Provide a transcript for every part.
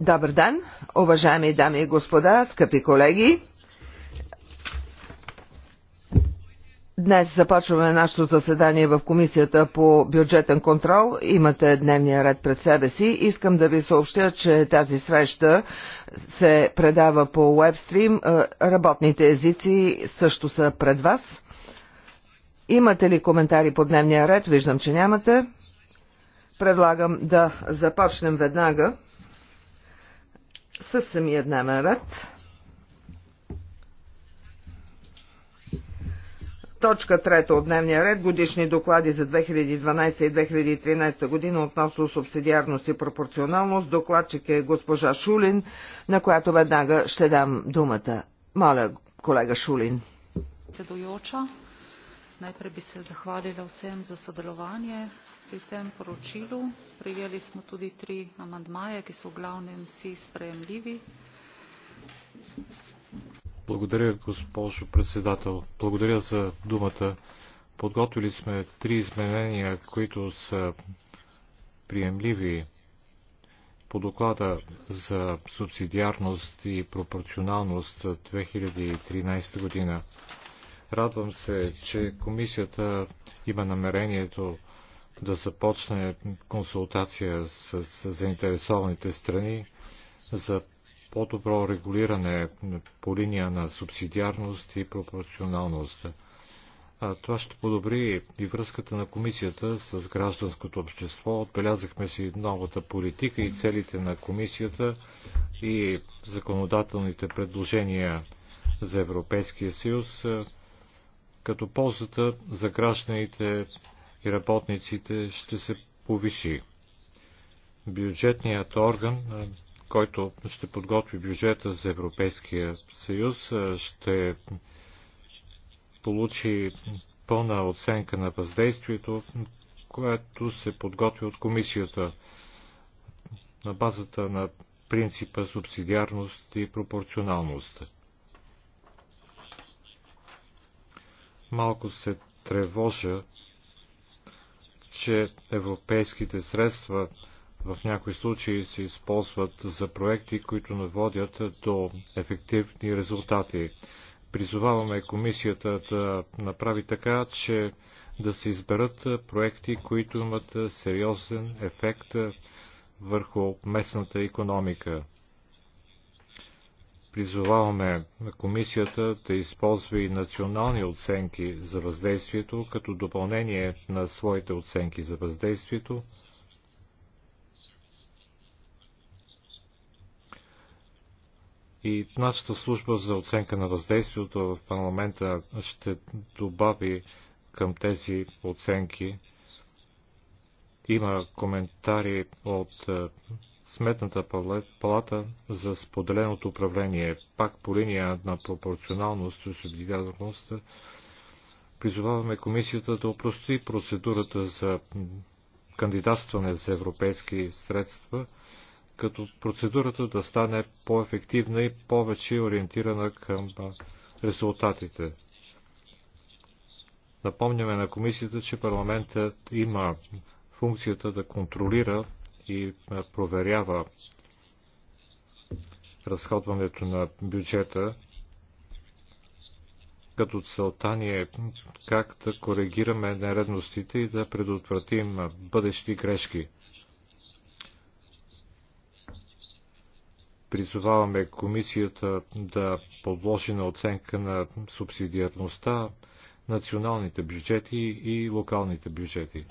Добър ден, уважаеми дами и господа, скъпи колеги. Днес започваме нашето заседание в Комисията по бюджетен контрол. Имате дневния ред пред себе си. Искам да ви съобщя, че тази среща се предава по вебстрим. Е, работните езици също са пред вас. Имате ли коментари по дневния ред? Виждам, че нямате. Предлагам да започнем веднага с самия дневен ред. Точка трета от дневния ред – годишни доклади за 2012 и 2013 година относно субсидиарност и пропорционалност. Докладчик е госпожа Шулин, на която веднага ще дам думата. Моля, колега Шулин. Najprej би се захвалила всем за съдалование pri tem poročilu. Prijeli smo tudi tri amandmaje, ki so v glavnem vsi sprejemljivi. Благодаря, госпожо председател. Благодаря за думата. Подготвили сме три изменения, които са приемливи по доклада за субсидиарност и пропорционалност 2013 година. Радвам се, че комисията има намерението да започне консултация с заинтересованите страни за по-добро регулиране по линия на субсидиарност и пропорционалност. А това ще подобри и връзката на комисията с гражданското общество. Отбелязахме си новата политика и целите на комисията и законодателните предложения за Европейския съюз, като ползата за гражданите и работниците ще се повиши. Бюджетният орган, който ще подготви бюджета за Европейския съюз, ще получи пълна оценка на въздействието, което се подготви от комисията на базата на принципа субсидиарност и пропорционалност. Малко се тревожа че европейските средства в някои случаи се използват за проекти, които не водят до ефективни резултати. Призоваваме комисията да направи така, че да се изберат проекти, които имат сериозен ефект върху местната економика. Призоваваме комисията да използва и национални оценки за въздействието като допълнение на своите оценки за въздействието. И нашата служба за оценка на въздействието в парламента ще добави към тези оценки. Има коментари от е, Сметната палата за споделеното управление, пак по линия на пропорционалност и субсидиарност, призоваваме комисията да опрости процедурата за кандидатстване за европейски средства, като процедурата да стане по-ефективна и повече ориентирана към резултатите. Напомняме на комисията, че парламентът има функцията да контролира и проверява разходването на бюджета, като целта ни е как да коригираме нередностите и да предотвратим бъдещи грешки. Призоваваме комисията да подложи на оценка на субсидиарността националните бюджети и локалните бюджети.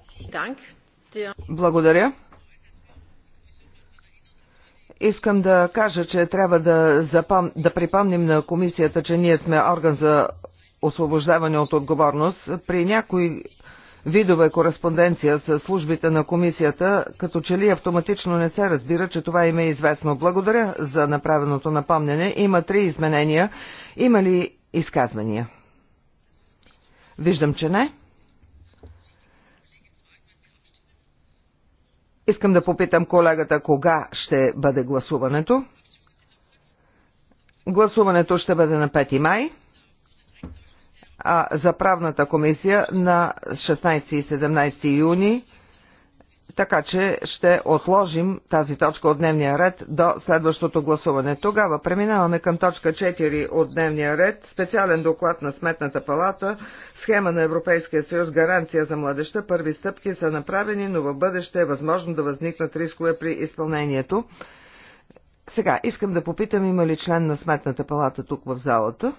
Благодаря. Искам да кажа, че трябва да, запам... да припомним на комисията, че ние сме орган за освобождаване от отговорност. При някои видове кореспонденция с службите на комисията, като че ли автоматично не се разбира, че това им е известно. Благодаря за направеното напомняне. Има три изменения. Има ли изказвания? Виждам, че не. Искам да попитам колегата кога ще бъде гласуването. Гласуването ще бъде на 5 май, а за правната комисия на 16 и 17 юни така че ще отложим тази точка от дневния ред до следващото гласуване. Тогава преминаваме към точка 4 от дневния ред, специален доклад на Сметната палата, схема на Европейския съюз, гаранция за младеща, първи стъпки са направени, но в бъдеще е възможно да възникнат рискове при изпълнението. Сега искам да попитам има ли член на Сметната палата тук в залата.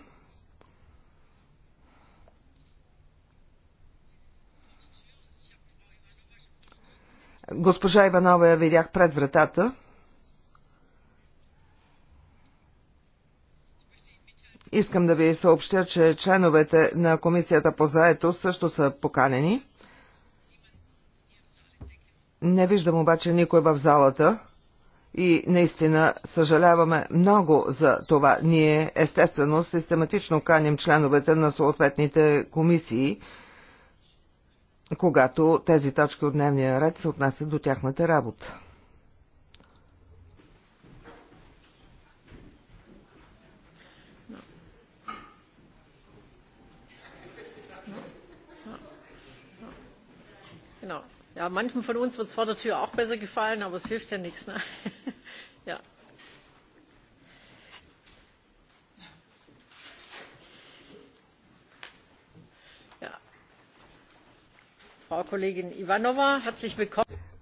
Госпожа Иванова я видях пред вратата. Искам да ви съобщя, че членовете на Комисията по заето също са поканени. Не виждам обаче никой в залата и наистина съжаляваме много за това. Ние естествено систематично каним членовете на съответните комисии – когато тези точки от дневния ред се отнасят до тяхната работа. Ja, manchen von uns wird es vor der Tür auch besser gefallen, aber es hilft ja nichts. Ne?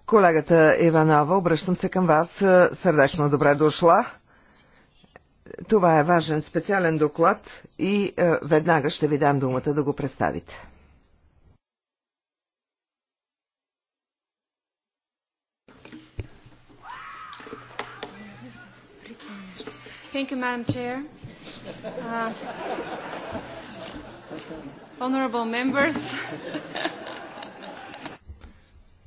Колегата Иванова, обръщам се към вас. Е, сърдечно добре дошла. Това е важен специален доклад и е, веднага ще ви дам думата да го представите. Thank you, Madam Chair. Uh, honorable members,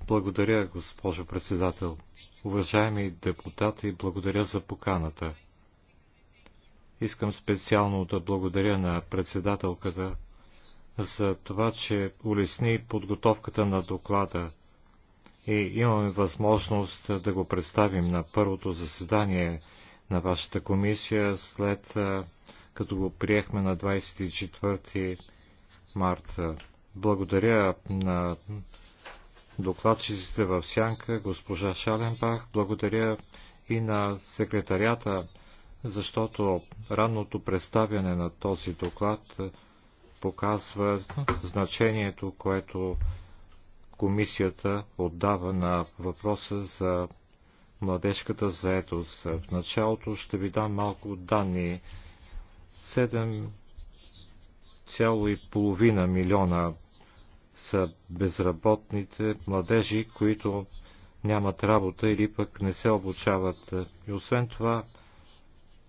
благодаря, госпожо председател. Уважаеми депутати, благодаря за поканата. Искам специално да благодаря на председателката за това, че улесни подготовката на доклада и имаме възможност да го представим на първото заседание на вашата комисия, след като го приехме на 24 марта. Благодаря на докладчиците в Сянка, госпожа Шаленбах. Благодаря и на секретарята, защото ранното представяне на този доклад показва значението, което комисията отдава на въпроса за младежката заетост. В началото ще ви дам малко данни. 7,5 милиона са безработните младежи, които нямат работа или пък не се обучават. И освен това,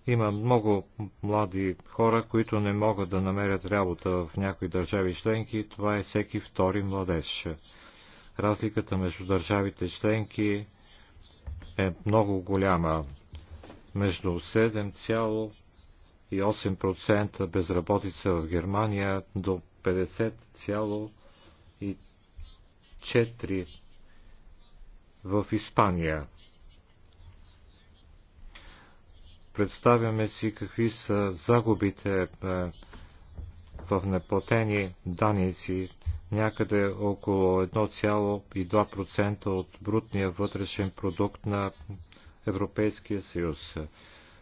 има много млади хора, които не могат да намерят работа в някои държави членки. Това е всеки втори младеж. Разликата между държавите членки е много голяма. Между 7,8% безработица в Германия до 4 в Испания. Представяме си какви са загубите е, в неплатени даници някъде около 1,2% от брутния вътрешен продукт на Европейския съюз.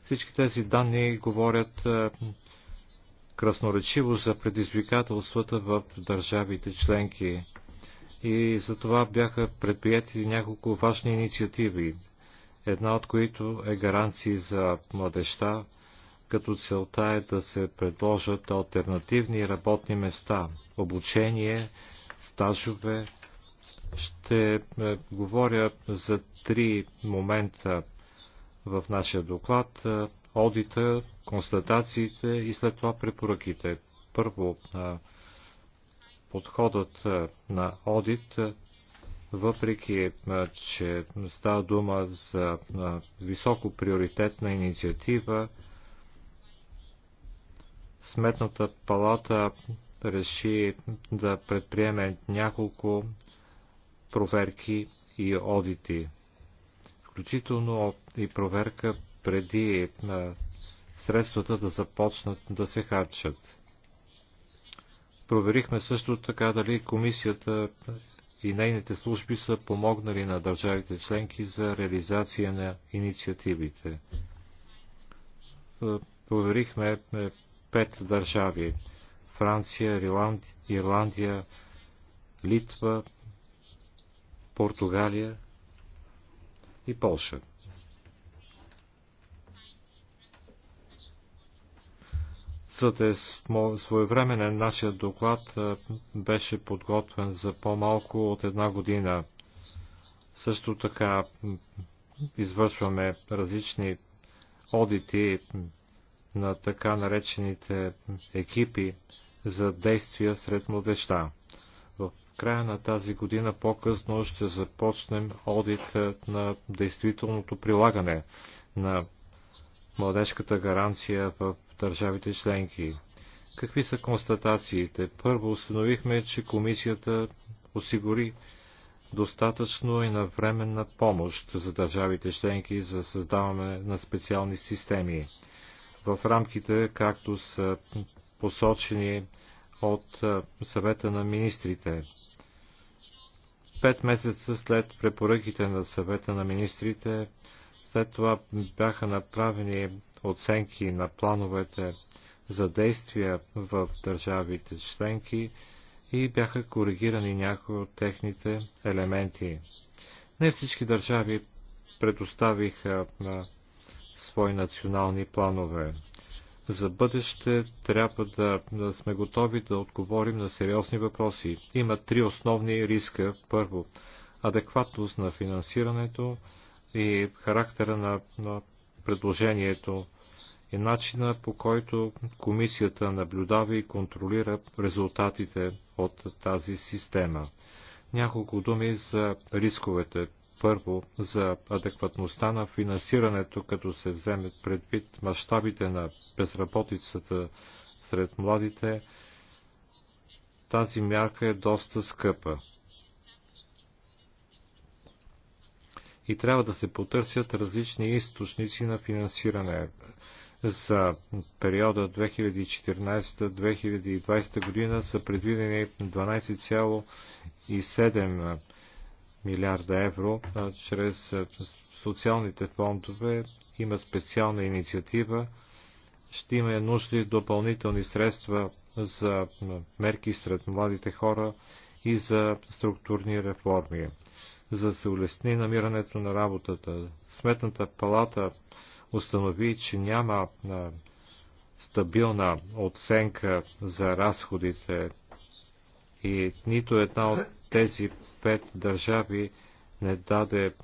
Всички тези данни говорят е, красноречиво за предизвикателствата в държавите членки и за това бяха предприяти няколко важни инициативи, една от които е гаранции за младеща, като целта е да се предложат альтернативни работни места, обучение, стажове. Ще е, говоря за три момента в нашия доклад е, – одита, констатациите и след това препоръките. Първо, е, подходът е, на одит, е, въпреки е, че става дума за високо приоритетна инициатива, Сметната палата реши да предприеме няколко проверки и одити, включително и проверка преди средствата да започнат да се харчат. Проверихме също така дали комисията и нейните служби са помогнали на държавите членки за реализация на инициативите. Проверихме е, пет държави Франция, Ирландия, Литва, Португалия и Польша. Съдът е своевременен. Нашия доклад беше подготвен за по-малко от една година. Също така извършваме различни одити на така наречените екипи за действия сред младеща. В края на тази година по-късно ще започнем одит на действителното прилагане на младежката гаранция в държавите членки. Какви са констатациите? Първо установихме, че комисията осигури достатъчно и навременна помощ за държавите членки за създаване на специални системи в рамките, както са посочени от съвета на министрите. Пет месеца след препоръките на съвета на министрите, след това бяха направени оценки на плановете за действия в държавите членки и бяха коригирани някои от техните елементи. Не всички държави предоставиха на свои национални планове. За бъдеще трябва да, да сме готови да отговорим на сериозни въпроси. Има три основни риска. Първо, адекватност на финансирането, и характера на, на предложението и начина по който комисията наблюдава и контролира резултатите от тази система. Няколко думи за рисковете. Първо, за адекватността на финансирането, като се вземе предвид мащабите на безработицата сред младите, тази мярка е доста скъпа. и трябва да се потърсят различни източници на финансиране за периода 2014-2020 година са предвидени 12,7 милиарда евро чрез социалните фондове. Има специална инициатива. Ще има нужди допълнителни средства за мерки сред младите хора и за структурни реформи за да се улесни намирането на работата. Сметната палата установи, че няма стабилна оценка за разходите и нито една от тези пет държави не даде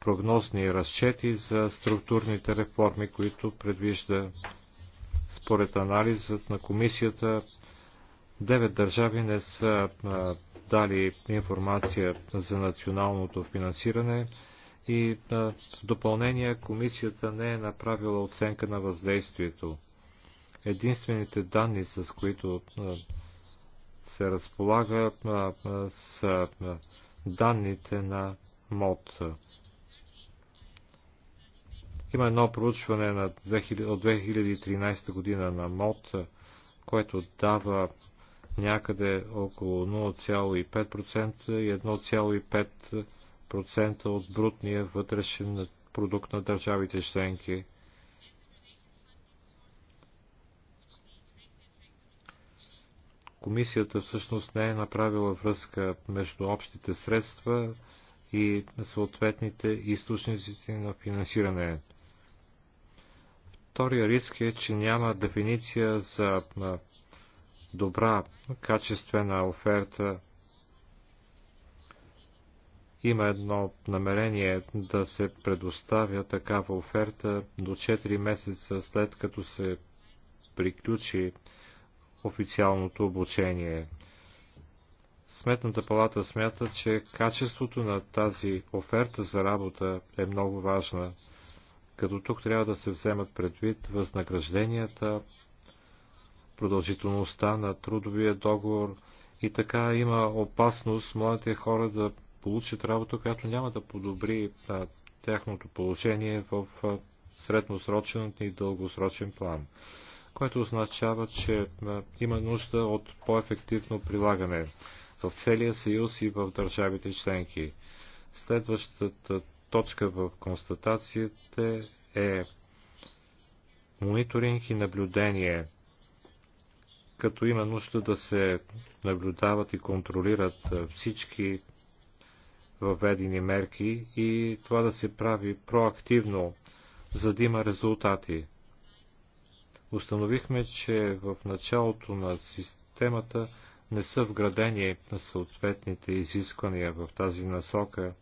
прогнозни разчети за структурните реформи, които предвижда според анализът на комисията. Девет държави не са дали информация за националното финансиране и в допълнение комисията не е направила оценка на въздействието. Единствените данни, с които се разполага, са данните на МОД. Има едно проучване от 2013 година на МОД, което дава някъде около 0,5% и 1,5% от брутния вътрешен продукт на държавите членки. Комисията всъщност не е направила връзка между общите средства и съответните източници на финансиране. Втория риск е, че няма дефиниция за добра, качествена оферта. Има едно намерение да се предоставя такава оферта до 4 месеца след като се приключи официалното обучение. Сметната палата смята, че качеството на тази оферта за работа е много важна, като тук трябва да се вземат предвид възнагражденията, продължителността на трудовия договор и така има опасност младите хора да получат работа, която няма да подобри а, тяхното положение в а, средносрочен и дългосрочен план, което означава, че а, има нужда от по-ефективно прилагане в целия съюз и в държавите членки. Следващата точка в констатацията е мониторинг и наблюдение – като има нужда да се наблюдават и контролират всички въведени мерки и това да се прави проактивно, за да има резултати. Установихме, че в началото на системата не са вградени на съответните изисквания в тази насока.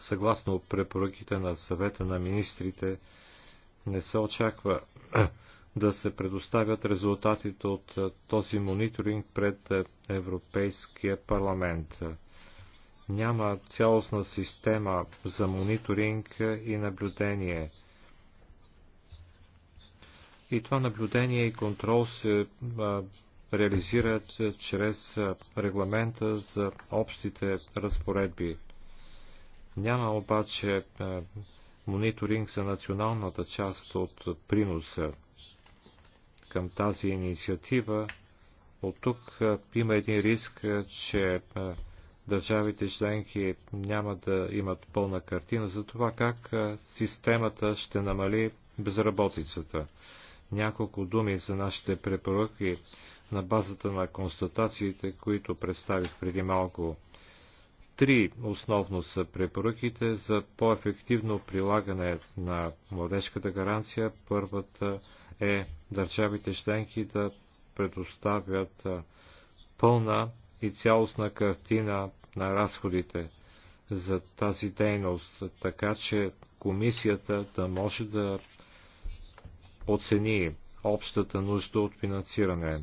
Съгласно препоръките на съвета на министрите, не се очаква да се предоставят резултатите от този мониторинг пред Европейския парламент. Няма цялостна система за мониторинг и наблюдение. И това наблюдение и контрол се реализират чрез регламента за общите разпоредби. Няма обаче мониторинг за националната част от приноса към тази инициатива. От тук има един риск, че държавите членки няма да имат пълна картина за това как системата ще намали безработицата. Няколко думи за нашите препоръки на базата на констатациите, които представих преди малко. Три основно са препоръките за по-ефективно прилагане на младежката гаранция. Първата е държавите членки да предоставят пълна и цялостна картина на разходите за тази дейност, така че комисията да може да оцени общата нужда от финансиране.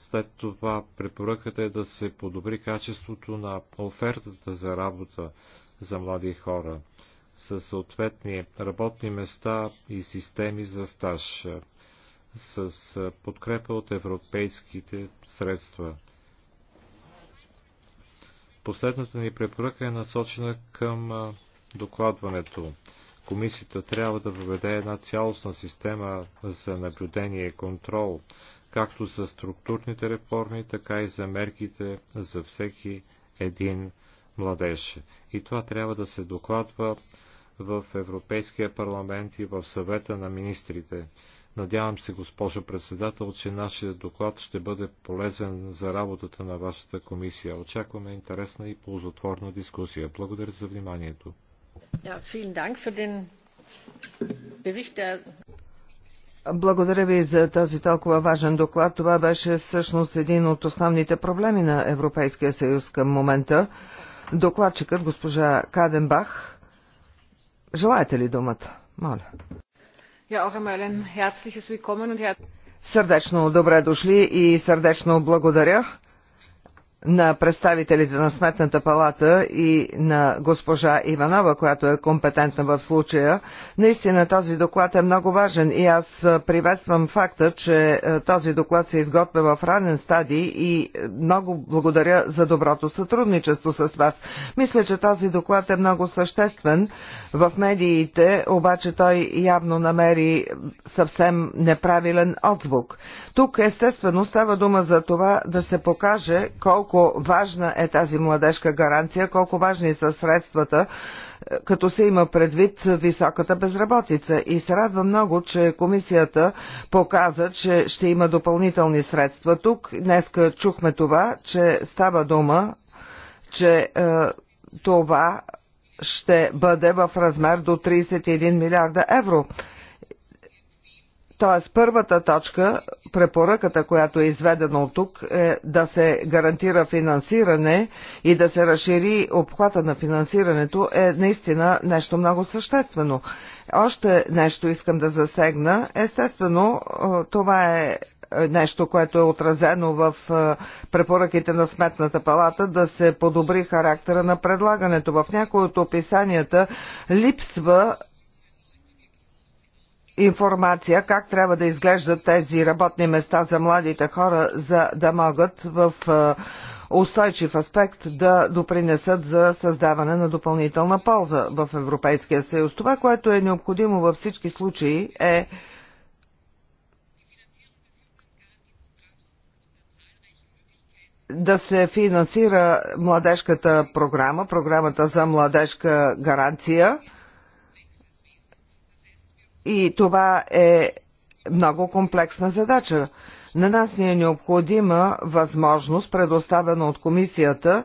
След това препоръката е да се подобри качеството на офертата за работа за млади хора със съответни работни места и системи за стаж, с подкрепа от европейските средства. Последната ни препоръка е насочена към докладването. Комисията трябва да въведе една цялостна система за наблюдение и контрол както за структурните реформи, така и за мерките за всеки един младеж. И това трябва да се докладва в Европейския парламент и в съвета на министрите. Надявам се, госпожо председател, че нашия доклад ще бъде полезен за работата на вашата комисия. Очакваме интересна и ползотворна дискусия. Благодаря за вниманието. Благодаря ви за този толкова важен доклад. Това беше всъщност един от основните проблеми на Европейския съюз към момента. Докладчикът госпожа Каденбах. Желаете ли думата? Моля. Сърдечно добре дошли и сърдечно благодаря на представителите на Сметната палата и на госпожа Иванова, която е компетентна в случая. Наистина този доклад е много важен и аз приветствам факта, че този доклад се изготвя в ранен стадий и много благодаря за доброто сътрудничество с вас. Мисля, че този доклад е много съществен. В медиите обаче той явно намери съвсем неправилен отзвук. Тук естествено става дума за това да се покаже колко колко важна е тази младежка гаранция, колко важни са средствата, като се има предвид високата безработица. И се радва много, че комисията показа, че ще има допълнителни средства тук. Днеска чухме това, че става дума, че е, това ще бъде в размер до 31 милиарда евро. Т.е. първата точка, препоръката, която е изведена от тук, е да се гарантира финансиране и да се разшири обхвата на финансирането е наистина нещо много съществено. Още нещо искам да засегна. Естествено, е, това е нещо, което е отразено в е, препоръките на Сметната палата, да се подобри характера на предлагането. В някои от описанията липсва информация как трябва да изглеждат тези работни места за младите хора, за да могат в е, устойчив аспект да допринесат за създаване на допълнителна полза в Европейския съюз. Това, което е необходимо във всички случаи е да се финансира младежката програма, програмата за младежка гаранция – и това е много комплексна задача. На нас ни е необходима възможност, предоставена от комисията,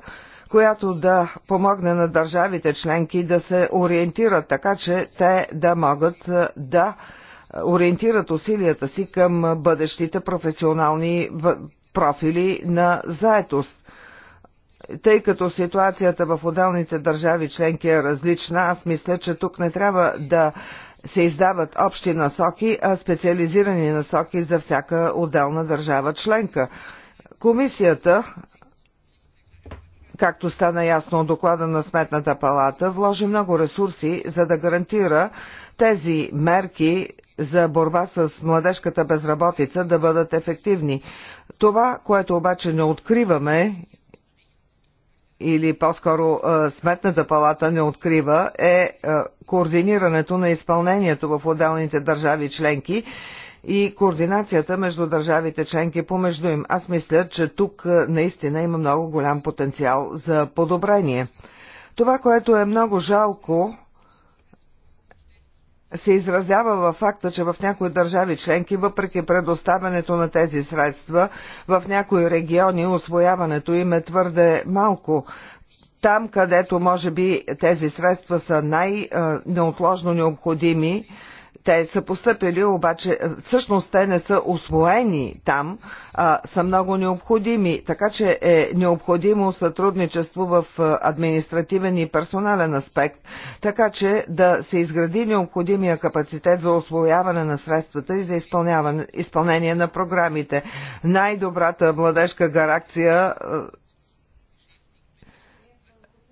която да помогне на държавите членки да се ориентират така, че те да могат е, да ориентират усилията си към бъдещите професионални профили на заетост. Тъй като ситуацията в отделните държави членки е различна, аз мисля, че тук не трябва да е, се издават общи насоки, а специализирани насоки за всяка отделна държава членка. Комисията, както стана ясно от доклада на Сметната палата, вложи много ресурси, за да гарантира тези мерки за борба с младежката безработица да бъдат ефективни. Това, което обаче не откриваме или по-скоро Сметната палата не открива, е координирането на изпълнението в отделните държави членки и координацията между държавите членки помежду им. Аз мисля, че тук наистина има много голям потенциал за подобрение. Това, което е много жалко, се изразява във факта, че в някои държави членки, въпреки предоставянето на тези средства, в някои региони освояването им е твърде малко там, където може би тези средства са най-неотложно необходими, те са поступили, обаче всъщност те не са освоени там, а, са много необходими. Така че е необходимо сътрудничество в административен и персонален аспект, така че да се изгради необходимия капацитет за освояване на средствата и за изпълнение на програмите. Най-добрата младежка гаракция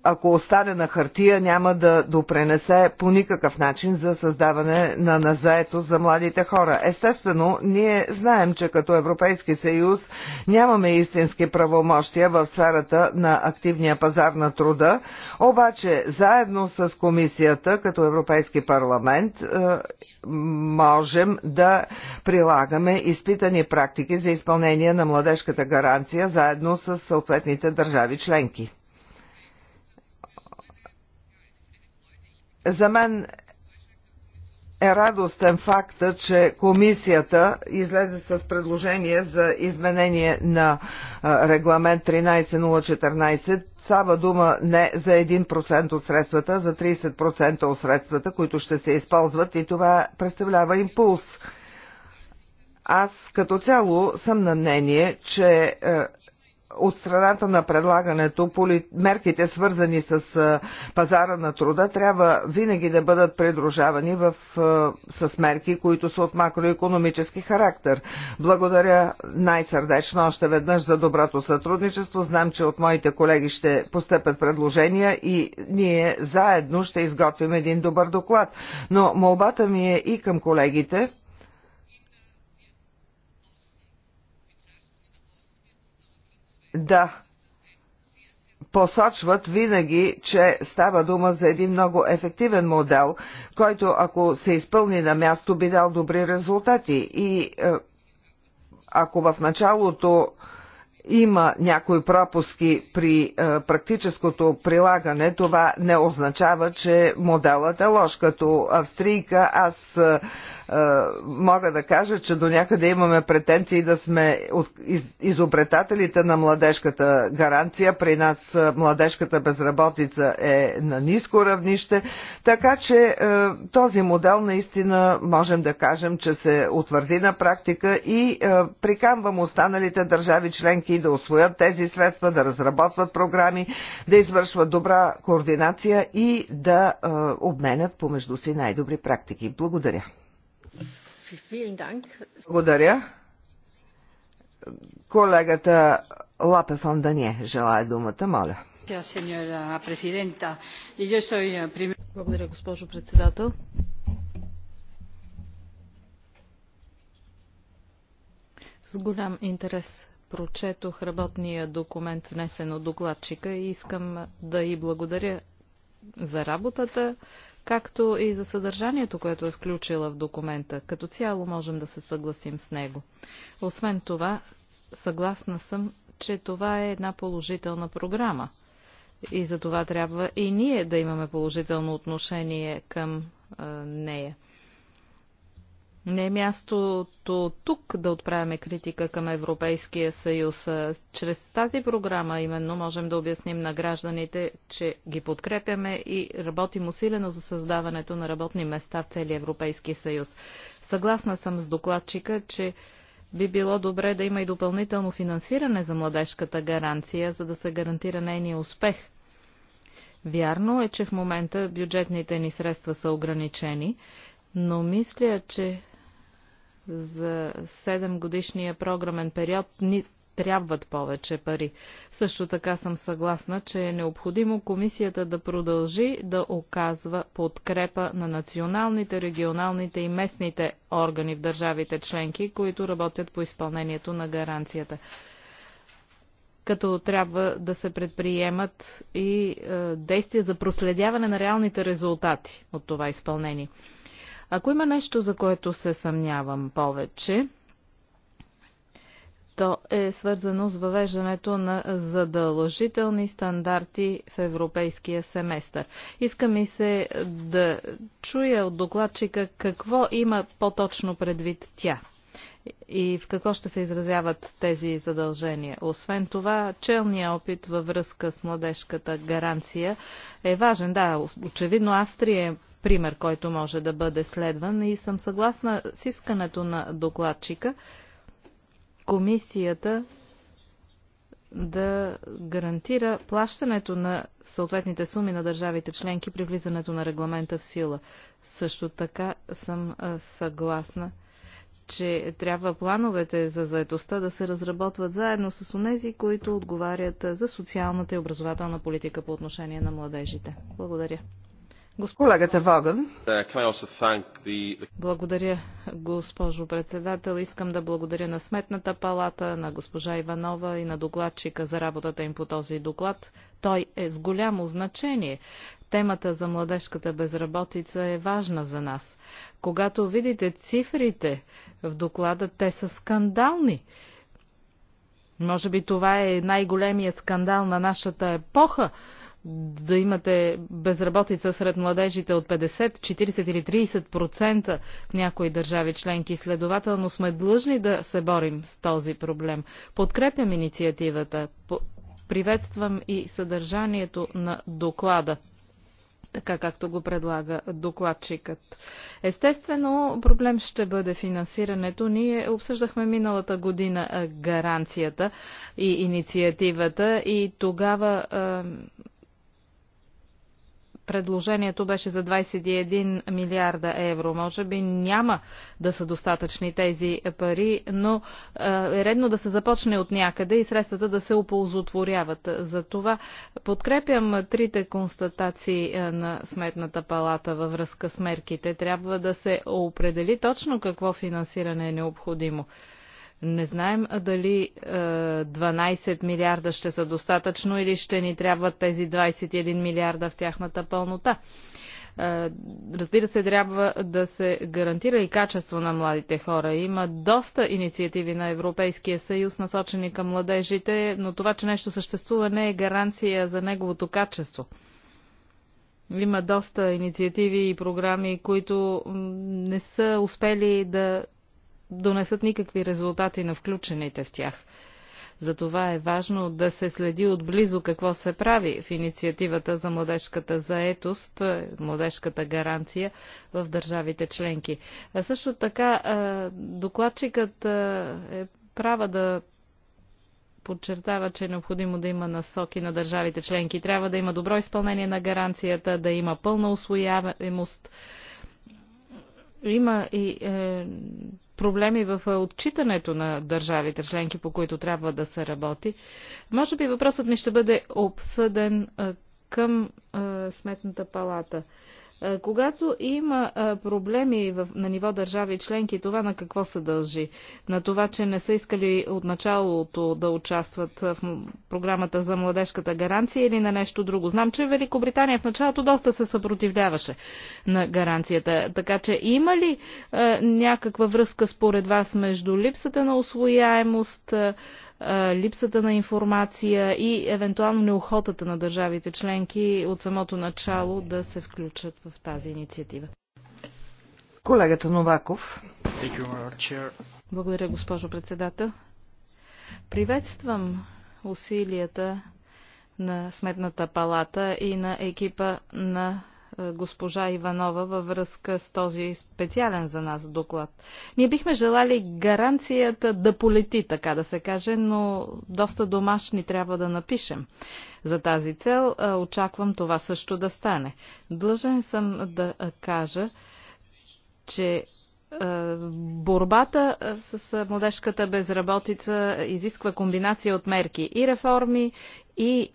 ако остане на хартия, няма да допренесе по никакъв начин за създаване на назаето за младите хора. Естествено, ние знаем, че като Европейски съюз нямаме истински правомощия в сферата на активния пазар на труда, обаче заедно с комисията като Европейски парламент е, можем да прилагаме изпитани практики за изпълнение на младежката гаранция заедно с съответните държави членки. За мен е радостен факта, че комисията излезе с предложение за изменение на регламент 13014. Става дума не за 1% от средствата, за 30% от средствата, които ще се използват и това представлява импулс. Аз като цяло съм на мнение, че е, от страната на предлагането мерките свързани с пазара на труда трябва винаги да бъдат придружавани в, с мерки, които са от макроекономически характер. Благодаря най-сърдечно още веднъж за доброто сътрудничество. Знам, че от моите колеги ще постъпят предложения и ние заедно ще изготвим един добър доклад. Но молбата ми е и към колегите, да посочват винаги, че става дума за един много ефективен модел, който ако се изпълни на място би дал добри резултати. И е, ако в началото има някои пропуски при е, практическото прилагане, това не означава, че моделът е лош. Като австрийка аз е, е, мога да кажа, че до някъде имаме претенции да сме изобретателите на младежката гаранция. При нас е, младежката безработица е на ниско равнище, така че е, този модел наистина можем да кажем, че се утвърди на практика и приканвам останалите държави членки да освоят тези средства, да разработват програми, да извършват добра координация и да обменят помежду си най-добри практики. Благодаря. Благодаря. Колегата Лапе Фандане желая думата, моля. Благодаря, госпожо председател. С голям интерес прочетох работния документ, внесен от докладчика и искам да и благодаря за работата, както и за съдържанието, което е включила в документа. Като цяло можем да се съгласим с него. Освен това, съгласна съм, че това е една положителна програма. И за това трябва и ние да имаме положително отношение към нея. Не е мястото тук да отправяме критика към Европейския съюз. Чрез тази програма именно можем да обясним на гражданите, че ги подкрепяме и работим усилено за създаването на работни места в целия Европейски съюз. Съгласна съм с докладчика, че би било добре да има и допълнително финансиране за младежката гаранция, за да се гарантира нейния успех. Вярно е, че в момента бюджетните ни средства са ограничени, но мисля, че за 7 годишния програмен период ни трябват повече пари. Също така съм съгласна, че е необходимо комисията да продължи да оказва подкрепа на националните, регионалните и местните органи в държавите членки, които работят по изпълнението на гаранцията като трябва да се предприемат и е, действия за проследяване на реалните резултати от това изпълнение. Ако има нещо, за което се съмнявам повече, то е свързано с въвеждането на задължителни стандарти в европейския семестър. Иска ми се да чуя от докладчика какво има по-точно предвид тя и в какво ще се изразяват тези задължения. Освен това, челният опит във връзка с младежката гаранция е важен. Да, очевидно Австрия е пример, който може да бъде следван и съм съгласна с искането на докладчика комисията да гарантира плащането на съответните суми на държавите членки при влизането на регламента в сила. Също така съм съгласна, че трябва плановете за заедостта да се разработват заедно с онези, които отговарят за социалната и образователна политика по отношение на младежите. Благодаря. Колегата Ваган. Uh, благодаря, госпожо председател. Искам да благодаря на Сметната палата, на госпожа Иванова и на докладчика за работата им по този доклад. Той е с голямо значение. Темата за младежката безработица е важна за нас. Когато видите цифрите в доклада, те са скандални. Може би това е най-големият скандал на нашата епоха да имате безработица сред младежите от 50, 40 или 30% в някои държави членки. Следователно сме длъжни да се борим с този проблем. Подкрепям инициативата. Приветствам и съдържанието на доклада така както го предлага докладчикът. Естествено, проблем ще бъде финансирането. Ние обсъждахме миналата година гаранцията и инициативата и тогава предложението беше за 21 милиарда евро. Може би няма да са достатъчни тези пари, но е, е редно да се започне от някъде и средствата да се оползотворяват. За това подкрепям трите констатации е, на Сметната палата във връзка с мерките. Трябва да се определи точно какво финансиране е необходимо. Не знаем дали 12 милиарда ще са достатъчно или ще ни трябват тези 21 милиарда в тяхната пълнота. Разбира се, трябва да се гарантира и качество на младите хора. Има доста инициативи на Европейския съюз, насочени към младежите, но това, че нещо съществува, не е гаранция за неговото качество. Има доста инициативи и програми, които не са успели да донесат никакви резултати на включените в тях. Затова е важно да се следи отблизо какво се прави в инициативата за младежката заетост, е, младежката гаранция в държавите членки. А също така е, докладчикът е, е права да подчертава, че е необходимо да има насоки на държавите членки. Трябва да има добро изпълнение на гаранцията, да има пълна освояемост. Има и е, проблеми в е, отчитането на държавите членки, по които трябва да се работи. Може би въпросът ми ще бъде обсъден е, към е, Сметната палата. Е, когато има е, проблеми на ниво държави членки, това на какво се дължи? На това, че не са искали от началото да участват в програмата за младежката гаранция или на нещо друго? Знам, че Великобритания в началото доста се съпротивляваше на гаранцията. Така че има ли е, някаква връзка според вас между липсата на освояемост, липсата на информация и евентуално неохотата на държавите членки от самото начало да се включат в тази инициатива. Колегата Новаков. Uh, Благодаря, госпожо председател. Приветствам усилията на Сметната палата и на екипа на е, госпожа Иванова във връзка с този специален за нас доклад. Ние бихме желали гаранцията да полети, така да се каже, но доста домашни трябва да напишем. За тази цел е, очаквам това също да стане. Длъжен съм да кажа, че е, борбата с младежката безработица изисква комбинация от мерки и реформи, и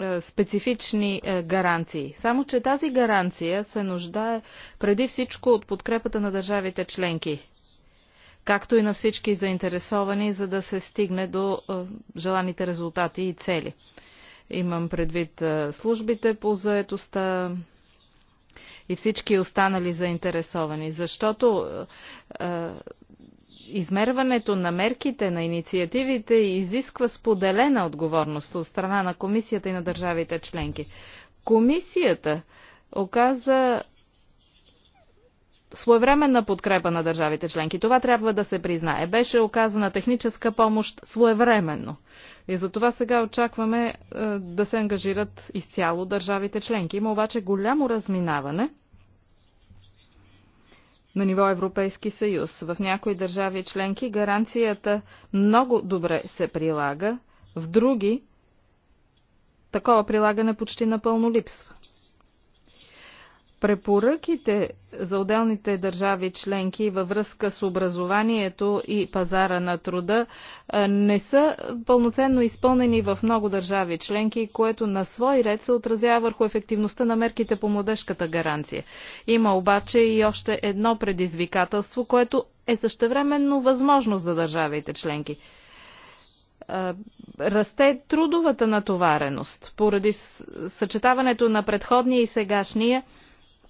е, специфични е, гаранции. Само, че тази гаранция се нуждае преди всичко от подкрепата на държавите членки, както и на всички заинтересовани, за да се стигне до е, желаните резултати и цели. Имам предвид службите по заетостта, и всички останали заинтересовани, защото измерването на мерките, на инициативите изисква споделена отговорност от страна на комисията и на държавите членки. Комисията оказа своевременна подкрепа на държавите членки. Това трябва да се признае. Беше оказана техническа помощ своевременно. И за това сега очакваме е, да се ангажират изцяло държавите членки. Има обаче голямо разминаване – на ниво Европейски съюз. В някои държави членки гаранцията много добре се прилага, в други такова прилагане почти напълно липсва. Препоръките за отделните държави членки във връзка с образованието и пазара на труда не са пълноценно изпълнени в много държави членки, което на свой ред се отразява върху ефективността на мерките по младежката гаранция. Има обаче и още едно предизвикателство, което е същевременно възможно за държавите членки расте трудовата натовареност поради съчетаването на предходния и сегашния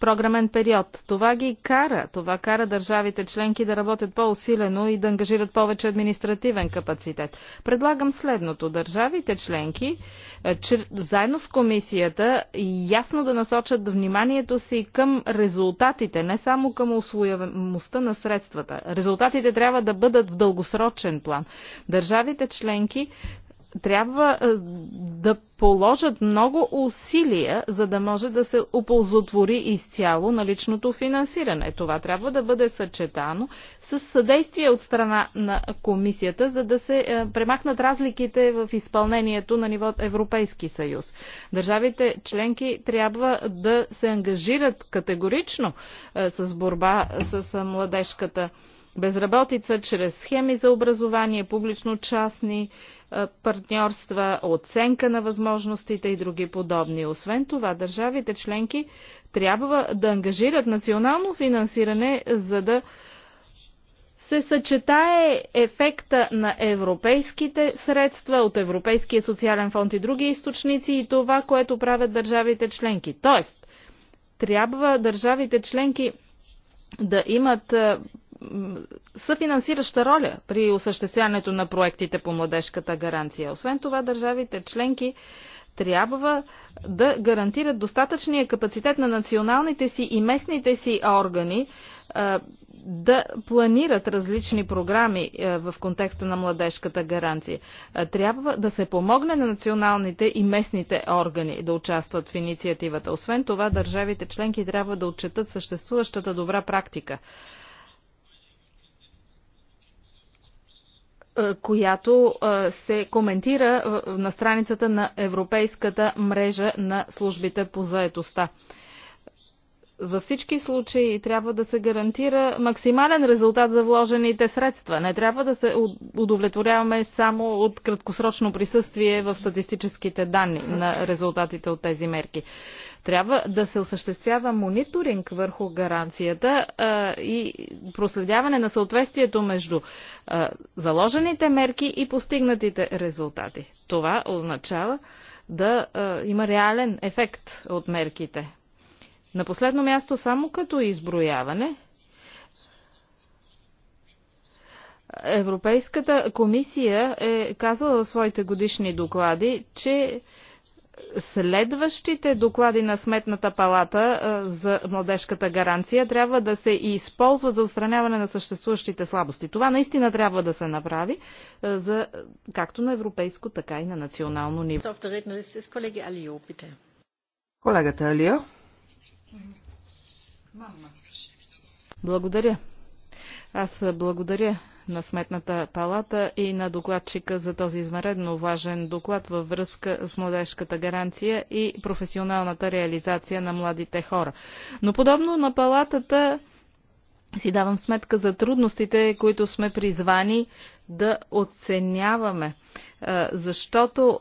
програмен период. Това ги кара, това кара държавите членки да работят по-усилено и да ангажират повече административен капацитет. Предлагам следното. Държавите членки, е, че, заедно с комисията, ясно да насочат вниманието си към резултатите, не само към освояемостта на средствата. Резултатите трябва да бъдат в дългосрочен план. Държавите членки трябва е, да положат много усилия, за да може да се оползотвори изцяло на личното финансиране. Това трябва да бъде съчетано с съдействие от страна на комисията, за да се е, премахнат разликите в изпълнението на ниво Европейски съюз. Държавите членки трябва да се ангажират категорично е, с борба с младежката безработица чрез схеми за образование, публично-частни е, партньорства, оценка на възможностите и други подобни. Освен това, държавите членки трябва да ангажират национално финансиране, за да се съчетае ефекта на европейските средства от Европейския социален фонд и други източници и това, което правят държавите членки. Тоест, трябва държавите членки да имат е, съфинансираща роля при осъществяването на проектите по младежката гаранция. Освен това, държавите членки трябва да гарантират достатъчния капацитет на националните си и местните си органи да планират различни програми в контекста на младежката гаранция. Трябва да се помогне на националните и местните органи да участват в инициативата. Освен това, държавите членки трябва да отчетат съществуващата добра практика Е, която е, се коментира е, на страницата на Европейската мрежа на службите по заетостта във всички случаи трябва да се гарантира максимален резултат за вложените средства. Не трябва да се удовлетворяваме само от краткосрочно присъствие в статистическите данни на резултатите от тези мерки. Трябва да се осъществява мониторинг върху гаранцията а, и проследяване на съответствието между а, заложените мерки и постигнатите резултати. Това означава да а, има реален ефект от мерките на последно място, само като изброяване, Европейската комисия е казала в своите годишни доклади, че следващите доклади на Сметната палата за младежката гаранция трябва да се използват за устраняване на съществуващите слабости. Това наистина трябва да се направи за, както на европейско, така и на национално ниво. Колегата Алио. Благодаря. Аз благодаря на Сметната палата и на докладчика за този измередно важен доклад във връзка с младежката гаранция и професионалната реализация на младите хора. Но подобно на палатата си давам сметка за трудностите, които сме призвани да оценяваме, защото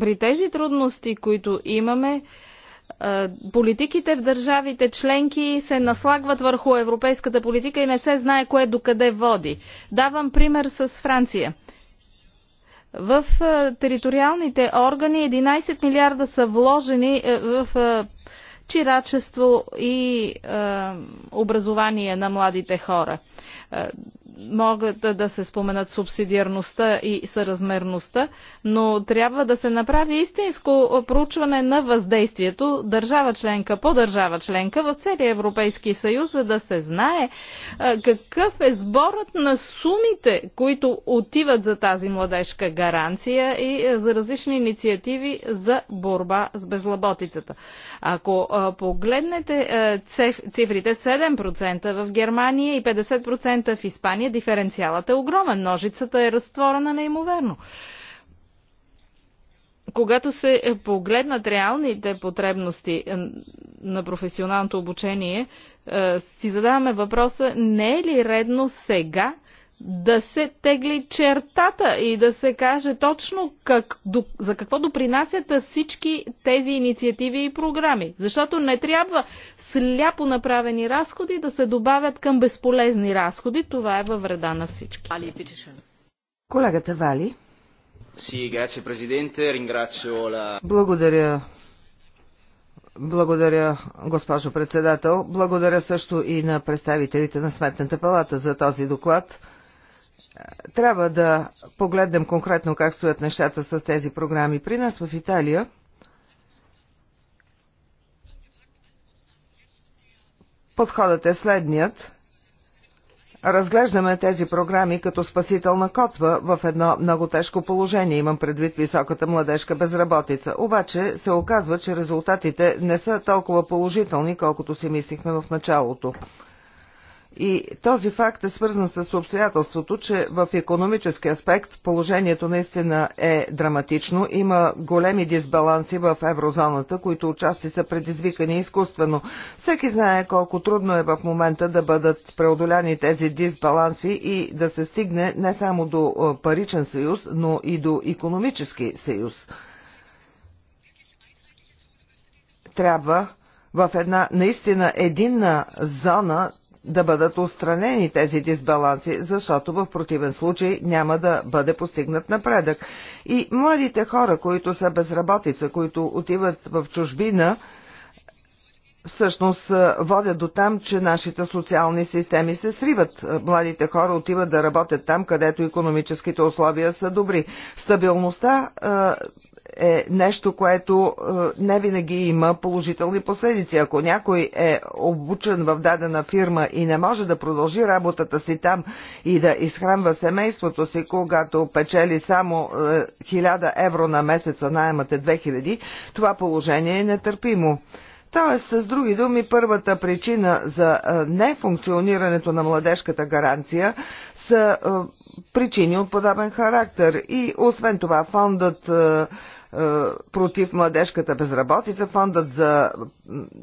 при тези трудности, които имаме, е, политиките в държавите членки се наслагват върху европейската политика и не се знае кое докъде води. Давам пример с Франция. В е, териториалните органи 11 милиарда са вложени е, в чирачество и образование на младите хора могат да се споменат субсидиарността и съразмерността, но трябва да се направи истинско проучване на въздействието държава членка по държава членка в целия Европейски съюз, за да се знае какъв е сборът на сумите, които отиват за тази младежка гаранция и за различни инициативи за борба с безлаботицата. Ако погледнете цифрите 7% в Германия и 50% в Испания, състояние, диференциалът е огромен, ножицата е разтворена неимоверно. Когато се погледнат реалните потребности е, на професионалното обучение, е, си задаваме въпроса, не е ли редно сега да се тегли чертата и да се каже точно как, до, за какво допринасят всички тези инициативи и програми. Защото не трябва сляпо направени разходи да се добавят към безполезни разходи. Това е във вреда на всички. Е Колегата Вали. Благодаря, благодаря, госпожо председател. Благодаря също и на представителите на Сметната палата за този доклад. Трябва да погледнем конкретно как стоят нещата с тези програми. При нас в Италия Подходът е следният. Разглеждаме тези програми като спасителна котва в едно много тежко положение, имам предвид високата младежка безработица. Обаче се оказва, че резултатите не са толкова положителни, колкото си мислихме в началото. И този факт е свързан с обстоятелството, че в економически аспект положението наистина е драматично. Има големи дисбаланси в еврозоната, които отчасти са предизвикани изкуствено. Всеки знае колко трудно е в момента да бъдат преодоляни тези дисбаланси и да се стигне не само до е, паричен съюз, но и до економически съюз. Трябва в една наистина единна зона да бъдат устранени тези дисбаланси, защото в противен случай няма да бъде постигнат напредък. И младите хора, които са безработица, които отиват в чужбина, всъщност водят до там, че нашите социални системи се сриват. Младите хора отиват да работят там, където економическите условия са добри. Стабилността е нещо, което е, не винаги има положителни последици. Ако някой е обучен в дадена фирма и не може да продължи работата си там и да изхранва семейството си, когато печели само 1000 е, евро на месеца, наймате 2000, това положение е нетърпимо. Тоест, с други думи, първата причина за е, нефункционирането на младежката гаранция са причини от подобен характер. И освен това, фондът е, против младежката безработица, фондът за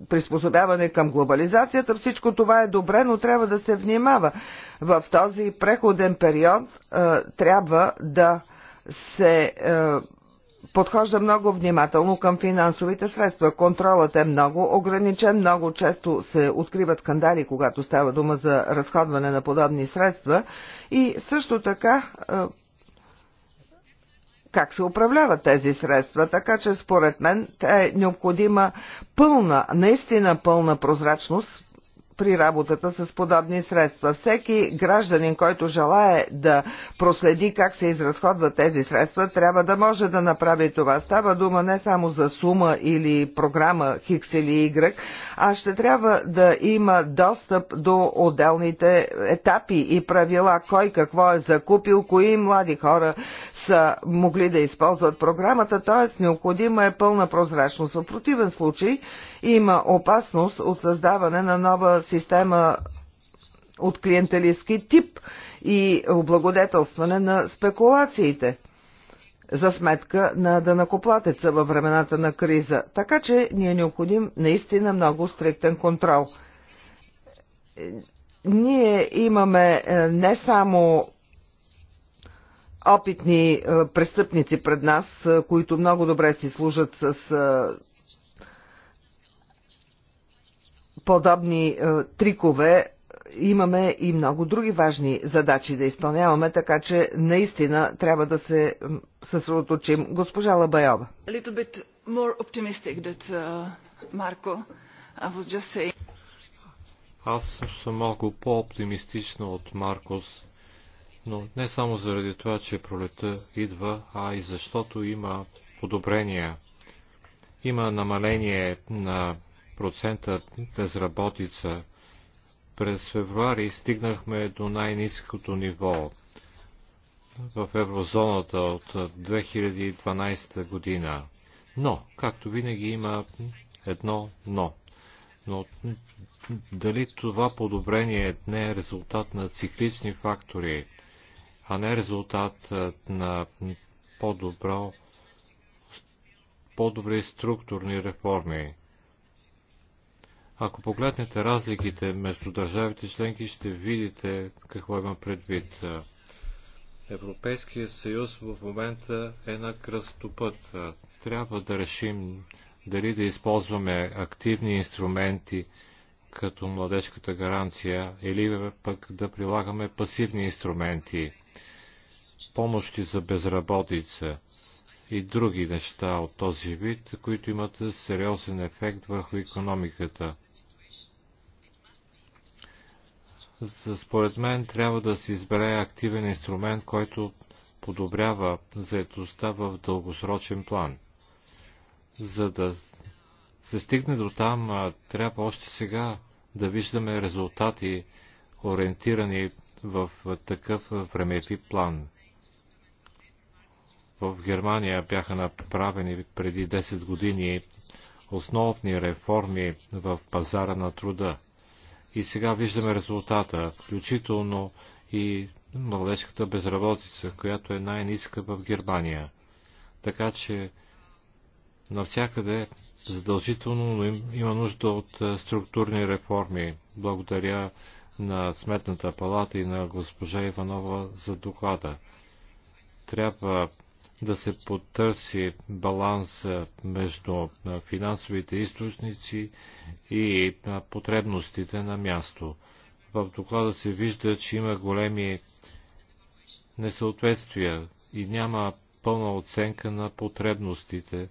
приспособяване към глобализацията. Всичко това е добре, но трябва да се внимава. В този преходен период е, трябва да се е, подхожда много внимателно към финансовите средства. Контролът е много ограничен, много често се откриват скандали, когато става дума за разходване на подобни средства. И също така как се управляват тези средства. Така че според мен е необходима пълна, наистина пълна прозрачност при работата с подобни средства. Всеки гражданин, който желае да проследи как се изразходват тези средства, трябва да може да направи това. Става дума не само за сума или програма Хикс или Y, а ще трябва да има достъп до отделните етапи и правила, кой какво е закупил, кои млади хора са могли да използват програмата, т.е. необходима е пълна прозрачност. В противен случай има опасност от създаване на нова система от клиенталистски тип и облагодетелстване на спекулациите за сметка на дънакоплатеца във времената на криза. Така че ни е необходим наистина много стриктен контрол. Ние имаме е, не само опитни престъпници пред нас, които много добре си служат с подобни трикове, имаме и много други важни задачи да изпълняваме, така че наистина трябва да се съсредоточим. Госпожа Лабайова. Uh, Аз съм малко по-оптимистична от Маркос но не само заради това, че пролета идва, а и защото има подобрения. Има намаление на процента безработица. През февруари стигнахме до най-низкото ниво в еврозоната от 2012 година. Но, както винаги, има едно но. Но дали това подобрение не е резултат на циклични фактори? а не резултат на по-добро, по-добри структурни реформи. Ако погледнете разликите между държавите членки, ще видите какво има предвид. Европейския съюз в момента е на кръстопът. Трябва да решим дали да използваме активни инструменти, като младежката гаранция, или пък да прилагаме пасивни инструменти – помощи за безработица и други неща от този вид, които имат сериозен ефект върху економиката. За, според мен трябва да се избере активен инструмент, който подобрява заедостта в дългосрочен план. За да се стигне до там, трябва още сега да виждаме резултати, ориентирани в такъв времеви план в Германия бяха направени преди 10 години основни реформи в пазара на труда. И сега виждаме резултата, включително и младежката безработица, която е най-ниска в Германия. Така че навсякъде задължително им, има нужда от структурни реформи. Благодаря на Сметната палата и на госпожа Иванова за доклада. Трябва да се потърси баланс между финансовите източници и потребностите на място. В доклада се вижда, че има големи несъответствия и няма пълна оценка на потребностите.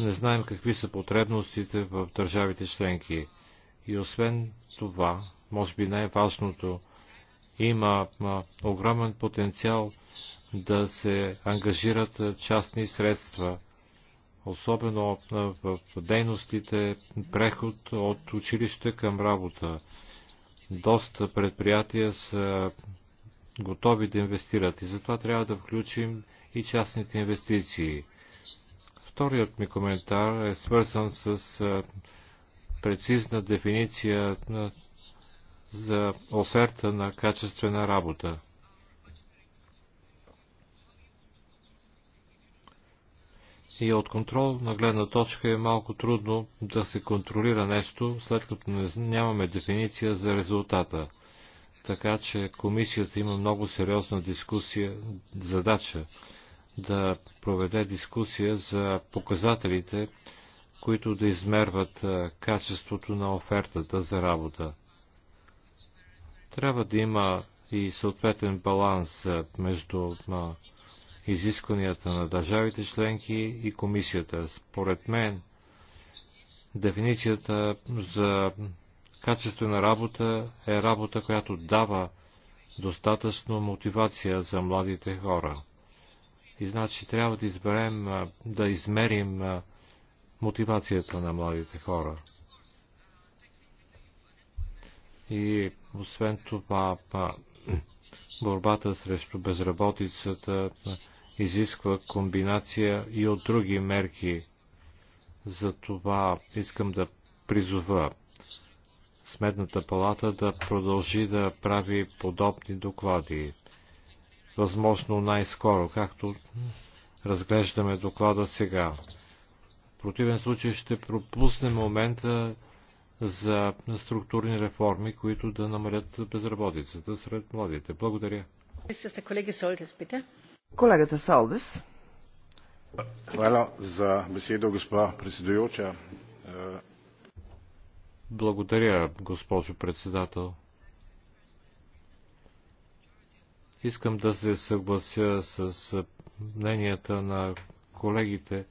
Не знаем какви са потребностите в държавите членки. И освен това, може би най-важното, има огромен потенциал да се ангажират частни средства, особено в дейностите преход от училище към работа. Доста предприятия са готови да инвестират и затова трябва да включим и частните инвестиции. Вторият ми коментар е свързан с прецизна дефиниция за оферта на качествена работа. и от на гледна точка е малко трудно да се контролира нещо, след като не, нямаме дефиниция за резултата. Така че комисията има много сериозна дискусия, задача да проведе дискусия за показателите, които да измерват качеството на офертата за работа. Трябва да има и съответен баланс между изискванията на държавите членки и комисията. Според мен, дефиницията за качествена работа е работа, която дава достатъчно мотивация за младите хора. И значи трябва да изберем, да измерим мотивацията на младите хора. И освен това, борбата срещу безработицата изисква комбинация и от други мерки. Затова искам да призова Сметната палата да продължи да прави подобни доклади. Възможно най-скоро, както разглеждаме доклада сега. В противен случай ще пропусне момента за структурни реформи, които да намалят безработицата сред младите. Благодаря. Колегата Солбес. Hvala за besedo, gospa predsedujoča. Е, Благодаря, госпожо председател. Искам да се съглася с мненията на колегите.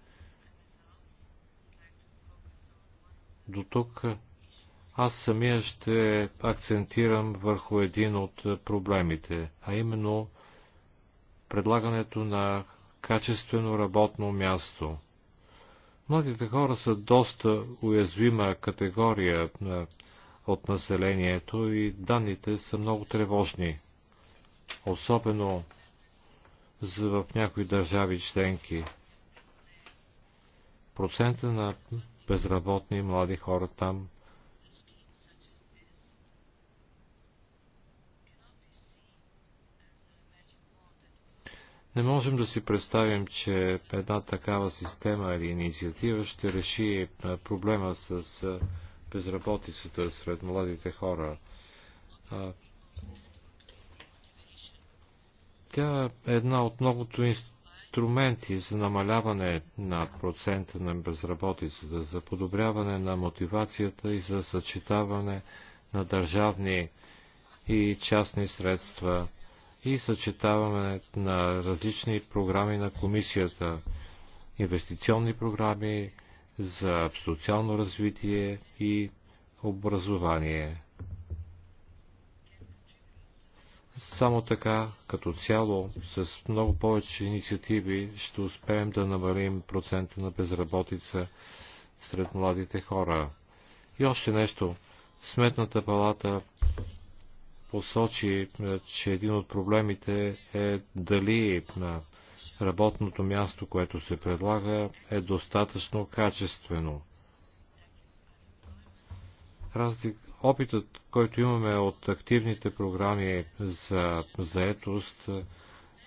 До тук аз самия ще акцентирам върху един от проблемите, а именно – предлагането на качествено работно място. Младите хора са доста уязвима категория е, от населението и данните са много тревожни, особено за в някои държави членки. Процента на безработни млади хора там Не можем да си представим, че една такава система или инициатива ще реши е, проблема с е, безработицата сред младите хора. Тя е една от многото инструменти за намаляване на процента на безработицата, за подобряване на мотивацията и за съчетаване на държавни и частни средства и съчетаваме на различни програми на комисията, инвестиционни програми за социално развитие и образование. Само така, като цяло, с много повече инициативи ще успеем да намалим процента на безработица сред младите хора. И още нещо. Сметната палата посочи, е, че един от проблемите е дали е, на работното място, което се предлага, е достатъчно качествено. Разлик... Опитът, който имаме от активните програми за заетост е,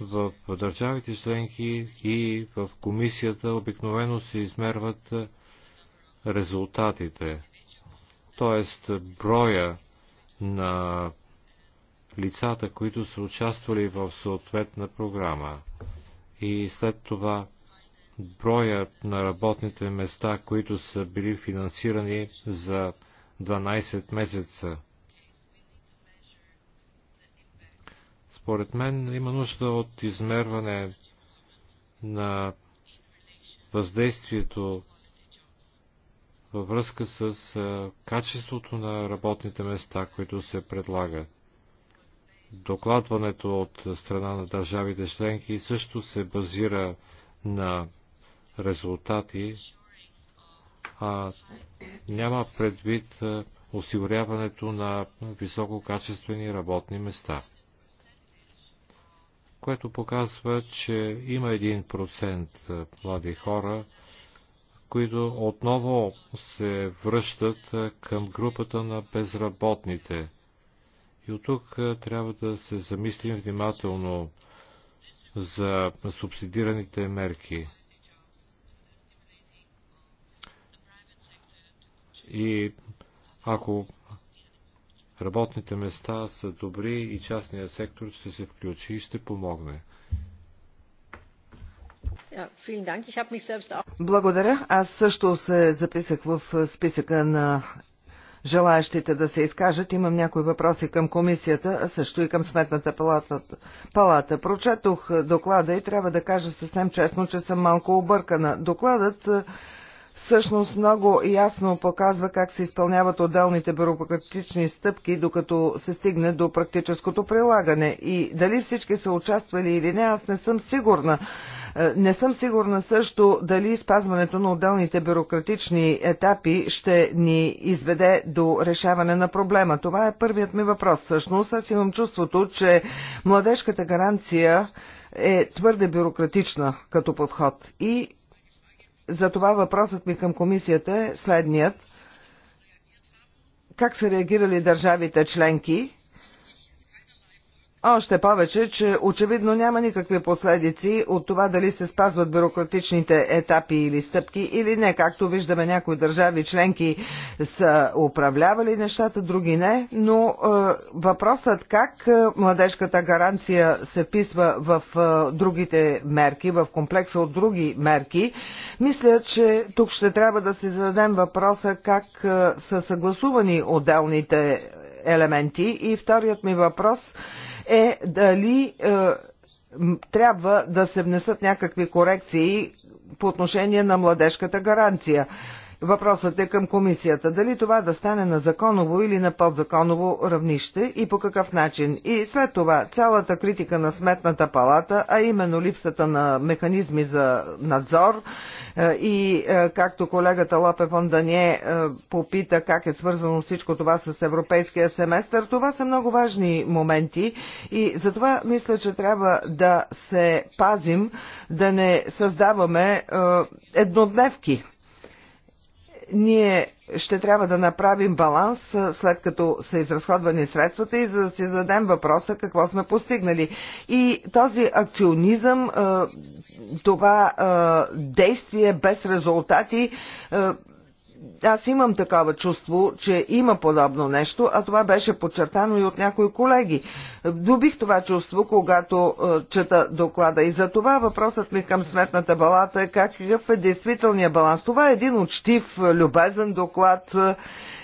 в държавите членки и в комисията обикновено се измерват резултатите, т.е. броя на лицата, които са участвали в съответна програма и след това броят на работните места, които са били финансирани за 12 месеца. Според мен има нужда от измерване на въздействието във връзка с качеството на работните места, които се предлагат докладването от страна на държавите членки също се базира на резултати, а няма предвид осигуряването на висококачествени работни места, което показва, че има един процент млади хора, които отново се връщат към групата на безработните – и от тук трябва да се замислим внимателно за субсидираните мерки. И ако работните места са добри и частния сектор ще се включи и ще помогне. Благодаря. Аз също се записах в списъка на желаящите да се изкажат. Имам някои въпроси към комисията, а също и към сметната палата. палата. Прочетох доклада и трябва да кажа съвсем честно, че съм малко объркана. Докладът всъщност много ясно показва как се изпълняват отделните бюрократични стъпки, докато се стигне до практическото прилагане. И дали всички са участвали или не, аз не съм сигурна. Е, не съм сигурна също дали спазването на отделните бюрократични етапи ще ни изведе до решаване на проблема. Това е първият ми въпрос. Всъщност аз имам чувството, че младежката гаранция е твърде бюрократична като подход. И за това въпросът ми към комисията е следният. Как са реагирали държавите членки още повече, че очевидно няма никакви последици от това дали се спазват бюрократичните етапи или стъпки или не. Както виждаме, някои държави членки са управлявали нещата, други не. Но е, въпросът как е, младежката гаранция се писва в е, другите мерки, в комплекса от други мерки, мисля, че тук ще трябва да си зададем въпроса как е, са съгласувани отделните елементи. И вторият ми въпрос е е дали е, трябва да се внесат някакви корекции по отношение на младежката гаранция. Въпросът е към комисията. Дали това да стане на законово или на подзаконово равнище и по какъв начин? И след това цялата критика на Сметната палата, а именно липсата на механизми за надзор е, и е, както колегата Лапе Фондане е, попита как е свързано всичко това с европейския семестър, това са много важни моменти и затова мисля, че трябва да се пазим, да не създаваме еднодневки ние ще трябва да направим баланс след като са изразходвани средствата и за да си зададем въпроса какво сме постигнали. И този акционизъм, това действие без резултати аз имам такова чувство, че има подобно нещо, а това беше подчертано и от някои колеги. Добих това чувство, когато е, чета доклада. И за това въпросът ми към сметната балата е какъв е действителният баланс. Това е един учтив, любезен доклад. Е,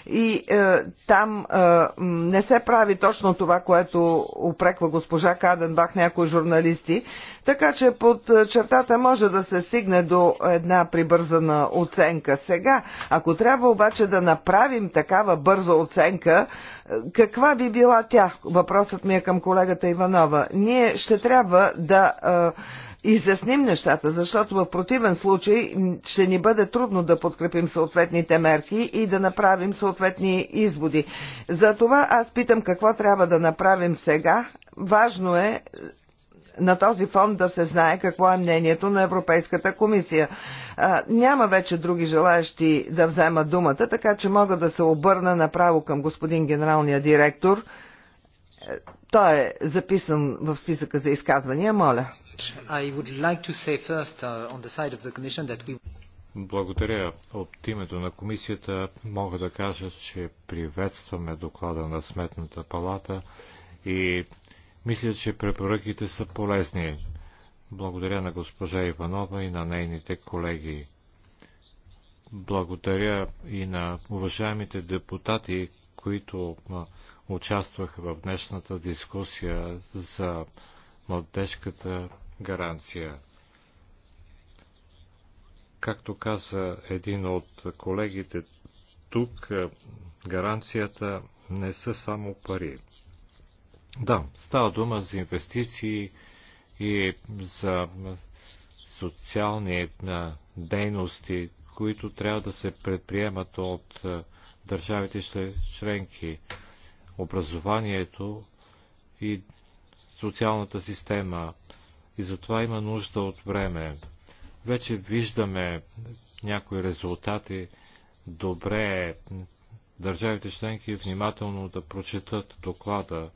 и е, там е, не се прави точно това, което опреква госпожа Каденбах някои журналисти. Така че под е, чертата може да се стигне до една прибързана оценка. Сега, ако трябва обаче да направим такава бърза оценка, е, каква би била тя? Въпросът ми е към колегата Иванова. Ние ще трябва да. Е, изясним нещата, защото в противен случай ще ни бъде трудно да подкрепим съответните мерки и да направим съответни изводи. За това аз питам какво трябва да направим сега. Важно е, е на този фон да се знае какво е мнението на Европейската комисия. А, няма вече други желаящи да взема думата, така че мога да се обърна направо към господин генералния директор. Е, той е записан в списъка за изказвания. Моля. Uh, Благодаря. От името на комисията мога да кажа, че приветстваме доклада на Сметната палата и мисля, че препоръките са полезни. Благодаря на госпожа Иванова и на нейните колеги. Благодаря и на уважаемите депутати, които участваха в днешната дискусия за младежката гаранция. Както каза един от колегите тук, е, гаранцията не са само пари. Да, става дума за инвестиции и за социални е, дейности, които трябва да се предприемат от е, държавите членки. Образованието и социалната система, и затова има нужда от време. Вече виждаме някои резултати. Добре е държавите членки внимателно да прочетат доклада.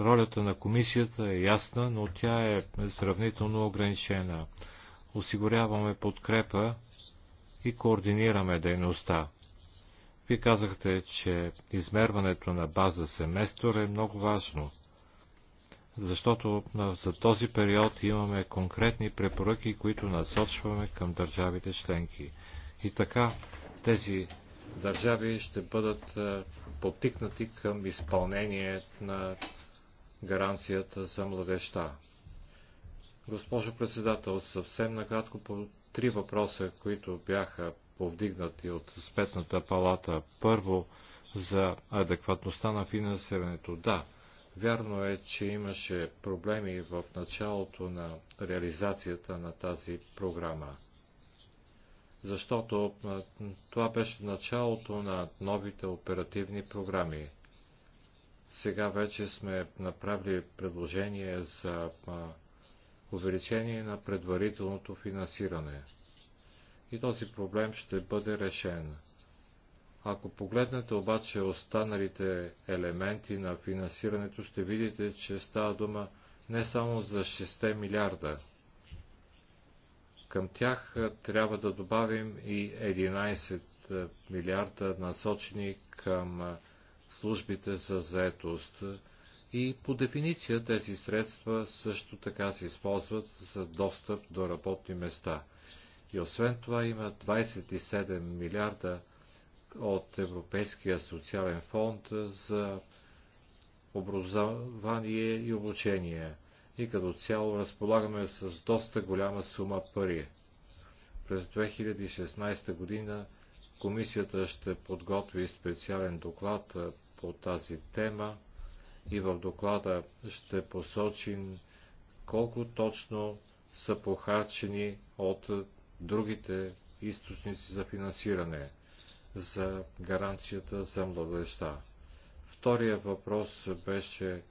Ролята на комисията е ясна, но тя е сравнително ограничена. Осигуряваме подкрепа и координираме дейността. Вие казахте, че измерването на база семестър е много важно защото за този период имаме конкретни препоръки, които насочваме към държавите членки. И така тези държави ще бъдат потикнати към изпълнение на гаранцията за младеща. Госпожо председател, съвсем накратко по три въпроса, които бяха повдигнати от Спетната палата. Първо, за адекватността на финансирането. Да, Вярно е, че имаше проблеми в началото на реализацията на тази програма, защото това беше началото на новите оперативни програми. Сега вече сме направили предложение за увеличение на предварителното финансиране. И този проблем ще бъде решен. Ако погледнете обаче останалите елементи на финансирането, ще видите, че става дума не само за 6 милиарда. Към тях трябва да добавим и 11 милиарда насочени към службите за заетост. И по дефиниция тези средства също така се използват за достъп до работни места. И освен това има 27 милиарда от Европейския социален фонд за образование и обучение и като цяло разполагаме с доста голяма сума пари. През 2016 година комисията ще подготви специален доклад по тази тема и в доклада ще посочим колко точно са похарчени от другите източници за финансиране за гаранцията за младеща. Втория въпрос беше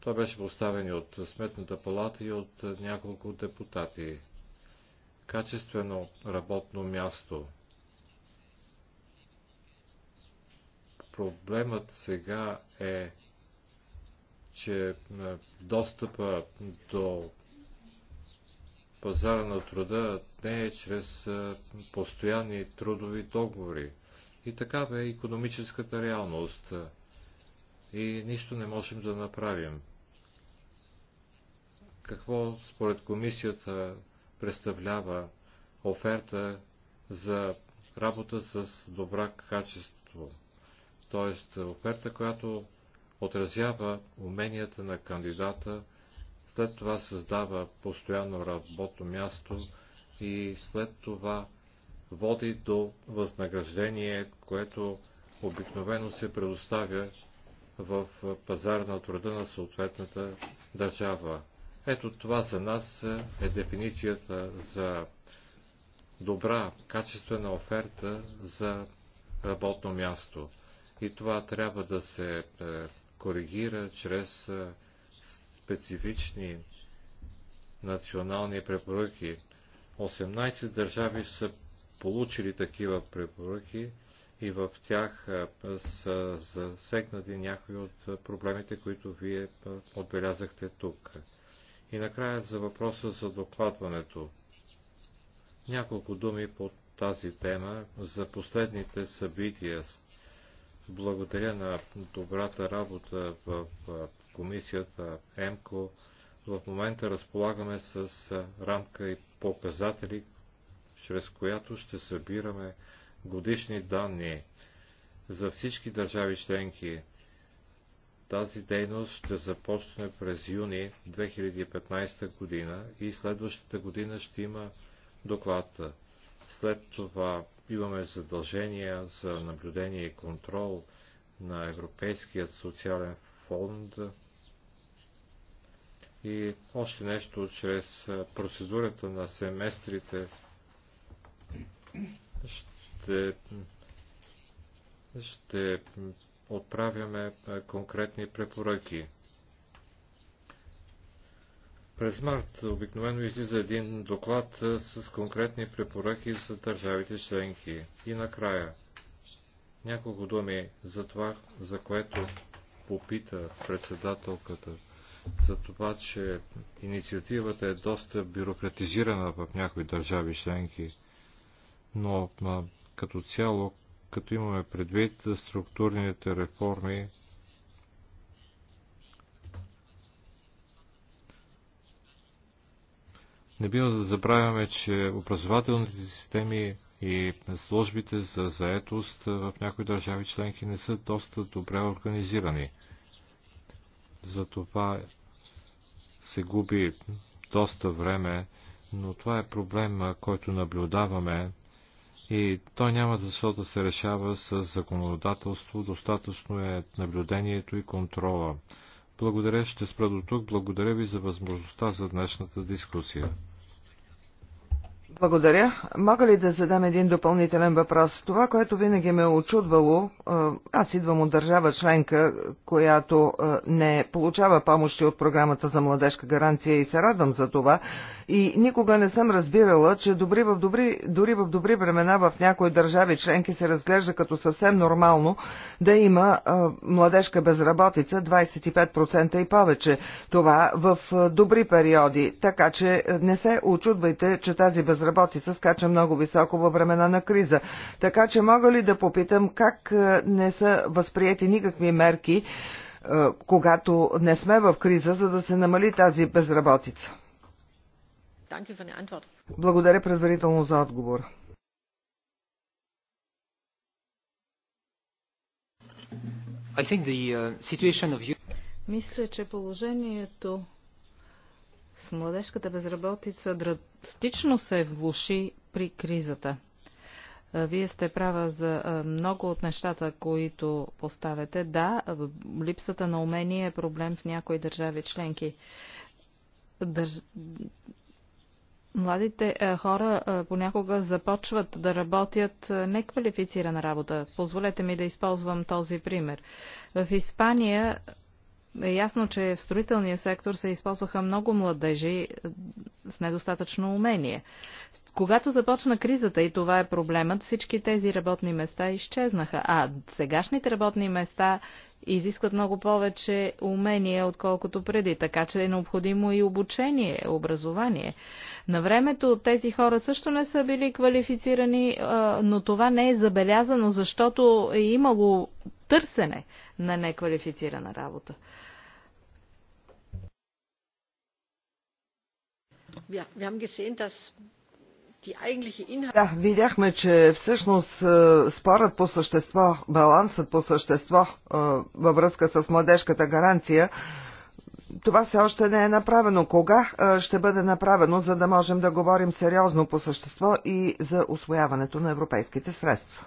той беше поставен и от Сметната палата и от няколко депутати. Качествено работно място. Проблемът сега е, че достъпа до пазара на труда не е чрез постоянни трудови договори. И такава е економическата реалност. И нищо не можем да направим. Какво според комисията представлява оферта за работа с добра качество? Тоест оферта, която отразява уменията на кандидата след това създава постоянно работно място и след това води до възнаграждение, което обикновено се предоставя в пазар на труда на съответната държава. Ето това за нас е дефиницията за добра, качествена оферта за работно място. И това трябва да се е, коригира чрез е, специфични национални препоръки. 18 държави са получили такива препоръки и в тях са засегнати някои от проблемите, които вие отбелязахте тук. И накрая за въпроса за докладването. Няколко думи по тази тема за последните събития благодаря на добрата работа в комисията ЕМКО. В момента разполагаме с рамка и показатели, чрез която ще събираме годишни данни за всички държави членки. Тази дейност ще започне през юни 2015 година и следващата година ще има доклад. След това имаме задължения за наблюдение и контрол на Европейският социален фонд и още нещо чрез процедурата на семестрите ще, ще отправяме конкретни препоръки. През март обикновено излиза един доклад с конкретни препоръки за държавите членки. И накрая няколко думи за това, за което попита председателката, за това, че инициативата е доста бюрократизирана в някои държави членки, но като цяло, като имаме предвид структурните реформи, Не бива да забравяме, че образователните системи и службите за заетост в някои държави членки не са доста добре организирани. Затова се губи доста време, но това е проблем, който наблюдаваме и той няма защо да се решава с законодателство, достатъчно е наблюдението и контрола. Благодаря, ще спра до тук. Благодаря ви за възможността за днешната дискусия. Благодаря. Мога ли да задам един допълнителен въпрос? Това, което винаги ме е очудвало, аз идвам от държава членка, която не получава помощи от програмата за младежка гаранция и се радвам за това. И никога не съм разбирала, че добри в добри, дори в добри времена в някои държави членки се разглежда като съвсем нормално да има младежка безработица 25% и повече. Това в добри периоди. Така че не се очудвайте, че тази безработица безработица скача много високо във времена на криза. Така че мога ли да попитам как е, не са възприяти никакви мерки, е, когато не сме в криза, за да се намали тази безработица? Благодаря предварително за отговор. Е, Мисля, че положението Младежката безработица драстично се влуши при кризата. Вие сте права за много от нещата, които поставяте. Да, липсата на умение е проблем в някои държави членки. Държ... Младите хора понякога започват да работят неквалифицирана работа. Позволете ми да използвам този пример. В Испания е ясно, че в строителния сектор се използваха много младежи е, с недостатъчно умение. Когато започна кризата и това е проблемът, всички тези работни места изчезнаха, а сегашните работни места изискват много повече умения, отколкото преди, така че е необходимо и обучение, образование. На времето тези хора също не са били квалифицирани, е, но това не е забелязано, защото е имало търсене на неквалифицирана работа. Да, видяхме, че всъщност е, спорът по същество, балансът по същество е, във връзка с младежката гаранция, това все още не е направено. Кога е, ще бъде направено, за да можем да говорим сериозно по същество и за освояването на европейските средства?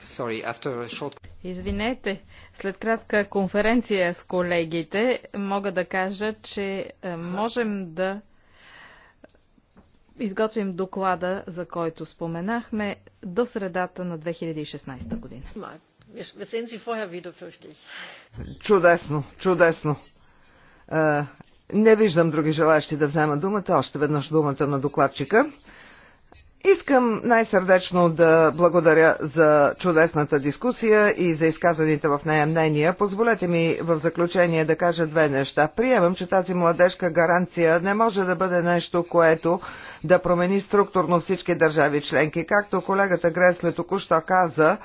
Sorry, after a short... Извинете, след кратка конференция с колегите мога да кажа, че е, можем да изготвим доклада, за който споменахме, до средата на 2016 година. Чудесно, чудесно. Е, не виждам други желащи да взема думата. Още веднъж думата на докладчика. Искам най-сърдечно да благодаря за чудесната дискусия и за изказаните в нея мнения. Позволете ми в заключение да кажа две неща. Приемам, че тази младежка гаранция не може да бъде нещо, което да промени структурно всички държави членки. Както колегата Гресле току-що каза,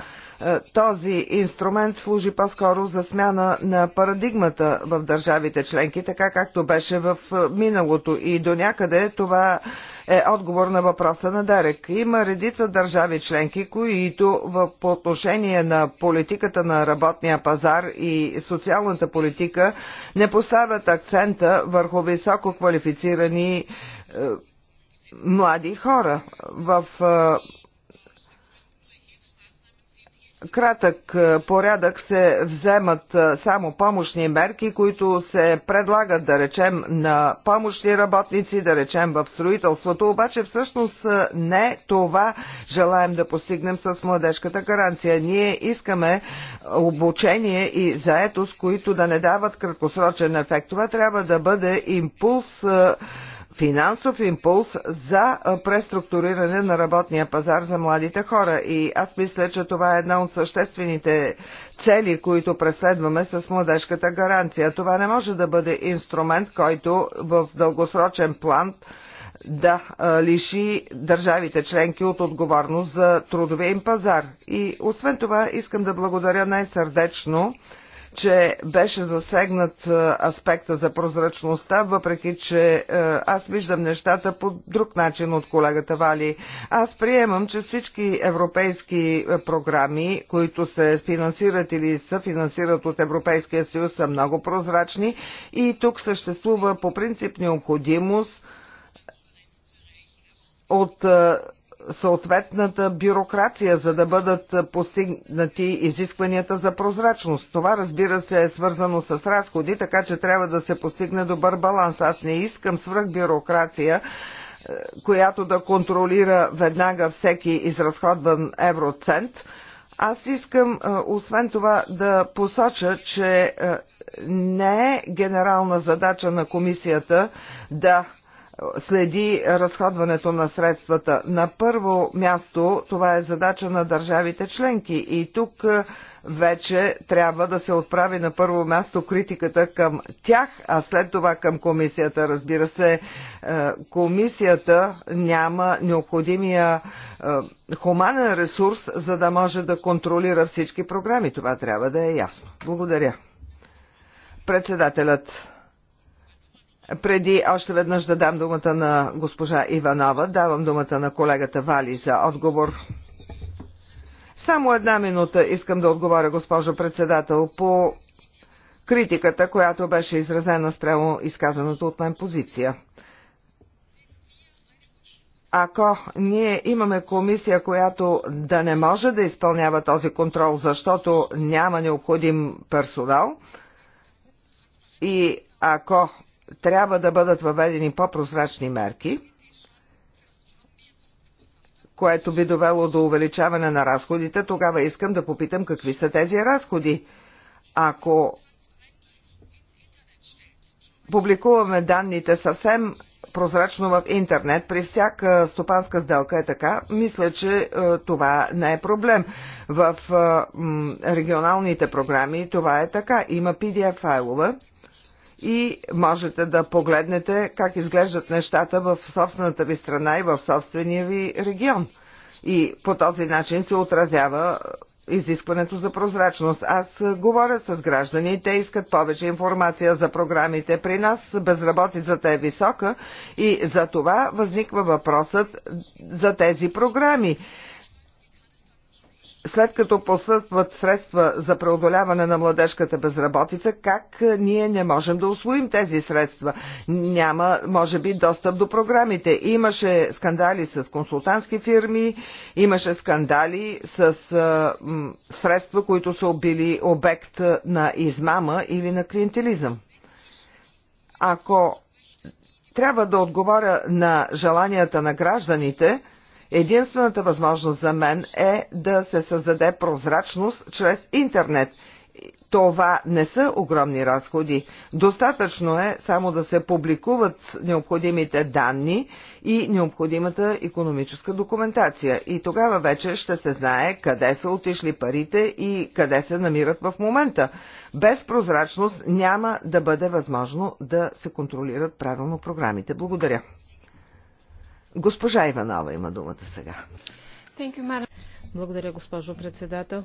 е, този инструмент служи по-скоро за смяна на парадигмата в държавите членки, така както беше в е, миналото и до някъде това е отговор на въпроса на Дерек. Има редица държави членки, които в, по отношение на политиката на работния пазар и социалната политика не поставят акцента върху високо квалифицирани е, млади хора. В кратък порядък се вземат само помощни мерки, които се предлагат, да речем, на помощни работници, да речем в строителството, обаче всъщност не това желаем да постигнем с младежката гаранция. Ние искаме обучение и заетост, които да не дават краткосрочен ефект. Това трябва да бъде импулс финансов импулс за преструктуриране на работния пазар за младите хора. И аз мисля, че това е една от съществените цели, които преследваме с младежката гаранция. Това не може да бъде инструмент, който в дългосрочен план да лиши държавите членки от отговорност за трудовия им пазар. И освен това искам да благодаря най-сърдечно че беше засегнат е, аспекта за прозрачността, въпреки че е, аз виждам нещата по друг начин от колегата Вали. Аз приемам, че всички европейски е, програми, които се финансират или се финансират от Европейския съюз, са много прозрачни и тук съществува по принцип необходимост от съответната бюрокрация, за да бъдат постигнати изискванията за прозрачност. Това, разбира се, е свързано с разходи, така че трябва да се постигне добър баланс. Аз не искам свръх бюрокрация, е, която да контролира веднага всеки изразходван евроцент. Аз искам, е, освен това, да посоча, че е, не е генерална задача на комисията да следи разходването на средствата. На първо място това е задача на държавите членки и тук е, вече трябва да се отправи на първо място критиката към тях, а след това към комисията. Разбира се, е, комисията няма необходимия е, хуманен ресурс, за да може да контролира всички програми. Това трябва да е ясно. Благодаря. Председателят преди още веднъж да дам думата на госпожа Иванова, давам думата на колегата Вали за отговор. Само една минута искам да отговоря, госпожо председател, по критиката, която беше изразена спрямо изказаното от мен позиция. Ако ние имаме комисия, която да не може да изпълнява този контрол, защото няма необходим персонал, и ако трябва да бъдат въведени по-прозрачни мерки, което би довело до увеличаване на разходите, тогава искам да попитам какви са тези разходи. Ако публикуваме данните съвсем прозрачно в интернет, при всяка стопанска сделка е така, мисля, че е, това не е проблем. В е, регионалните програми това е така. Има PDF файлове, и можете да погледнете как изглеждат нещата в собствената ви страна и в собствения ви регион. И по този начин се отразява изискването за прозрачност. Аз говоря с граждани, те искат повече информация за програмите. При нас безработицата е висока и за това възниква въпросът за тези програми след като посъстват средства за преодоляване на младежката безработица, как ние не можем да освоим тези средства? Няма, може би, достъп до програмите. Имаше скандали с консултантски фирми, имаше скандали с м, средства, които са били обект на измама или на клиентелизъм. Ако трябва да отговоря на желанията на гражданите, Единствената възможност за мен е да се създаде прозрачност чрез интернет. Това не са огромни разходи. Достатъчно е само да се публикуват необходимите данни и необходимата економическа документация. И тогава вече ще се знае къде са отишли парите и къде се намират в момента. Без прозрачност няма да бъде възможно да се контролират правилно програмите. Благодаря. Госпожа Иванова има думата сега. You, Благодаря, госпожо председател.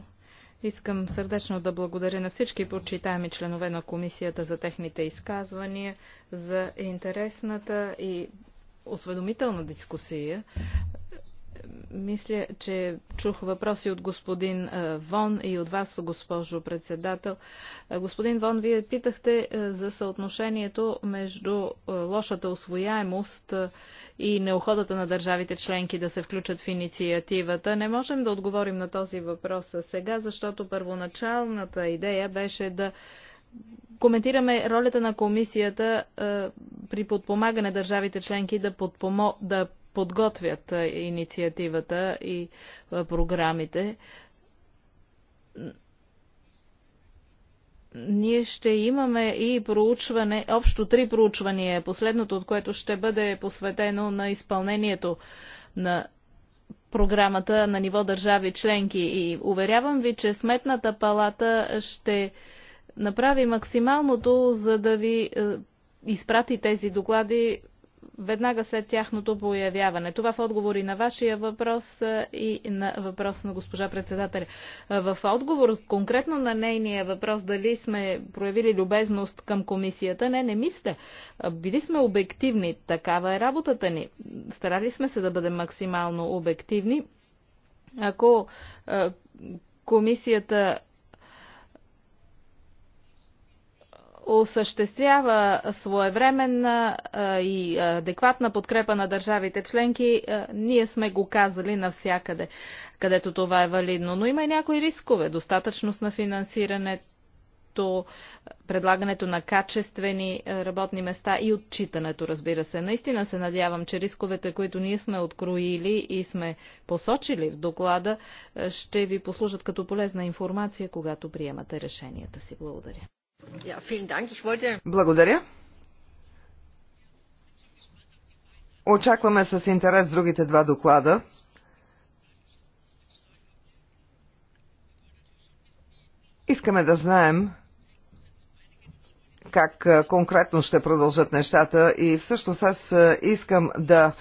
Искам сърдечно да благодаря на всички почитаеми членове на комисията за техните изказвания, за интересната и осведомителна дискусия. Мисля, че чух въпроси от господин Вон и от вас, госпожо председател. Господин Вон, вие питахте за съотношението между лошата освояемост и неохотата на държавите членки да се включат в инициативата. Не можем да отговорим на този въпрос сега, защото първоначалната идея беше да коментираме ролята на комисията а, при подпомагане държавите членки да, подпомо, да подготвят инициативата и програмите. Ние ще имаме и проучване, общо три проучвания, последното от което ще бъде посветено на изпълнението на програмата на ниво държави членки. И уверявам ви, че Сметната палата ще направи максималното, за да ви изпрати тези доклади веднага след тяхното появяване. Това в отговори на вашия въпрос и на въпрос на госпожа председателя. В отговор конкретно на нейния въпрос дали сме проявили любезност към комисията, не, не мисля. Били сме обективни, такава е работата ни. Старали сме се да бъдем максимално обективни. Ако комисията осъществява своевременна и адекватна подкрепа на държавите членки, ние сме го казали навсякъде, където това е валидно. Но има и някои рискове. Достатъчност на финансирането, предлагането на качествени работни места и отчитането, разбира се. Наистина се надявам, че рисковете, които ние сме откроили и сме посочили в доклада, ще ви послужат като полезна информация, когато приемате решенията си. Благодаря. Благодаря. Очакваме с интерес другите два доклада. Искаме да знаем как конкретно ще продължат нещата и всъщност аз искам да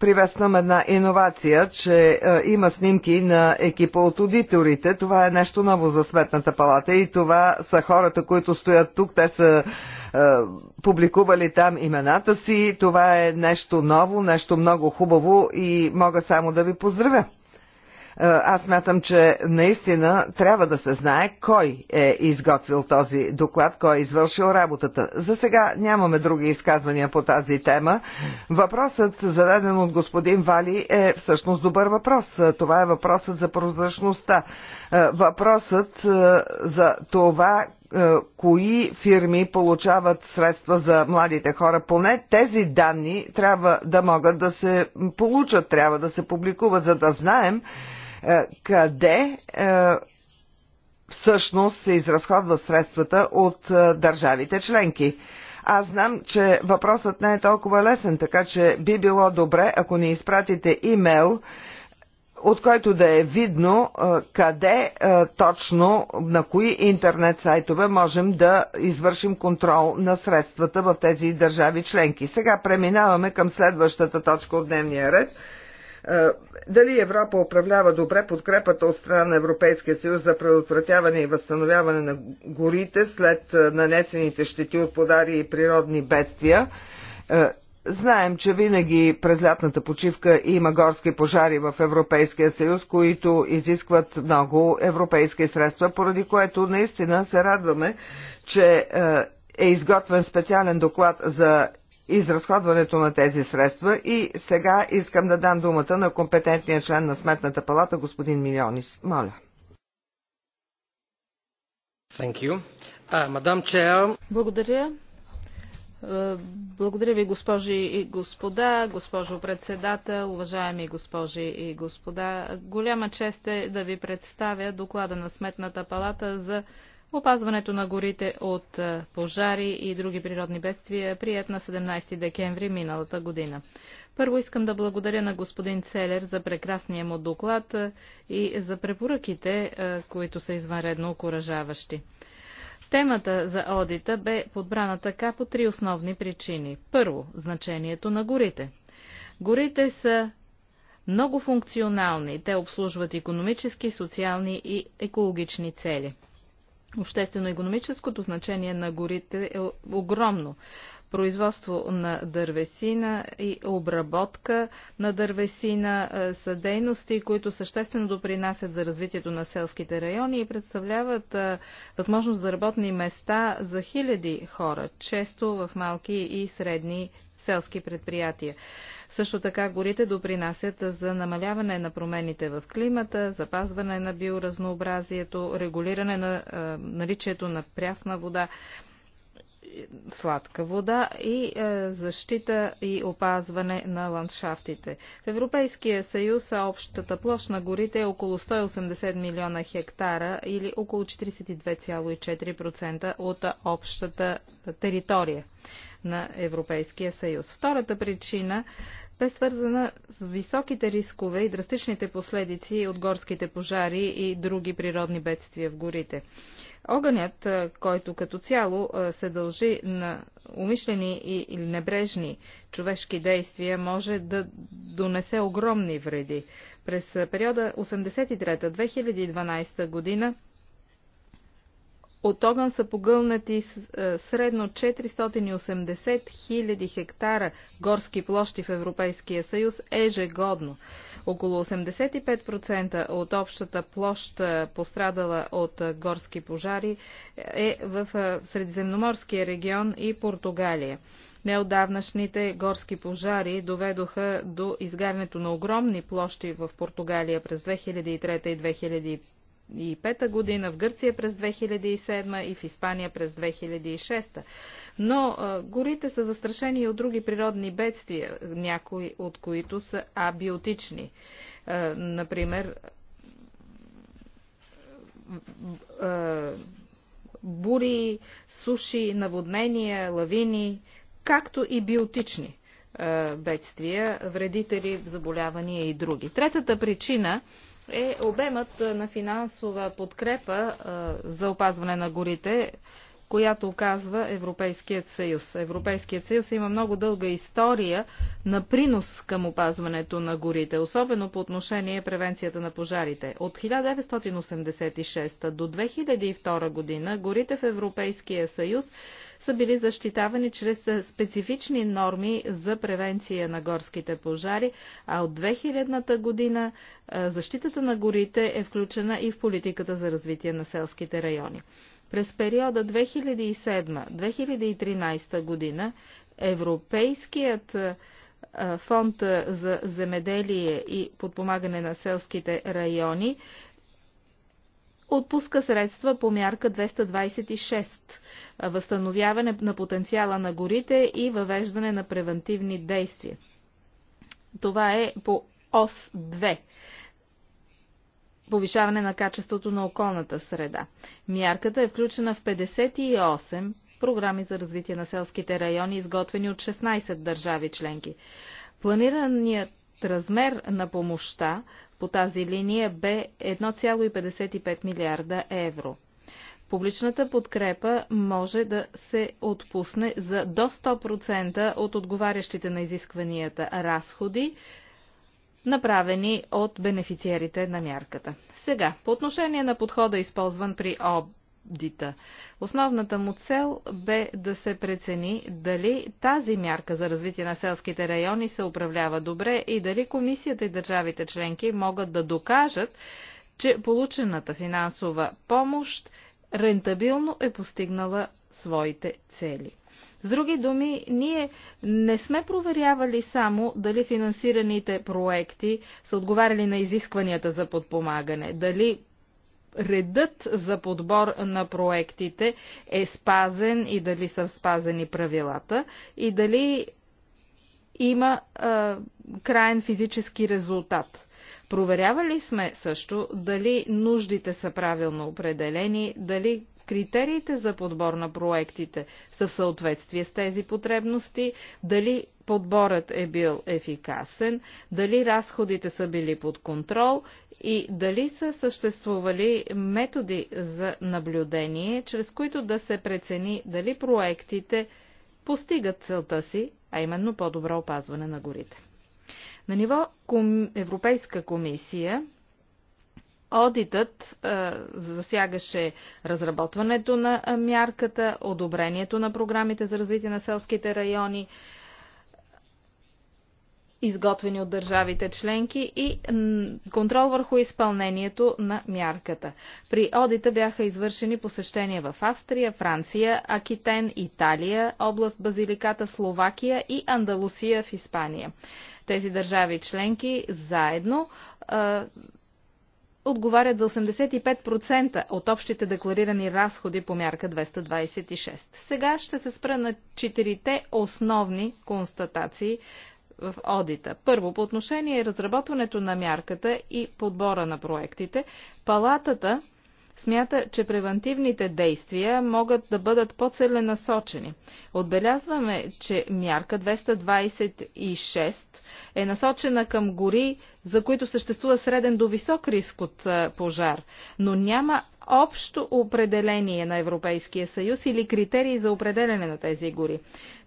Приветствам една иновация, че е, има снимки на екипа от аудиторите. Това е нещо ново за Сметната палата и това са хората, които стоят тук. Те са е, публикували там имената си. Това е нещо ново, нещо много хубаво и мога само да ви поздравя. Е, аз мятам, че наистина трябва да се знае кой е изготвил този доклад, кой е извършил работата. За сега нямаме други изказвания по тази тема. Въпросът, зададен от господин Вали, е всъщност добър въпрос. Това е въпросът за прозрачността. Е, въпросът е, за това, кои фирми получават средства за младите хора. Поне тези данни трябва да могат да се получат, трябва да се публикуват, за да знаем е, къде е, всъщност се изразходват средствата от е, държавите членки. Аз знам, че въпросът не е толкова лесен, така че би било добре, ако ни изпратите имейл, от който да е видно къде точно, на кои интернет сайтове можем да извършим контрол на средствата в тези държави членки. Сега преминаваме към следващата точка от дневния ред. Е, дали Европа управлява добре подкрепата от страна на Европейския съюз за предотвратяване и възстановяване на горите след е, нанесените щети от подари и природни бедствия? Е, знаем, че винаги през лятната почивка има горски пожари в Европейския съюз, които изискват много европейски средства, поради което наистина се радваме, че е изготвен специален доклад за изразходването на тези средства. И сега искам да дам думата на компетентния член на Сметната палата, господин Милионис. Моля. Thank you. Uh, мадам Чеа. Благодаря. Благодаря ви, госпожи и господа, госпожо председател, уважаеми госпожи и господа. Голяма чест е да ви представя доклада на Сметната палата за Опазването на горите от е, пожари и други природни бедствия е прият на 17 декември миналата година. Първо искам да благодаря на господин Целер за прекрасния му доклад е, и за препоръките, е, които са извънредно окоръжаващи. Темата за одита бе подбрана така по три основни причини. Първо, значението на горите. Горите са много функционални. Те обслужват економически, социални и екологични цели. Обществено-економическото значение на горите е огромно. Производство на дървесина и обработка на дървесина е, са дейности, които съществено допринасят за развитието на селските райони и представляват е, възможност за работни места за хиляди хора, често в малки и средни селски предприятия. Също така горите допринасят за намаляване на промените в климата, запазване на биоразнообразието, регулиране на е, наличието на прясна вода, сладка вода и е, защита и опазване на ландшафтите. В Европейския съюз общата площ на горите е около 180 милиона хектара или около 42,4% от общата територия на Европейския съюз. Втората причина бе свързана с високите рискове и драстичните последици от горските пожари и други природни бедствия в горите. Огънят, който като цяло се дължи на умишлени и небрежни човешки действия, може да донесе огромни вреди. През периода 83-2012 година от огън са погълнати средно 480 000 хектара горски площи в Европейския съюз ежегодно. Около 85% от общата площ, пострадала от горски пожари, е в Средиземноморския регион и Португалия. Неодавнашните горски пожари доведоха до изгарянето на огромни площи в Португалия през 2003 и 2005 година, в Гърция през 2007 и в Испания през 2006. Но горите са застрашени и от други природни бедствия, някои от които са абиотични. Например, бури, суши, наводнения, лавини, както и биотични бедствия, вредители, заболявания и други. Третата причина е обемът на финансова подкрепа за опазване на горите която оказва Европейският съюз. Европейският съюз има много дълга история на принос към опазването на горите, особено по отношение превенцията на пожарите. От 1986 до 2002 година горите в Европейския съюз са били защитавани чрез специфични норми за превенция на горските пожари, а от 2000-та година защитата на горите е включена и в политиката за развитие на селските райони. През периода 2007-2013 година Европейският фонд за земеделие и подпомагане на селските райони отпуска средства по мярка 226 възстановяване на потенциала на горите и въвеждане на превентивни действия. Това е по ОС 2 повишаване на качеството на околната среда. Мярката е включена в 58 програми за развитие на селските райони, изготвени от 16 държави членки. Планираният размер на помощта по тази линия бе 1,55 милиарда евро. Публичната подкрепа може да се отпусне за до 100% от отговарящите на изискванията разходи направени от бенефициерите на мярката. Сега, по отношение на подхода, използван при обдита. Основната му цел бе да се прецени дали тази мярка за развитие на селските райони се управлява добре и дали комисията и държавите членки могат да докажат, че получената финансова помощ рентабилно е постигнала своите цели. С други думи, ние не сме проверявали само дали финансираните проекти са отговаряли на изискванията за подпомагане, дали редът за подбор на проектите е спазен и дали са спазени правилата и дали има а, краен физически резултат. Проверявали сме също дали нуждите са правилно определени, дали критериите за подбор на проектите са в съответствие с тези потребности, дали подборът е бил ефикасен, дали разходите са били под контрол и дали са съществували методи за наблюдение, чрез които да се прецени дали проектите постигат целта си, а именно по-добро опазване на горите. На ниво Европейска комисия Одитът а, засягаше разработването на мярката, одобрението на програмите за развитие на селските райони, изготвени от държавите членки и контрол върху изпълнението на мярката. При одита бяха извършени посещения в Австрия, Франция, Акитен, Италия, област Базиликата, Словакия и Андалусия в Испания. Тези държави членки заедно а, отговарят за 85% от общите декларирани разходи по мярка 226. Сега ще се спра на четирите основни констатации в одита. Първо, по отношение разработването на мярката и подбора на проектите, палатата смята, че превентивните действия могат да бъдат по-целенасочени. Отбелязваме, че мярка 226 е насочена към гори, за които съществува среден до висок риск от пожар, но няма общо определение на Европейския съюз или критерии за определене на тези гори.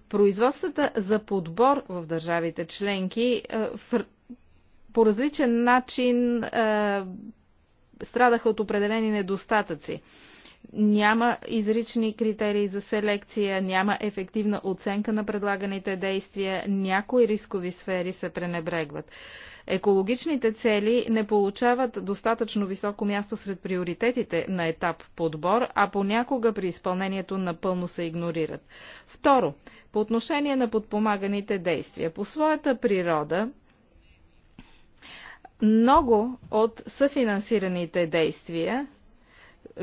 Производствата за подбор в държавите членки по различен начин страдаха от определени недостатъци. Няма изрични критерии за селекция, няма ефективна оценка на предлаганите действия, някои рискови сфери се пренебрегват. Екологичните цели не получават достатъчно високо място сред приоритетите на етап подбор, а понякога при изпълнението напълно се игнорират. Второ, по отношение на подпомаганите действия. По своята природа много от съфинансираните действия,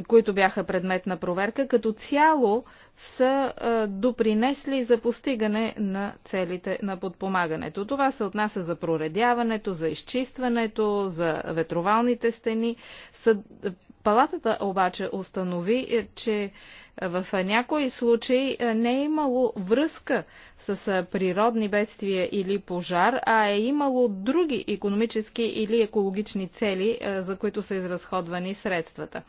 които бяха предмет на проверка, като цяло са допринесли за постигане на целите на подпомагането. Това се отнася за проредяването, за изчистването, за ветровалните стени. Палатата обаче установи, е, че е, в някои случаи е, не е имало връзка с природни бедствия или пожар, а е имало други економически или екологични цели, за които са изразходвани средствата.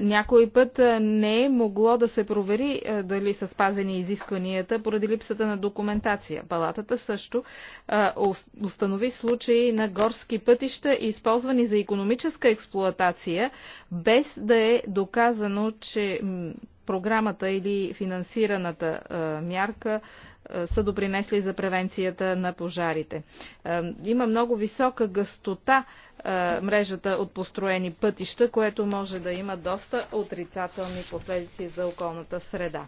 Някой път не е могло да се провери дали са спазени изискванията поради липсата на документация. Палатата също установи случаи на горски пътища, използвани за економическа експлоатация, без да е доказано, че програмата или финансираната мярка са допринесли за превенцията на пожарите. Има много висока гъстота мрежата от построени пътища, което може да има доста отрицателни последици за околната среда.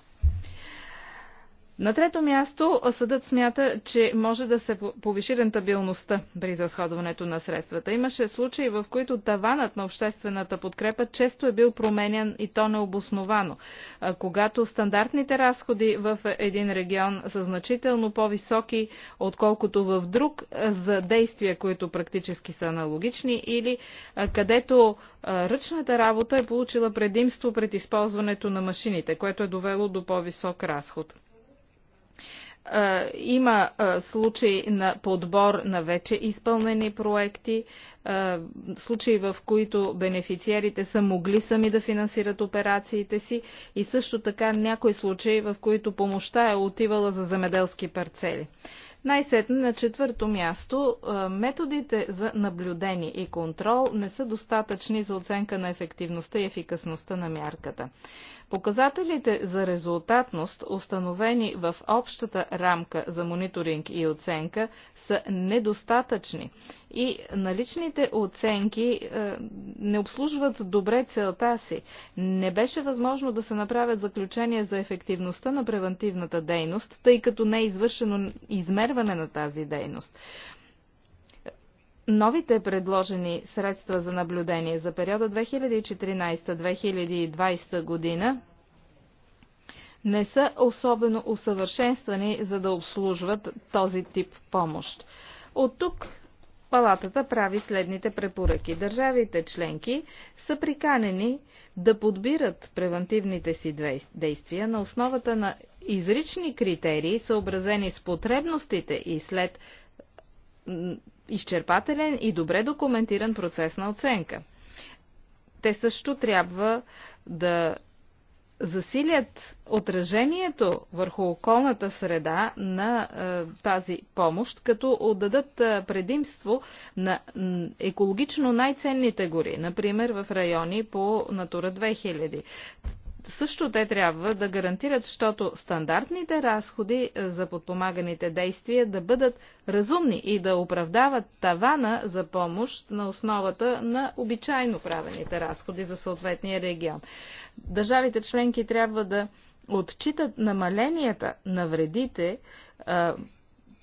На трето място, съдът смята, че може да се повиши рентабилността при разходването на средствата. Имаше случаи, в които таванът на обществената подкрепа често е бил променен и то необосновано. Когато стандартните разходи в един регион са значително по-високи, отколкото в друг, за действия, които практически са аналогични, или където ръчната работа е получила предимство пред използването на машините, което е довело до по-висок разход. Е, има е, случаи на подбор на вече изпълнени проекти, е, случаи в които бенефициерите са могли сами да финансират операциите си и също така някои случаи, в които помощта е отивала за земеделски парцели. Най-сетне на четвърто място, методите за наблюдение и контрол не са достатъчни за оценка на ефективността и ефикасността на мярката. Показателите за резултатност, установени в общата рамка за мониторинг и оценка, са недостатъчни и наличните оценки е, не обслужват добре целта си. Не беше възможно да се направят заключения за ефективността на превентивната дейност, тъй като не е извършено измерване на тази дейност. Новите предложени средства за наблюдение за периода 2014-2020 година не са особено усъвършенствани, за да обслужват този тип помощ. От тук Палатата прави следните препоръки. Държавите членки са приканени да подбират превентивните си действия на основата на изрични критерии, съобразени с потребностите и след изчерпателен и добре документиран процес на оценка. Те също трябва да засилят отражението върху околната среда на е, тази помощ, като отдадат е, предимство на е, екологично най-ценните гори, например в райони по Натура 2000 също те трябва да гарантират, защото стандартните разходи е, за подпомаганите действия да бъдат разумни и да оправдават тавана за помощ на основата на обичайно правените разходи за съответния регион. Държавите членки трябва да отчитат намаленията на вредите, е,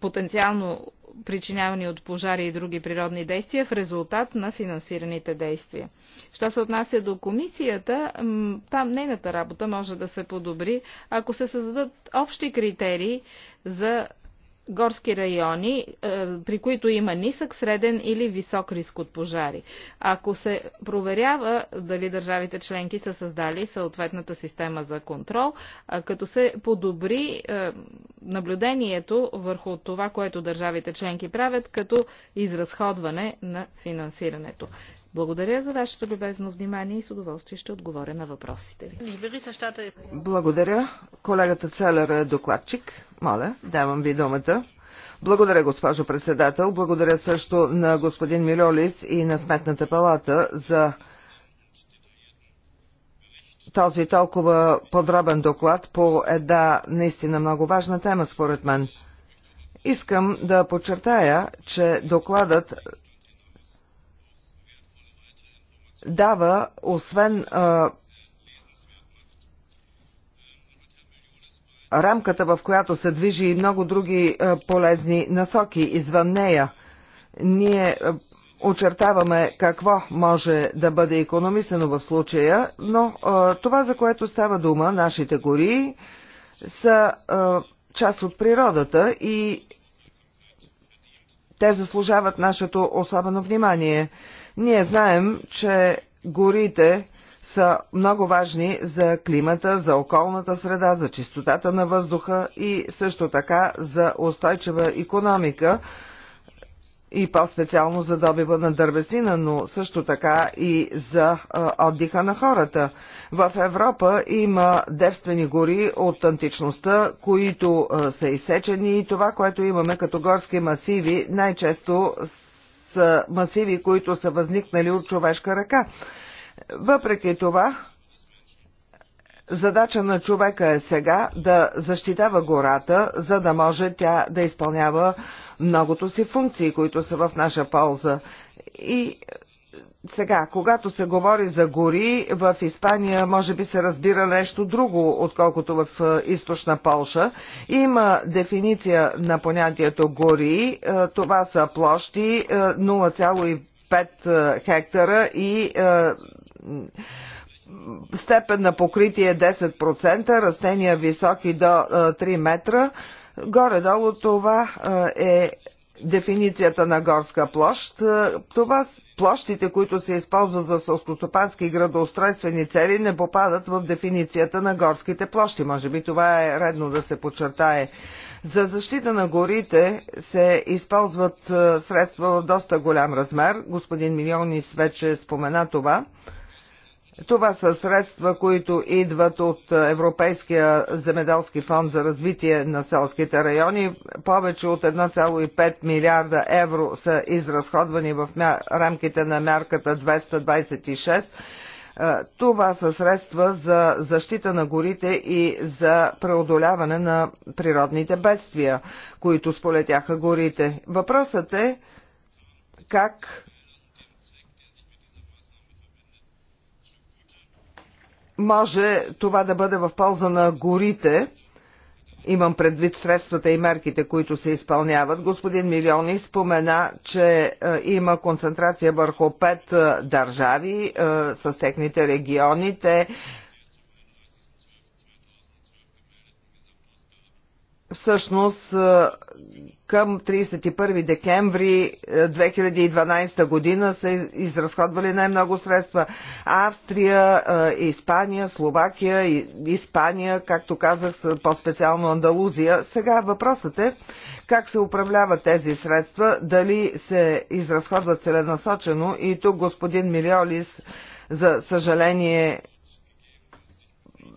потенциално причинявани от пожари и други природни действия в резултат на финансираните действия. Що се отнася до комисията, там нейната работа може да се подобри, ако се създадат общи критерии за горски райони, е, при които има нисък, среден или висок риск от пожари. Ако се проверява дали държавите членки са създали съответната система за контрол, е, като се подобри е, наблюдението върху това, което държавите членки правят като изразходване на финансирането. Благодаря за вашето любезно внимание и с удоволствие ще отговоря на въпросите ви. Благодаря. Колегата Целер е докладчик. Моля, давам ви думата. Благодаря, госпожо председател. Благодаря също на господин Миролис и на Сметната палата за този толкова подробен доклад по една наистина много важна тема, според мен. Искам да подчертая, че докладът дава, освен а, рамката, в която се движи и много други а, полезни насоки извън нея. Ние очертаваме какво може да бъде економисено в случая, но а, това, за което става дума, нашите гори, са а, част от природата и те заслужават нашето особено внимание. Ние знаем, че горите са много важни за климата, за околната среда, за чистотата на въздуха и също така за устойчива економика и по-специално за добива на дървесина, но също така и за а, отдиха на хората. В Европа има девствени гори от античността, които а, са изсечени и това, което имаме като горски масиви, най-често масиви, които са възникнали от човешка ръка. Въпреки това, задача на човека е сега да защитава гората, за да може тя да изпълнява многото си функции, които са в наша полза. И сега, когато се говори за гори, в Испания може би се разбира нещо друго, отколкото в е, източна Полша. Има дефиниция на понятието гори. Е, това са площи 0,5 е, хектара и степен на покритие 10%, растения високи до 3 метра. Горе-долу това е дефиницията на горска площ. Това площите, които се използват за сълскостопански и градоустройствени цели, не попадат в дефиницията на горските площи. Може би това е редно да се подчертае. За защита на горите се използват е, средства в доста голям размер. Господин Милионис вече спомена това. Това са средства, които идват от Европейския земеделски фонд за развитие на селските райони. Повече от 1,5 милиарда евро са изразходвани в рамките на мярката 226. Е, това са средства за защита на горите и за преодоляване на природните бедствия, които сполетяха горите. Въпросът е как може това да бъде в полза на горите. Имам предвид средствата и мерките, които се изпълняват. Господин Милиони спомена, че е, има концентрация върху пет е, държави е, с техните региони. Те всъщност към 31 декември 2012 година са изразходвали най-много средства. Австрия, Испания, Словакия, Испания, както казах, по-специално Андалузия. Сега въпросът е как се управляват тези средства, дали се изразходват целенасочено и тук господин Милиолис за съжаление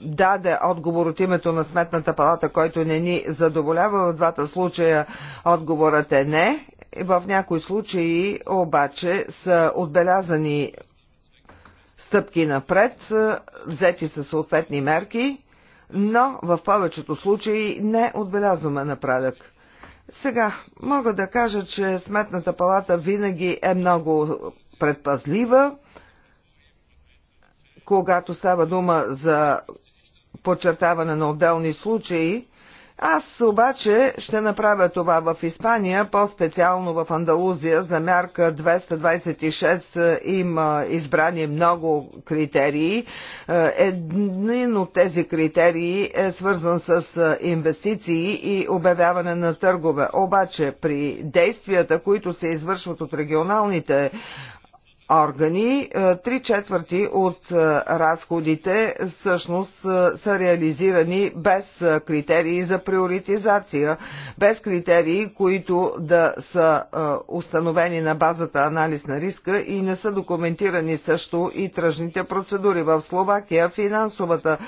даде отговор от името на Сметната палата, който не ни задоволява. В двата случая отговорът е не. В някои случаи обаче са отбелязани стъпки напред, взети са съответни мерки, но в повечето случаи не отбелязваме напредък. Сега, мога да кажа, че Сметната палата винаги е много предпазлива, когато става дума за подчертаване на отделни случаи. Аз обаче ще направя това в Испания, по-специално в Андалузия. За мярка 226 има избрани много критерии. Е, един от тези критерии е свързан с е, инвестиции и обявяване на търгове. Обаче при действията, които се извършват от регионалните органи. Е, три четвърти от е, разходите всъщност е, са реализирани без критерии за приоритизация, без критерии, които да са установени на базата анализ на риска и не са документирани също и тръжните процедури. В Словакия финансовата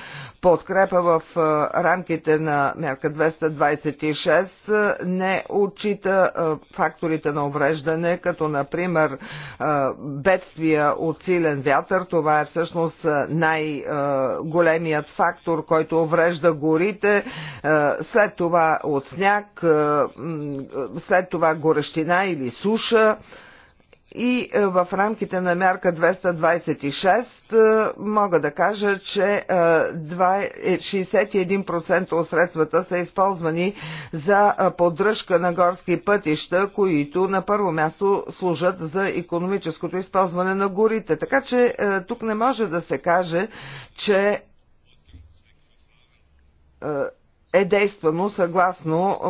подкрепа в рамките на мерка 226 не отчита факторите на увреждане, като например бедствия от силен вятър. Това е всъщност най-големият фактор, който уврежда горите. След това от сняг, след това горещина или суша. И е, в рамките на мярка 226 е, мога да кажа, че 61% е, от средствата са използвани за поддръжка на горски пътища, които на първо място служат за економическото използване на горите. Така че тук не може да се каже, че е действано съгласно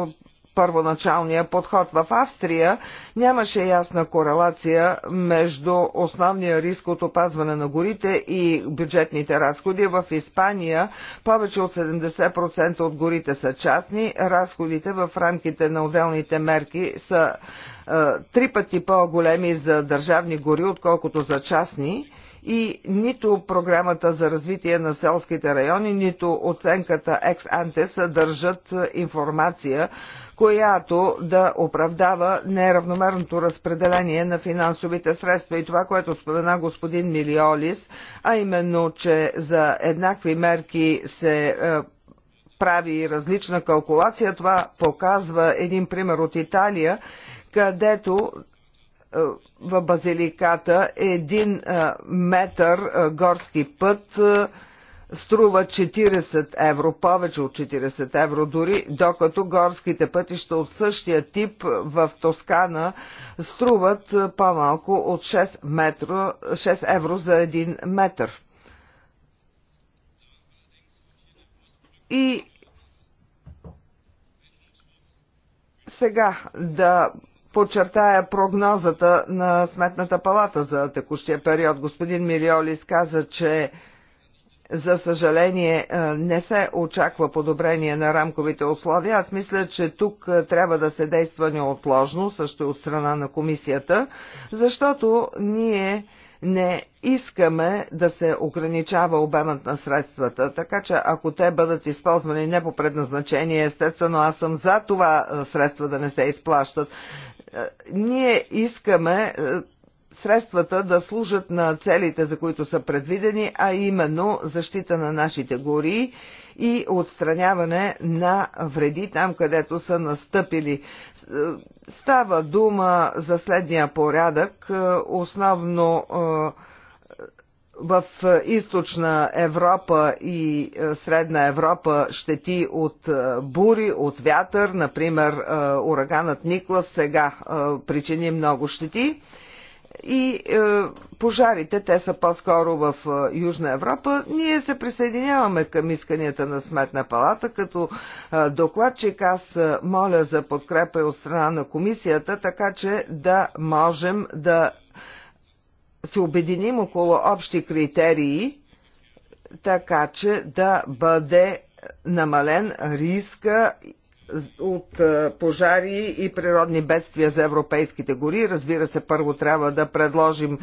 първоначалния подход в Австрия, нямаше ясна корелация между основния риск от опазване на горите и бюджетните разходи. В Испания повече от 70% от горите са частни, разходите в рамките на отделните мерки са е, три пъти по-големи за държавни гори, отколкото за частни и нито програмата за развитие на селските райони, нито оценката екс-анте съдържат е, информация която да оправдава неравномерното разпределение на финансовите средства и това, което спомена господин Милиолис, а именно, че за еднакви мерки се е, прави различна калкулация. Това показва един пример от Италия, където е, в базиликата един е, метър горски път струва 40 евро, повече от 40 евро дори, докато горските пътища от същия тип в Тоскана струват по-малко от 6, метро, 6 евро за 1 метър. И сега да подчертая прогнозата на Сметната палата за текущия период. Господин Мириолис каза, че за съжаление е, не се очаква подобрение на рамковите условия. Аз мисля, че тук е, трябва да се действа неотложно, също от страна на комисията, защото ние не искаме да се ограничава обемът на средствата, така че ако те бъдат използвани не по предназначение, естествено аз съм за това е, средства да не се изплащат. Ние искаме средствата да служат на целите, за които са предвидени, а именно защита на нашите гори и отстраняване на вреди там, където са настъпили. Става дума за следния порядък, основно е, в източна Европа и е, средна Европа щети от е, бури, от вятър, например ураганът Никлас сега причини много щети и е, пожарите, те са по-скоро в е, Южна Европа. Ние се присъединяваме към исканията на Сметна палата, като е, докладчик аз е, моля за подкрепа от страна на комисията, така че да можем да се обединим около общи критерии, така че да бъде намален риска от е, пожари и природни бедствия за европейските гори. Разбира се, първо трябва да предложим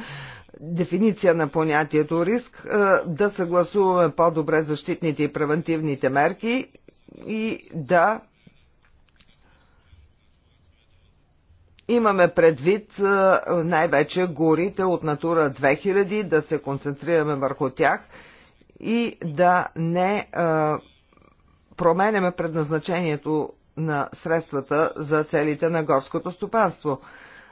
дефиниция на понятието риск, е, да съгласуваме по-добре защитните и превентивните мерки и да Имаме предвид е, най-вече горите от Натура 2000, да се концентрираме върху тях и да не а, променяме предназначението на средствата за целите на горското стопанство.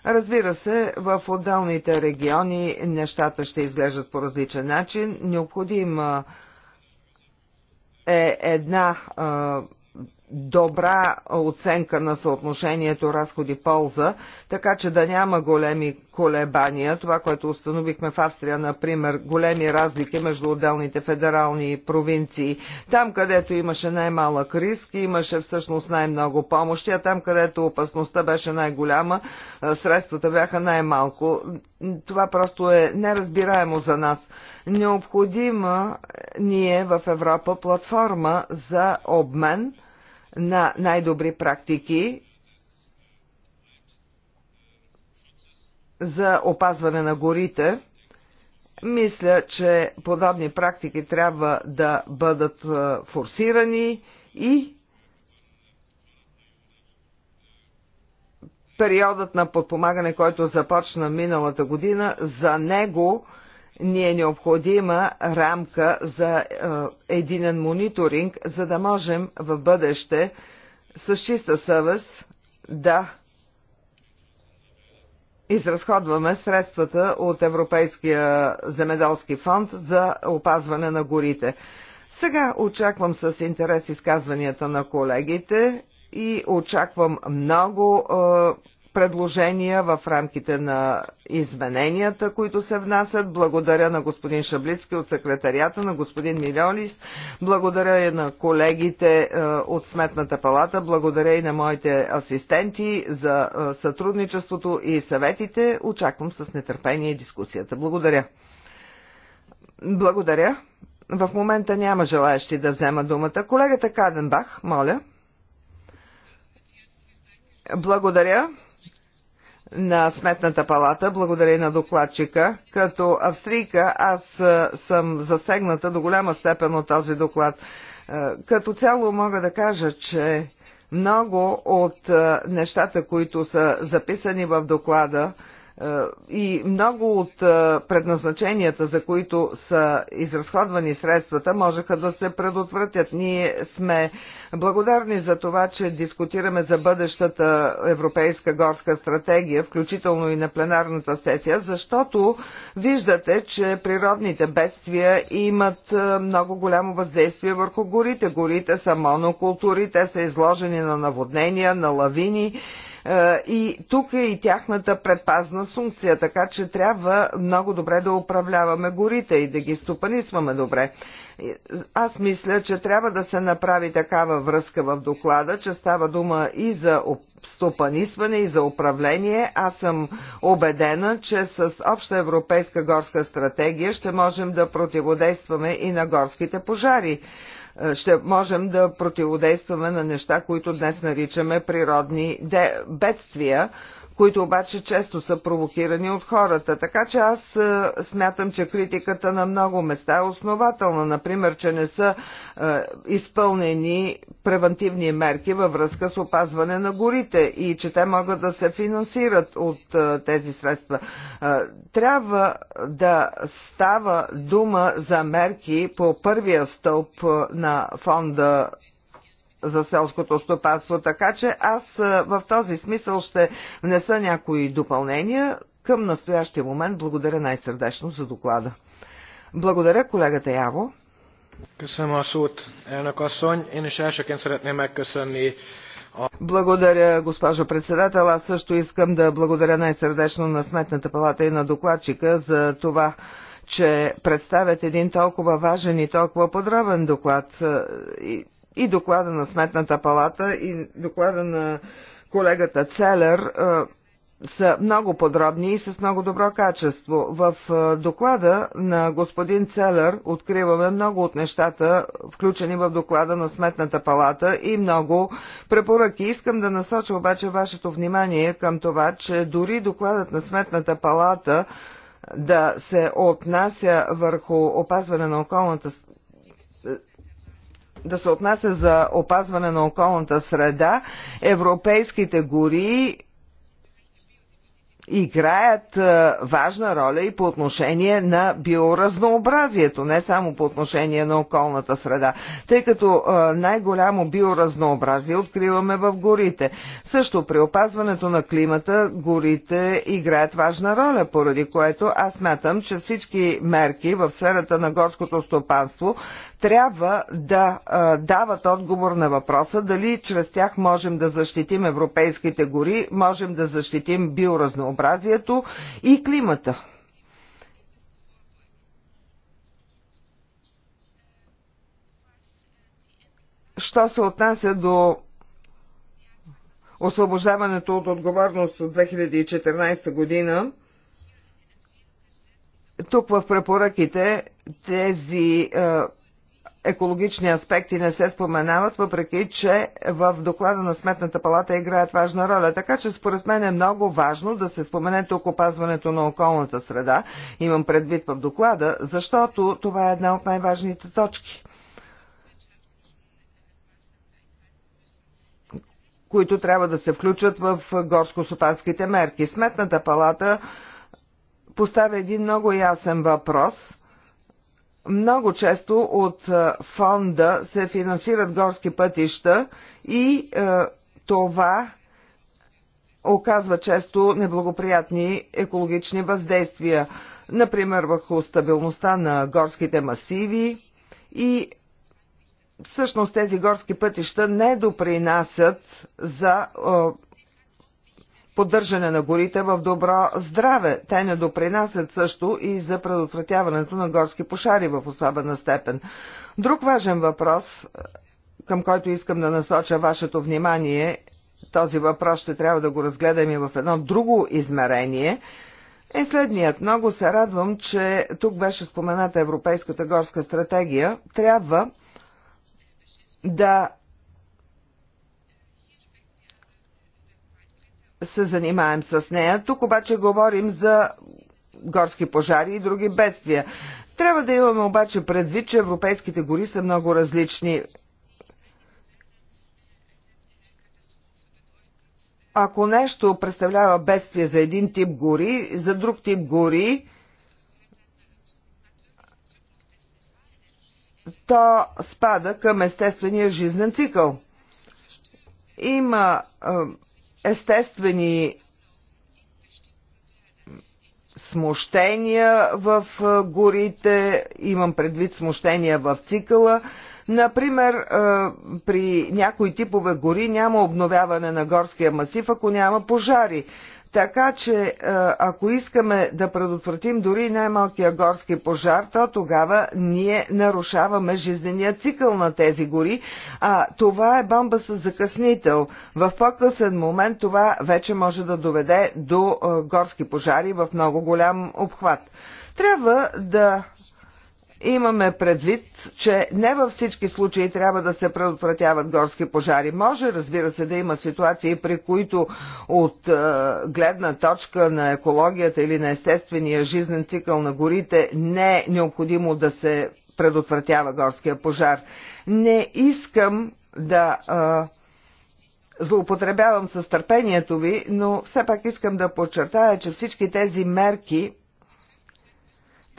Разбира се, в отделните региони нещата ще изглеждат по различен начин. Необходима е една добра оценка на съотношението разходи-полза, така че да няма големи колебания. Това, което установихме в Австрия, например, големи разлики между отделните федерални провинции. Там, където имаше най-малък риск, имаше всъщност най-много помощи, а там, където опасността беше най-голяма, средствата бяха най-малко. Това просто е неразбираемо за нас. Необходима ни е в Европа платформа за обмен – на най-добри практики за опазване на горите. Мисля, че подобни практики трябва да бъдат форсирани и периодът на подпомагане, който започна миналата година, за него ни е необходима рамка за е, единен мониторинг, за да можем в бъдеще с чиста съвест да изразходваме средствата от Европейския земеделски фонд за опазване на горите. Сега очаквам с интерес изказванията на колегите и очаквам много е, предложения в рамките на измененията, които се внасят. Благодаря на господин Шаблицки от секретарията, на господин Милионис, благодаря и на колегите е, от Сметната палата, благодаря и на моите асистенти за е, сътрудничеството и съветите. Очаквам с нетърпение дискусията. Благодаря. Благодаря. В момента няма желаящи да взема думата. Колегата Каденбах, моля. Благодаря на Сметната палата, благодаря на докладчика. Като австрийка аз е, съм засегната до голяма степен от този доклад. Е, като цяло мога да кажа, че много от е, нещата, които са записани в доклада, е, и много от е, предназначенията, за които са изразходвани средствата, можеха да се предотвратят. Ние сме благодарни за това, че дискутираме за бъдещата Европейска горска стратегия, включително и на пленарната сесия, защото виждате, че природните бедствия имат е, много голямо въздействие върху горите. Горите са монокултури, те са изложени на наводнения, на лавини е, и тук е и тяхната предпазна функция, така че трябва много добре да управляваме горите и да ги стопанисваме добре. Е, аз мисля, че трябва да се направи такава връзка в доклада, че става дума и за стопанисване и за управление. Аз съм убедена, че с обща европейска горска стратегия ще можем да противодействаме и на горските пожари. Е, ще можем да противодействаме на неща, които днес наричаме природни бедствия които обаче често са провокирани от хората. Така че аз е, смятам, че критиката на много места е основателна. Например, че не са е, изпълнени превентивни мерки във връзка с опазване на горите и че те могат да се финансират от е, тези средства. Трябва да става дума за мерки по първия стълб на фонда за селското стопанство. Така че аз в този смисъл ще внеса някои допълнения към настоящия момент. Благодаря най-сърдечно за доклада. Благодаря, колегата Яво. Благодаря, госпожо председател. Аз също искам да благодаря най-сърдечно на Сметната палата и на докладчика за това, че представят един толкова важен и толкова подробен доклад и доклада на Сметната палата и доклада на колегата Целер е, са много подробни и с много добро качество. В е, доклада на господин Целер откриваме много от нещата, включени в доклада на Сметната палата и много препоръки. Искам да насоча обаче вашето внимание към това, че дори докладът на Сметната палата да се отнася върху опазване на околната да се отнася за опазване на околната среда, европейските гори играят е, важна роля и по отношение на биоразнообразието, не само по отношение на околната среда, тъй като е, най-голямо биоразнообразие откриваме в горите. Също при опазването на климата горите играят важна роля, поради което аз мятам, че всички мерки в сферата на горското стопанство трябва да а, дават отговор на въпроса дали чрез тях можем да защитим европейските гори, можем да защитим биоразнообразието и климата. Що се отнася до освобождаването от отговорност от 2014 година, тук в препоръките тези е, екологични аспекти не се споменават, въпреки че в доклада на Сметната палата играят важна роля. Така че според мен е много важно да се спомене тук опазването на околната среда, имам предвид в доклада, защото това е една от най-важните точки. които трябва да се включат в горско-сопанските мерки. Сметната палата поставя един много ясен въпрос – много често от е, фонда се финансират горски пътища и е, това оказва често неблагоприятни екологични въздействия, например върху стабилността на горските масиви и всъщност тези горски пътища не допринасят за е, поддържане на горите в добро здраве. Те не допринасят също и за предотвратяването на горски пошари в особена степен. Друг важен въпрос, към който искам да насоча вашето внимание, този въпрос ще трябва да го разгледаме в едно друго измерение, е следният. Много се радвам, че тук беше спомената Европейската горска стратегия. Трябва да се занимаем с нея. Тук обаче говорим за горски пожари и други бедствия. Трябва да имаме обаче предвид, че европейските гори са много различни. Ако нещо представлява бедствие за един тип гори, за друг тип гори, то спада към естествения жизнен цикъл. Има естествени смущения в горите, имам предвид смущения в цикъла. Например, при някои типове гори няма обновяване на горския масив, ако няма пожари. Така че, е, ако искаме да предотвратим дори най-малкия горски пожар, то тогава ние нарушаваме жизнения цикъл на тези гори, а това е бомба с закъснител. В по-късен момент това вече може да доведе до е, горски пожари в много голям обхват. Трябва да имаме предвид, че не във всички случаи трябва да се предотвратяват горски пожари. Може, разбира се, да има ситуации, при които от е, гледна точка на екологията или на естествения жизнен цикъл на горите не е необходимо да се предотвратява горския пожар. Не искам да. Е, злоупотребявам с търпението ви, но все пак искам да подчертая, че всички тези мерки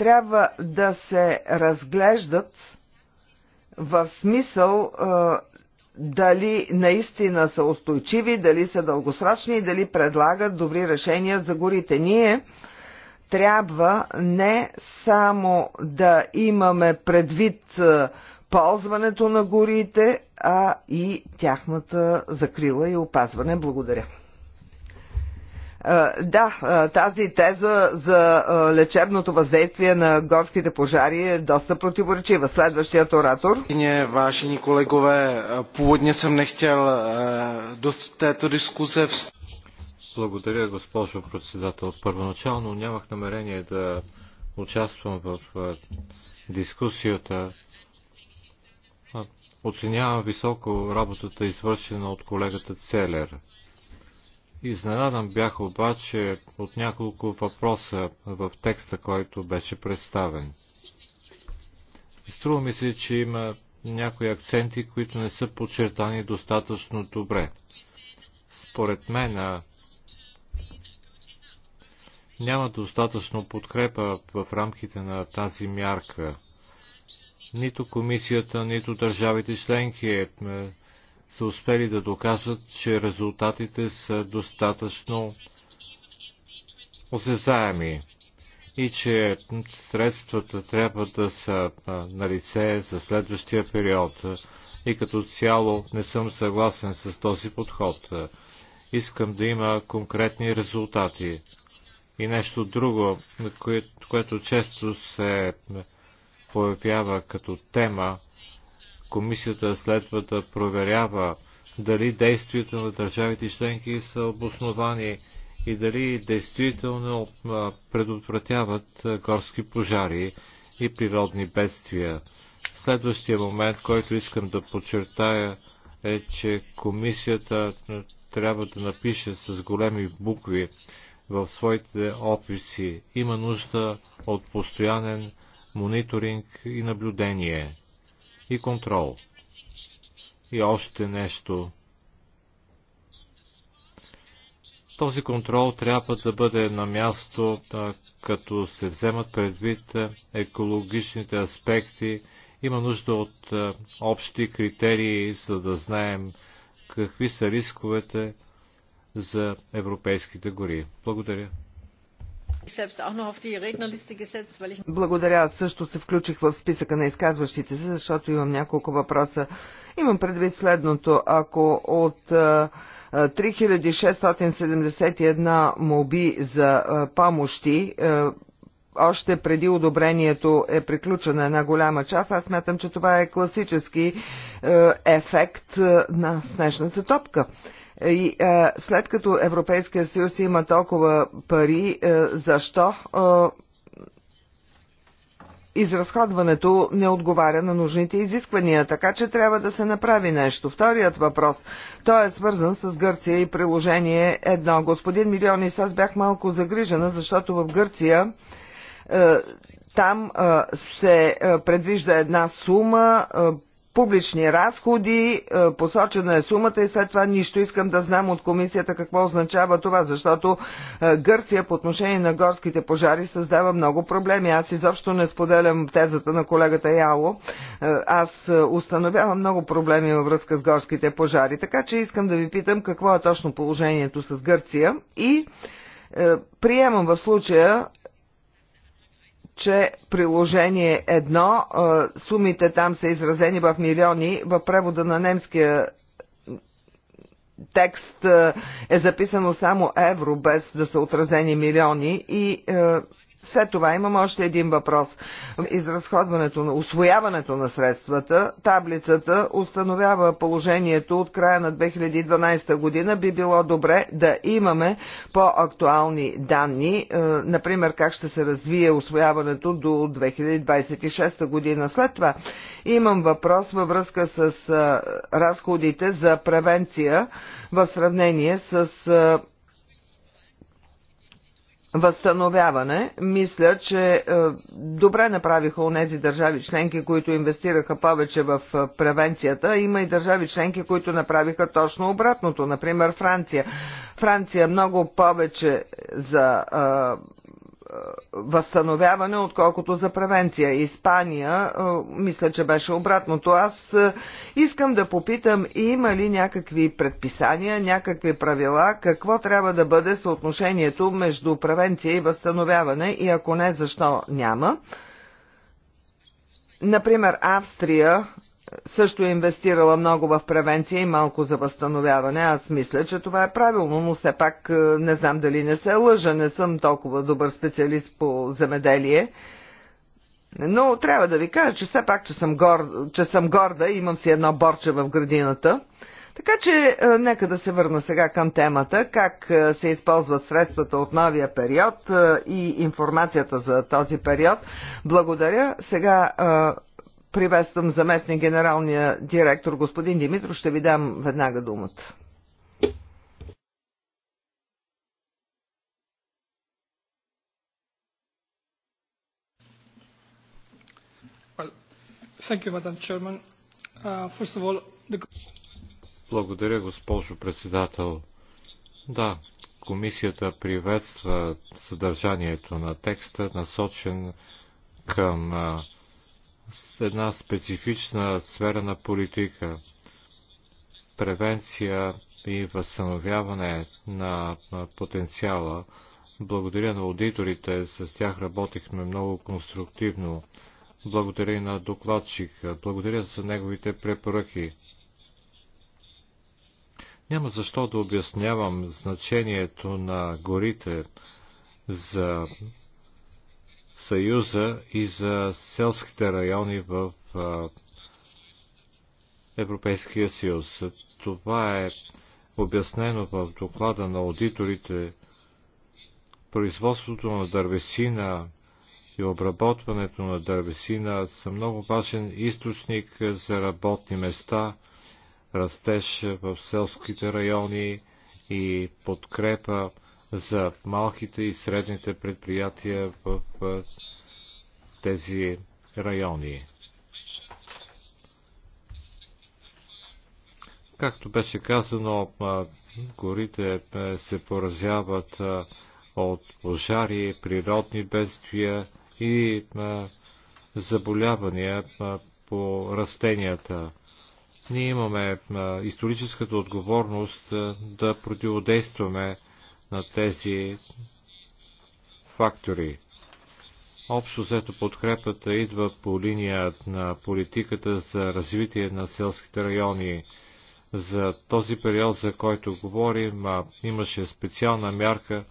трябва да се разглеждат в смисъл е, дали наистина са устойчиви, дали са дългосрочни и дали предлагат добри решения за горите. Ние трябва не само да имаме предвид е, ползването на горите, а и тяхната закрила и опазване. Благодаря. Е, да, е, тази теза за е, лечебното въздействие на горските пожари е доста противоречива. Следващият оратор. колегове, поводня съм не хотел до тето diskuze Благодаря, госпожо председател. Първоначално нямах намерение да участвам в дискусията. Оценявам високо работата, извършена от колегата Целер. Изненадан бях обаче от няколко въпроса в текста, който беше представен. Струва ми се, че има някои акценти, които не са подчертани достатъчно добре. Според мен няма достатъчно подкрепа в рамките на тази мярка. Нито комисията, нито държавите членки е, са успели да докажат, че резултатите са достатъчно осезаеми и че средствата трябва да са на лице за следващия период. И като цяло не съм съгласен с този подход. Искам да има конкретни резултати. И нещо друго, което често се появява като тема Комисията следва да проверява дали действията на държавите членки са обосновани и дали действително предотвратяват горски пожари и природни бедствия. Следващия момент, който искам да подчертая е, че комисията трябва да напише с големи букви в своите описи. Има нужда от постоянен мониторинг и наблюдение и контрол. И още нещо. Този контрол трябва да бъде на място, като се вземат предвид екологичните аспекти. Има нужда от общи критерии, за да знаем какви са рисковете за европейските гори. Благодаря. Благодаря, аз също се включих в списъка на изказващите се, защото имам няколко въпроса. Имам предвид следното. Ако от 3671 молби за помощи още преди одобрението е приключена една голяма част. Аз смятам, че това е класически ефект на снежната топка. И а, е, след като Европейския съюз има толкова пари, а, е, защо е, изразходването не отговаря на нужните изисквания, така че трябва да се направи нещо. Вторият въпрос, той е свързан с Гърция и приложение едно. Господин Милионис, аз бях малко загрижена, защото в Гърция а, там се предвижда една сума публични разходи, е, посочена е сумата и след това нищо. Искам да знам от комисията какво означава това, защото е, Гърция по отношение на горските пожари създава много проблеми. Аз изобщо не споделям тезата на колегата Яло. Е, аз установявам много проблеми във връзка с горските пожари, така че искам да ви питам какво е точно положението с Гърция и приемам в случая че приложение 1, сумите там са изразени в милиони, в превода на немския текст е записано само евро, без да са отразени милиони и след това имам още един въпрос. Изразходването на освояването на средствата, таблицата установява положението от края на 2012 година. Би било добре да имаме по-актуални данни, е, например как ще се развие освояването до 2026 година. След това имам въпрос във връзка с е, разходите за превенция в сравнение с е, възстановяване. Мисля, че е, добре направиха у нези държави членки, които инвестираха повече в е, превенцията. Има и държави членки, които направиха точно обратното. Например, Франция. Франция е много повече за възстановяване, отколкото за превенция. Испания, мисля, че беше обратното. Аз искам да попитам, има ли някакви предписания, някакви правила, какво трябва да бъде съотношението между превенция и възстановяване и ако не, защо няма? Например, Австрия също е инвестирала много в превенция и малко за възстановяване. Аз мисля, че това е правилно, но все пак е, не знам дали не се лъжа, не съм толкова добър специалист по земеделие. Но трябва да ви кажа, че все пак, че съм, гор, че съм горда, имам си едно борче в градината. Така че, е, нека да се върна сега към темата, как е, се използват средствата от новия период и информацията за този период. Благодаря. Сега приветствам заместник генералния директор господин Димитров. Ще ви дам веднага думата. Uh, Благодаря, госпожо председател. Да, комисията приветства съдържанието на текста, насочен към с една специфична сфера на политика. Превенция и възстановяване на потенциала. Благодаря на аудиторите, с тях работихме много конструктивно. Благодаря и на докладчика. Благодаря за неговите препоръки. Няма защо да обяснявам значението на горите за Съюза и за селските райони в Европейския съюз. Това е обяснено в доклада на аудиторите. Производството на дървесина и обработването на дървесина са много важен източник за работни места, растеж в селските райони и подкрепа за малките и средните предприятия в тези райони. Както беше казано, горите се поразяват от пожари, природни бедствия и заболявания по растенията. Ние имаме историческата отговорност да противодействаме на тези фактори. Общо взето подкрепата идва по линия на политиката за развитие на селските райони. За този период, за който говорим, имаше специална мярка,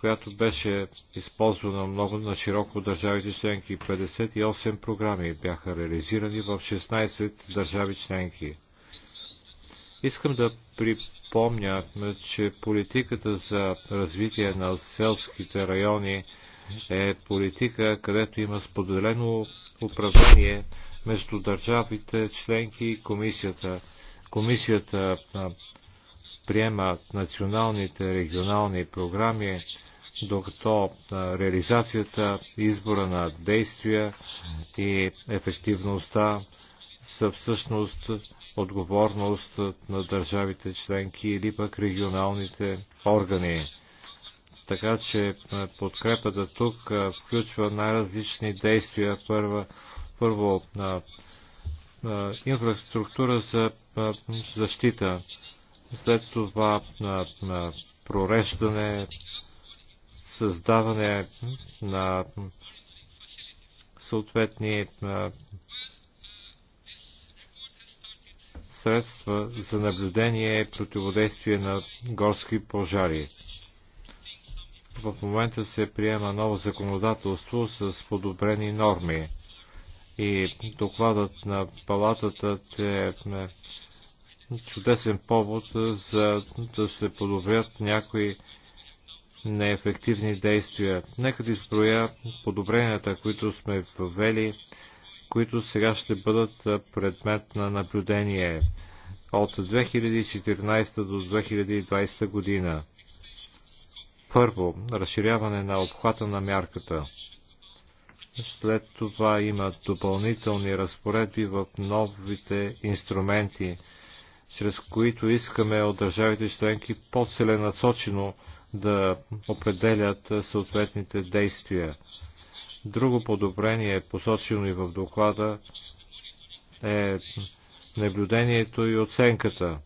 която беше използвана много на широко държавите членки. 58 програми бяха реализирани в 16 държави членки. Искам да припомня, че политиката за развитие на селските райони е политика, където има споделено управление между държавите, членки и комисията. Комисията приема националните регионални програми, докато реализацията, избора на действия и ефективността са всъщност отговорност на държавите членки или пък регионалните органи. Така че е, подкрепата тук е, включва най-различни действия. Първо, първо, е, на, инфраструктура за защита, след това на, на прореждане, създаване на съответни средства за наблюдение и противодействие на горски пожари. В момента се приема ново законодателство с подобрени норми и докладът на палатата е, е чудесен повод за да се подобрят някои неефективни действия. Нека да изброя подобренията, които сме въвели които сега ще бъдат предмет на наблюдение от 2014 до 2020 година. Първо, разширяване на обхвата на мярката. След това има допълнителни разпоредби в новите инструменти, чрез които искаме от държавите членки по-целенасочено да определят съответните действия. Друго подобрение, посочено и в доклада, е наблюдението и оценката.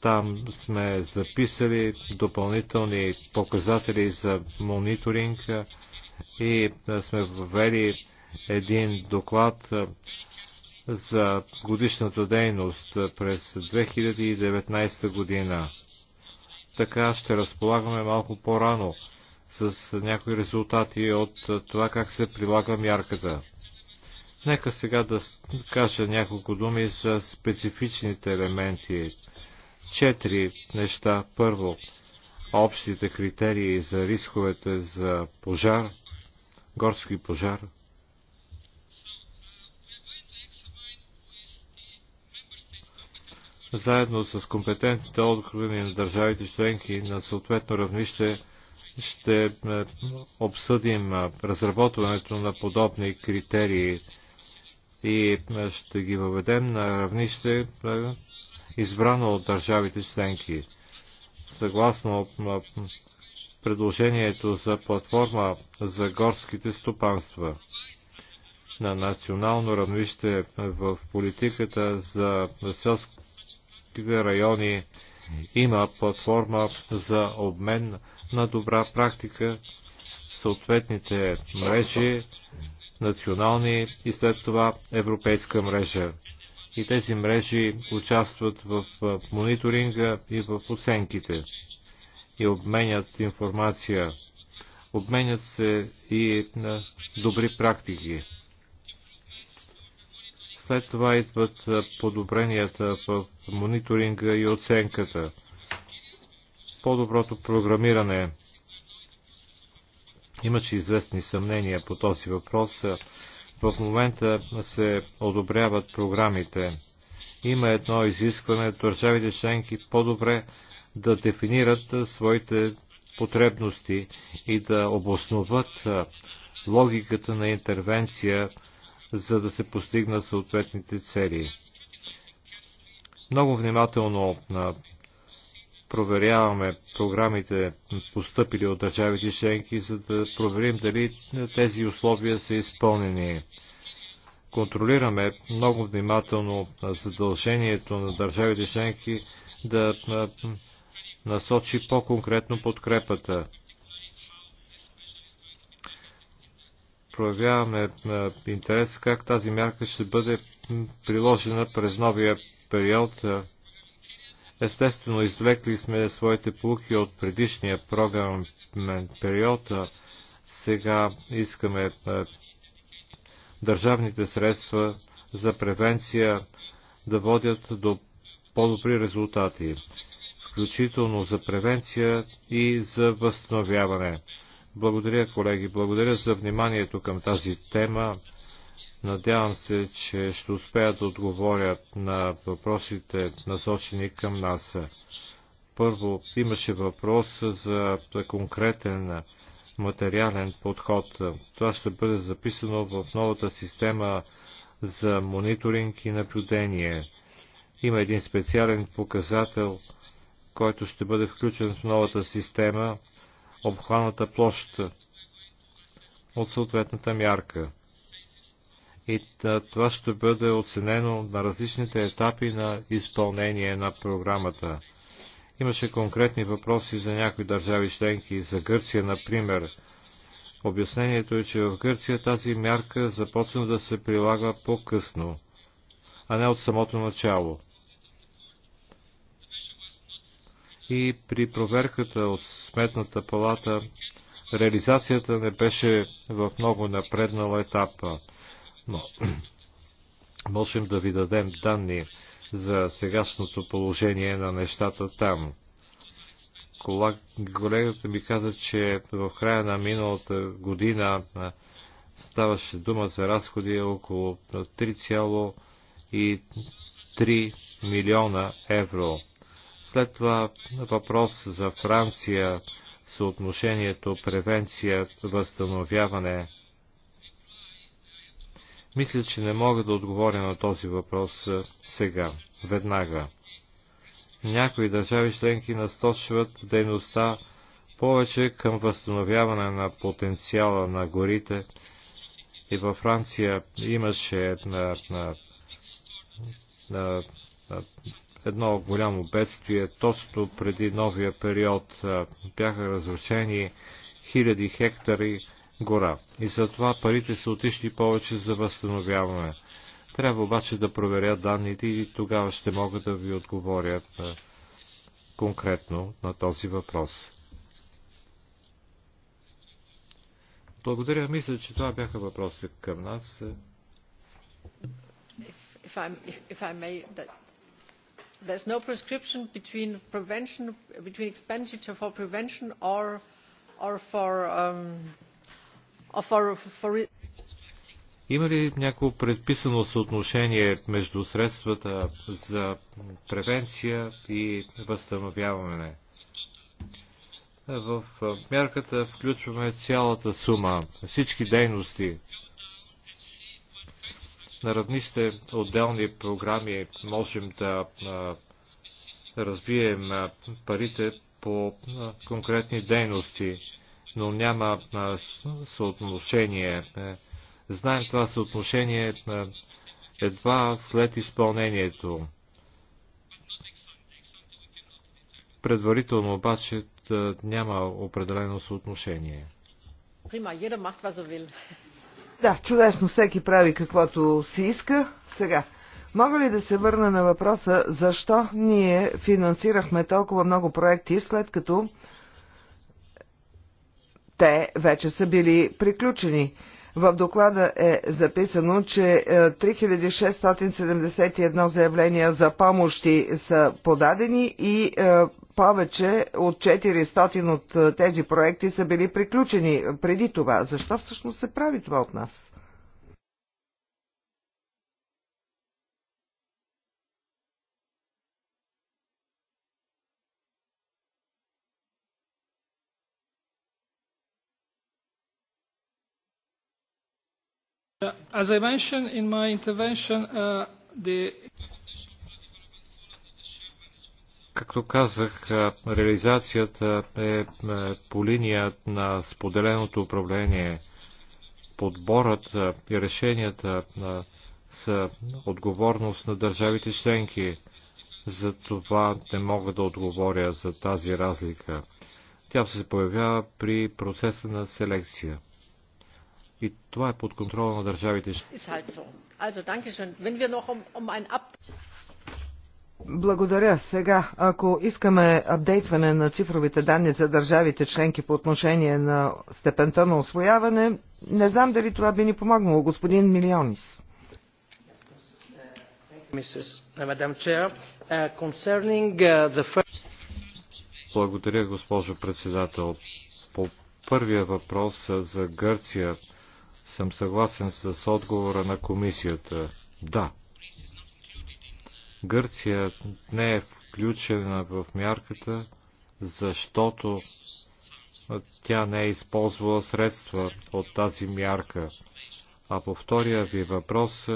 Там сме записали допълнителни показатели за мониторинг и сме въвели един доклад за годишната дейност през 2019 година. Така ще разполагаме малко по-рано с някои резултати от това как се прилага мярката. Нека сега да кажа няколко думи за специфичните елементи. Четири неща. Първо, общите критерии за рисковете за пожар, горски пожар. Заедно с компетентните органи на държавите членки на съответно равнище ще е, обсъдим е, разработването на подобни критерии и е, ще ги въведем на равнище избрано от държавите членки. Съгласно предложението за платформа за горските стопанства на национално равнище в политиката за селските райони има платформа за обмен на добра практика, съответните мрежи, национални и след това европейска мрежа. И тези мрежи участват в мониторинга и в оценките и обменят информация. Обменят се и на добри практики. След това идват подобренията в мониторинга и оценката. По-доброто програмиране. Имаше известни съмнения по този въпрос. В момента се одобряват програмите. Има едно изискване държавите членки по-добре да дефинират своите потребности и да обосноват логиката на интервенция за да се постигнат съответните цели. Много внимателно проверяваме програмите, постъпили от държавите членки, за да проверим дали тези условия са изпълнени. Контролираме много внимателно задължението на държавите членки да насочи по-конкретно подкрепата. проявяваме интерес как тази мярка ще бъде приложена през новия период. Естествено, извлекли сме своите полуки от предишния програмен период. Сега искаме държавните средства за превенция да водят до по-добри резултати, включително за превенция и за възстановяване. Благодаря, колеги. Благодаря за вниманието към тази тема. Надявам се, че ще успеят да отговорят на въпросите, насочени към нас. Първо, имаше въпрос за конкретен материален подход. Това ще бъде записано в новата система за мониторинг и наблюдение. Има един специален показател, който ще бъде включен в новата система – обхваната площ от съответната мярка. И това ще бъде оценено на различните етапи на изпълнение на програмата. Имаше конкретни въпроси за някои държави членки, за Гърция, например. Обяснението е, че в Гърция тази мярка започна да се прилага по-късно, а не от самото начало. и при проверката от Сметната палата реализацията не беше в много напреднала етапа. Но можем да ви дадем данни за сегашното положение на нещата там. Колегата ми каза, че в края на миналата година ставаше дума за разходи около 3,3 милиона евро. След това въпрос за Франция, съотношението превенция, възстановяване. Мисля, че не мога да отговоря на този въпрос сега, веднага. Някои държави членки насточват дейността повече към възстановяване на потенциала на горите. И във Франция имаше на, на, на, на едно голямо бедствие. Точно преди новия период бяха разрушени хиляди хектари гора. И затова парите са отишли повече за възстановяване. Трябва обаче да проверя данните и тогава ще мога да ви отговоря конкретно на този въпрос. Благодаря. Мисля, че това бяха въпроси към нас. If if I may, that there is no prescription between expenditure for prevention or for um, има ли някакво предписано съотношение между средствата за превенция и възстановяване? В мярката включваме цялата сума, всички дейности, на равнище отделни програми можем да развием парите по конкретни дейности, но няма съотношение. Е, знаем това съотношение едва след изпълнението. Предварително обаче няма определено съотношение. Prima, jeder macht, was er will. Да, чудесно, всеки прави каквото си иска. Сега, мога ли да се върна на въпроса, защо ние финансирахме толкова много проекти, след като те вече са били приключени? В доклада е записано, че 3671 е, заявления за помощи са подадени и е, повече от 400 от е, тези проекти са били приключени преди това. Защо всъщност се прави това от нас? As I mentioned in my intervention, uh, the Както казах, реализацията е, е по линия на споделеното управление. Подборът и решенията са отговорност на държавите членки. За това не мога да отговоря за тази разлика. Тя се появява при процеса на селекция. И това е под контрола на държавите. Благодаря. Сега, ако искаме апдейтване на цифровите данни за държавите членки по отношение на степента на освояване, не знам дали това би ни помогнало, господин Милионис. Е, е, е, Благодаря, госпожо председател. По първия въпрос за Гърция съм съгласен с отговора на комисията. Да, Гърция не е включена в мярката, защото тя не е използвала средства от тази мярка. А по втория ви въпрос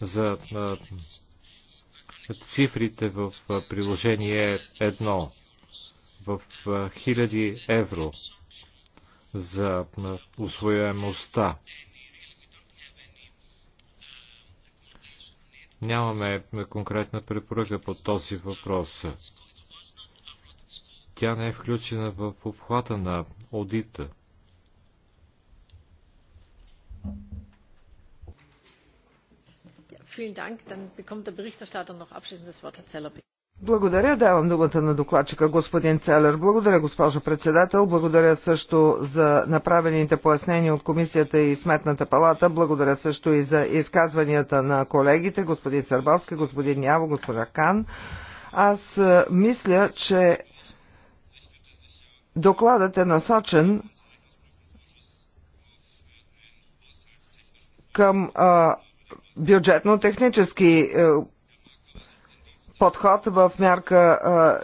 за цифрите в приложение 1 в хиляди евро за усвояемостта Нямаме конкретна препоръка по този въпрос. Тя не е включена в обхвата на одита. Vielen Dank. Dann bekommt der Berichterstatter noch abschließendes Wort, Herr Zeller. Благодаря. Давам думата на докладчика господин Целер. Благодаря, госпожо председател. Благодаря също за направените пояснения от комисията и сметната палата. Благодаря също и за изказванията на колегите, господин Сърбовски, господин Яво, госпожа Кан. Аз е, мисля, че докладът е насочен към е, бюджетно-технически е, подход в мярка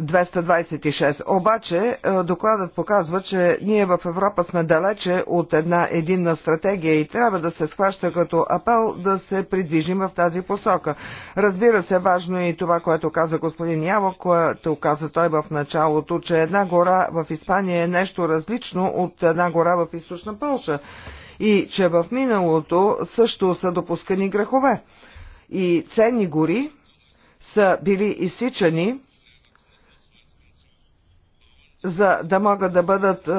226. Обаче докладът показва, че ние в Европа сме далече от една единна стратегия и трябва да се схваща като апел да се придвижим в тази посока. Разбира се, важно е и това, което каза господин Яво, което каза той в началото, че една гора в Испания е нещо различно от една гора в източна Пълша и че в миналото също са допускани грехове. И ценни гори, са били изсичани, за да могат да бъдат е,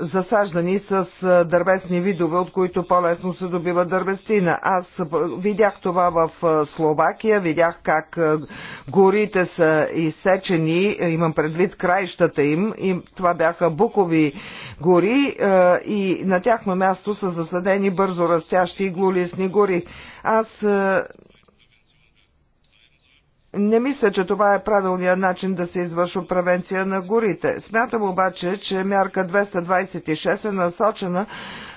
засаждани с е, дървесни видове, от които по-лесно се добива дървестина. Аз видях това в е, Словакия, видях как горите са изсечени, имам предвид краищата им, и това бяха букови гори и на тяхно място са засадени бързо растящи и гори. Аз не мисля, че това е правилният начин да се извършва превенция на горите. Смятам обаче, че мярка 226 е насочена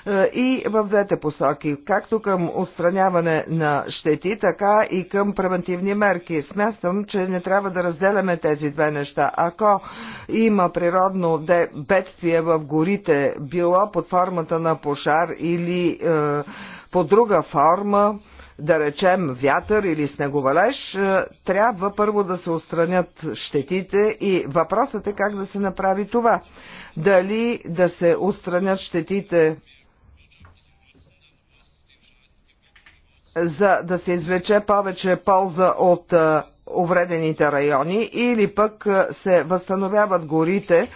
е, и в двете посоки, както към отстраняване на щети, така и към превентивни мерки. Смятам, че не трябва да разделяме тези две неща. Ако има природно бедствие в горите, било под формата на пожар или е, по друга форма, е, да речем вятър или снеговалеж, е, трябва първо да се устранят щетите и въпросът е как да се направи това. Дали да се отстранят щетите за да се извлече повече полза от е, увредените райони или пък е, се възстановяват горите,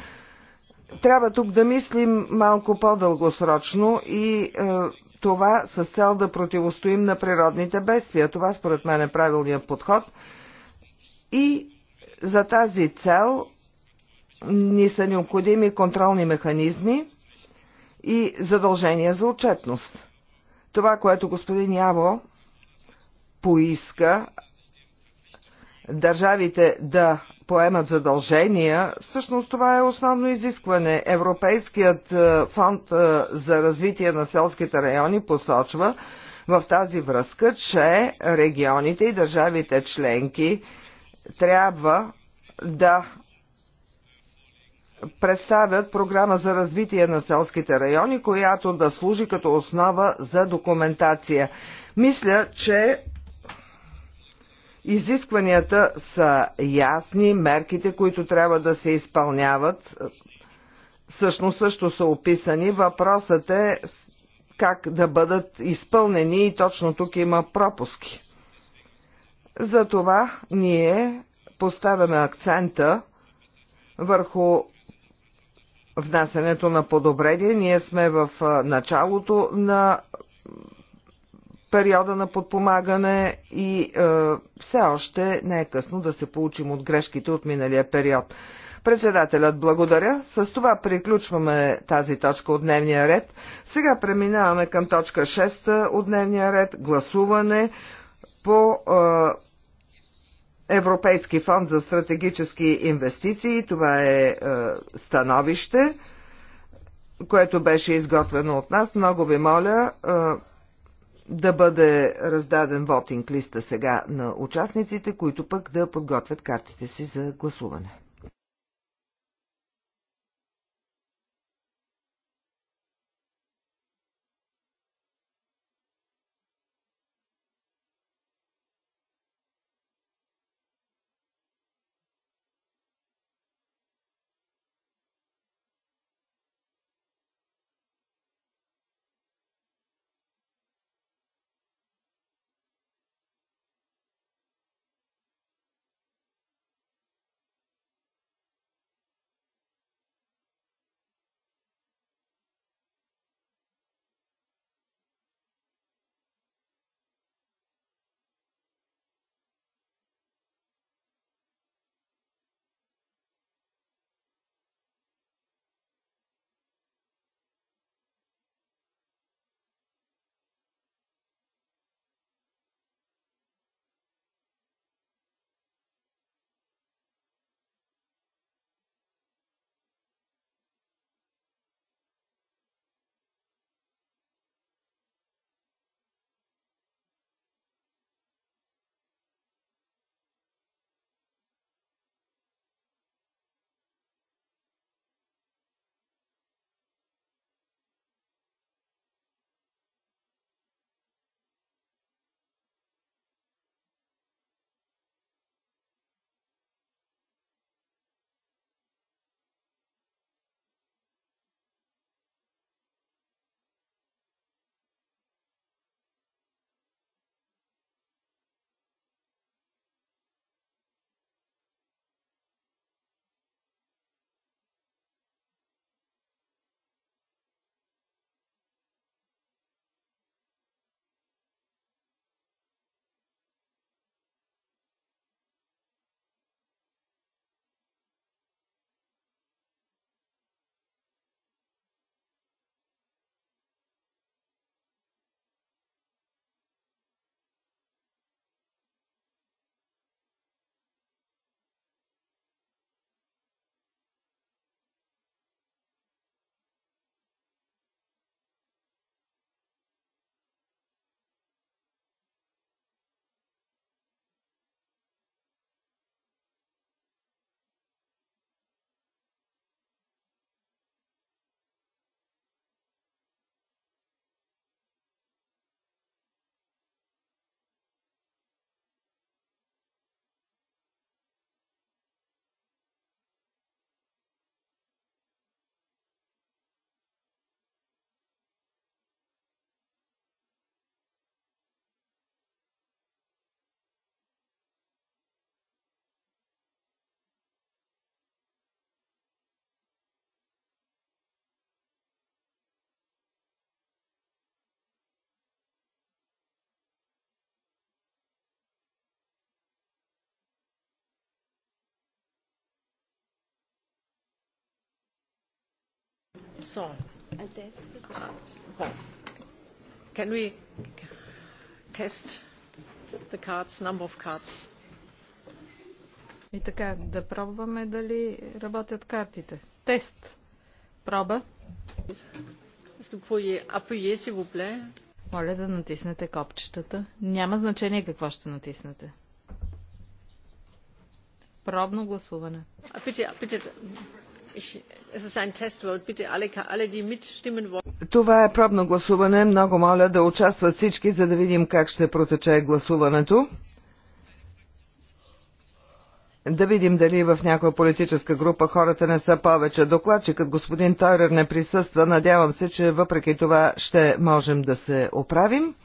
трябва тук да мислим малко по-дългосрочно и е, това с цел да противостоим на природните бедствия. Това според мен е правилният подход. И за тази цел ни са необходими контролни механизми и задължения за отчетност. Това, което господин Яво поиска държавите да поемат задължения, всъщност това е основно изискване. Европейският е, фонд е, за развитие на селските райони посочва в тази връзка, че регионите и държавите членки трябва да представят програма за развитие на селските райони, която да служи като основа за документация. Мисля, че Изискванията са ясни, мерките, които трябва да се изпълняват, всъщност също са описани. Въпросът е как да бъдат изпълнени и точно тук има пропуски. Затова ние поставяме акцента върху внасянето на подобрение. Ние сме в началото на периода на подпомагане и е, все още не е късно да се получим от грешките от миналия период. Председателят благодаря. С това приключваме тази точка от дневния ред. Сега преминаваме към точка 6 от дневния ред. Гласуване по е, Европейски фонд за стратегически инвестиции. Това е, е становище, което беше изготвено от нас. Много ви моля. Е, да бъде раздаден вотинг листа сега на участниците, които пък да подготвят картите си за гласуване. Can we test the cards, number of cards? И така, да пробваме дали работят картите. Тест. Проба. Моля да натиснете копчетата. Няма значение какво ще натиснете. Пробно гласуване. А, питайте, това е пробно гласуване. Много моля да участват всички, за да видим как ще протече гласуването. Да видим дали в някоя политическа група хората не са повече. Докладчикът господин Тойрер не присъства. Надявам се, че въпреки това ще можем да се оправим.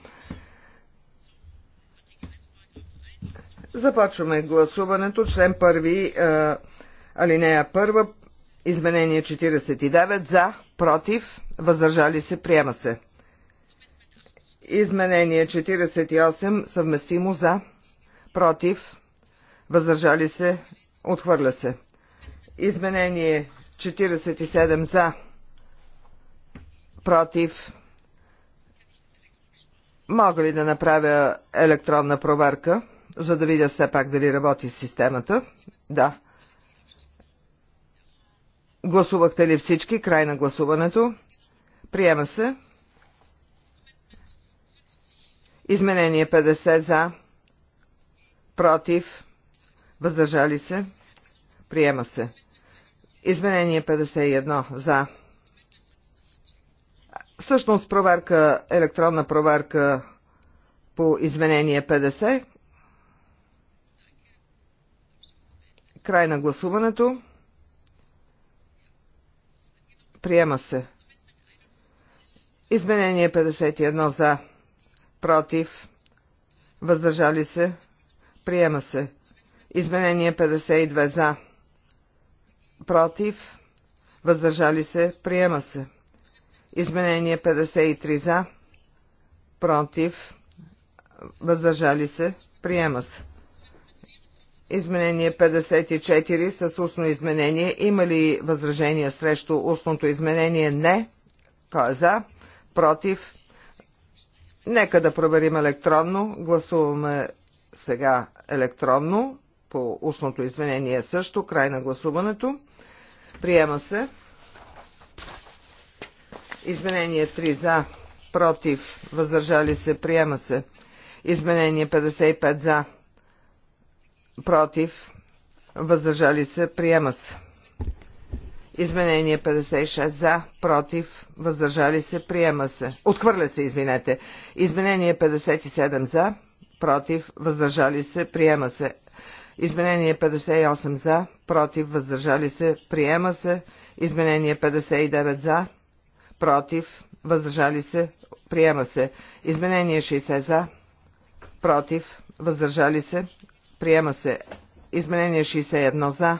Започваме гласуването. Член първи, е, алинея първа, Изменение 49 за, против, въздържали се, приема се. Изменение 48 съвместимо за, против, въздържали се, отхвърля се. Изменение 47 за, против. Мога ли да направя електронна проверка, за да видя все пак дали работи системата? Да. Гласувахте ли всички? Край на гласуването. Приема се. Изменение 50 за. Против. Въздържали се. Приема се. Изменение 51 за. Всъщност проверка, електронна проверка по изменение 50. Край на гласуването. Приема се. Изменение 51 за. Против. Въздържали се. Приема се. Изменение 52 за. Против. Въздържали се. Приема се. Изменение 53 за. Против. Въздържали се. Приема се. Изменение 54 с устно изменение. Има ли възражения срещу устното изменение? Не. Кой е за? Против? Нека да проверим електронно. Гласуваме сега електронно по устното изменение също. Край на гласуването. Приема се. Изменение 3 за, против, въздържали се, приема се. Изменение 55 за, против, въздържали се, приема се. Изменение 56 за, против, въздържали се, приема се. Отхвърля се, извинете. Изменение 57 за, против, въздържали се, приема се. Изменение 58 за, против, въздържали се, приема се. Изменение 59 за, против, въздържали се, приема се. Изменение 60 за, против, въздържали се, Приема се. Изменение 61 за.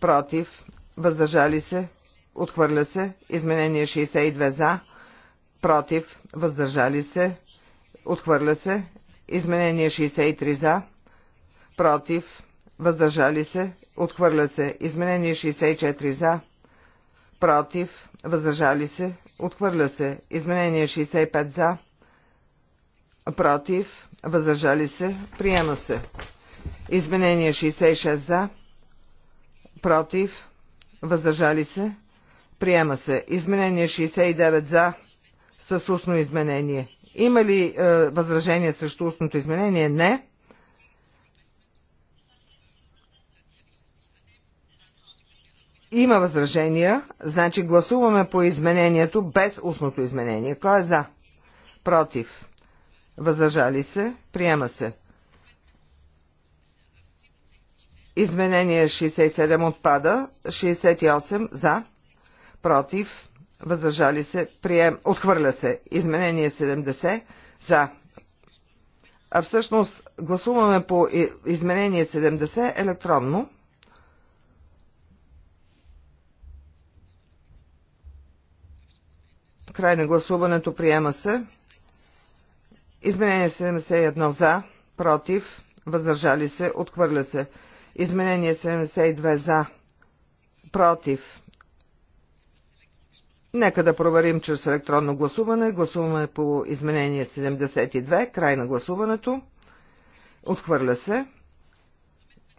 Против. Въздържали се. Отхвърля се. Изменение 62 за. Против. Въздържали се. Отхвърля се. Изменение 63 за. Против. Въздържали се. Отхвърля се. Изменение 64 за. Против. Въздържали се. Отхвърля се. Изменение 65 за. Против. Въздържали се. Приема се. Изменение 66 за. Против. Въздържали се. Приема се. Изменение 69 за. С устно изменение. Има ли е, възражение срещу устното изменение? Не. Има възражения, значи гласуваме по изменението без устното изменение. Кой е за? Против. Въздържали се? Приема се. Изменение 67 отпада. 68 за. Против. Въздържали се. Прием. Отхвърля се. Изменение 70 за. А всъщност гласуваме по изменение 70 електронно. Край на гласуването приема се. Изменение 71 за, против, въздържали се, отхвърля се. Изменение 72 за. Против. Нека да проверим чрез електронно гласуване. Гласуваме по изменение 72. Край на гласуването. Отхвърля се.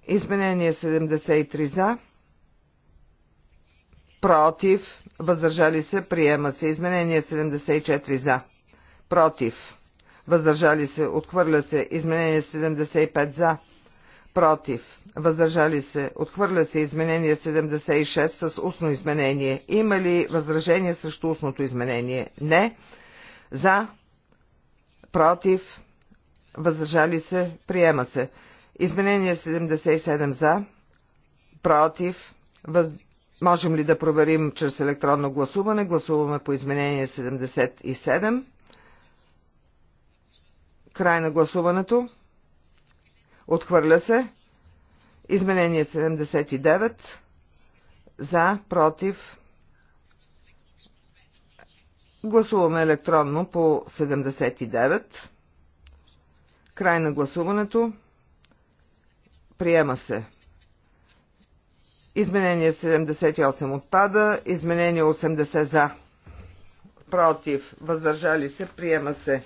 Изменение 73 за. Против. Въздържали се. Приема се. Изменение 74 за. Против. Въздържали се. Отхвърля се. Изменение 75 за против, въздържали се, отхвърля се изменение 76 с устно изменение. Има ли възражение срещу устното изменение? Не. За, против, въздържали се, приема се. Изменение 77 за, против, въз... можем ли да проверим чрез електронно гласуване? Гласуваме по изменение 77. Край на гласуването. Отхвърля се. Изменение 79. За, против. Гласуваме електронно по 79. Край на гласуването. Приема се. Изменение 78 отпада. Изменение 80 за. Против. Въздържали се. Приема се.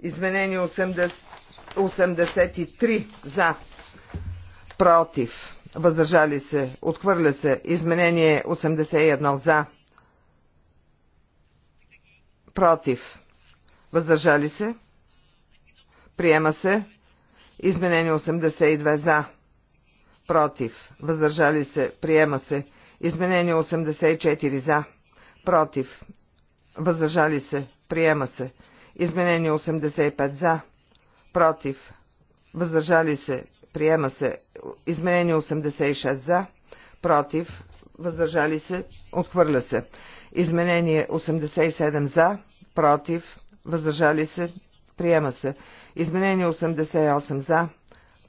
Изменение 80. 83 за, против, въздържали се, отхвърля се, изменение 81 за, против, въздържали се, приема се, изменение 82 за, против, въздържали се, приема се, изменение 84 за, против, въздържали се, приема се, изменение 85 за, против, въздържали се, приема се. Изменение 86 за, против, въздържали се, отхвърля се. Изменение 87 за, против, въздържали се, приема се. Изменение 88 за,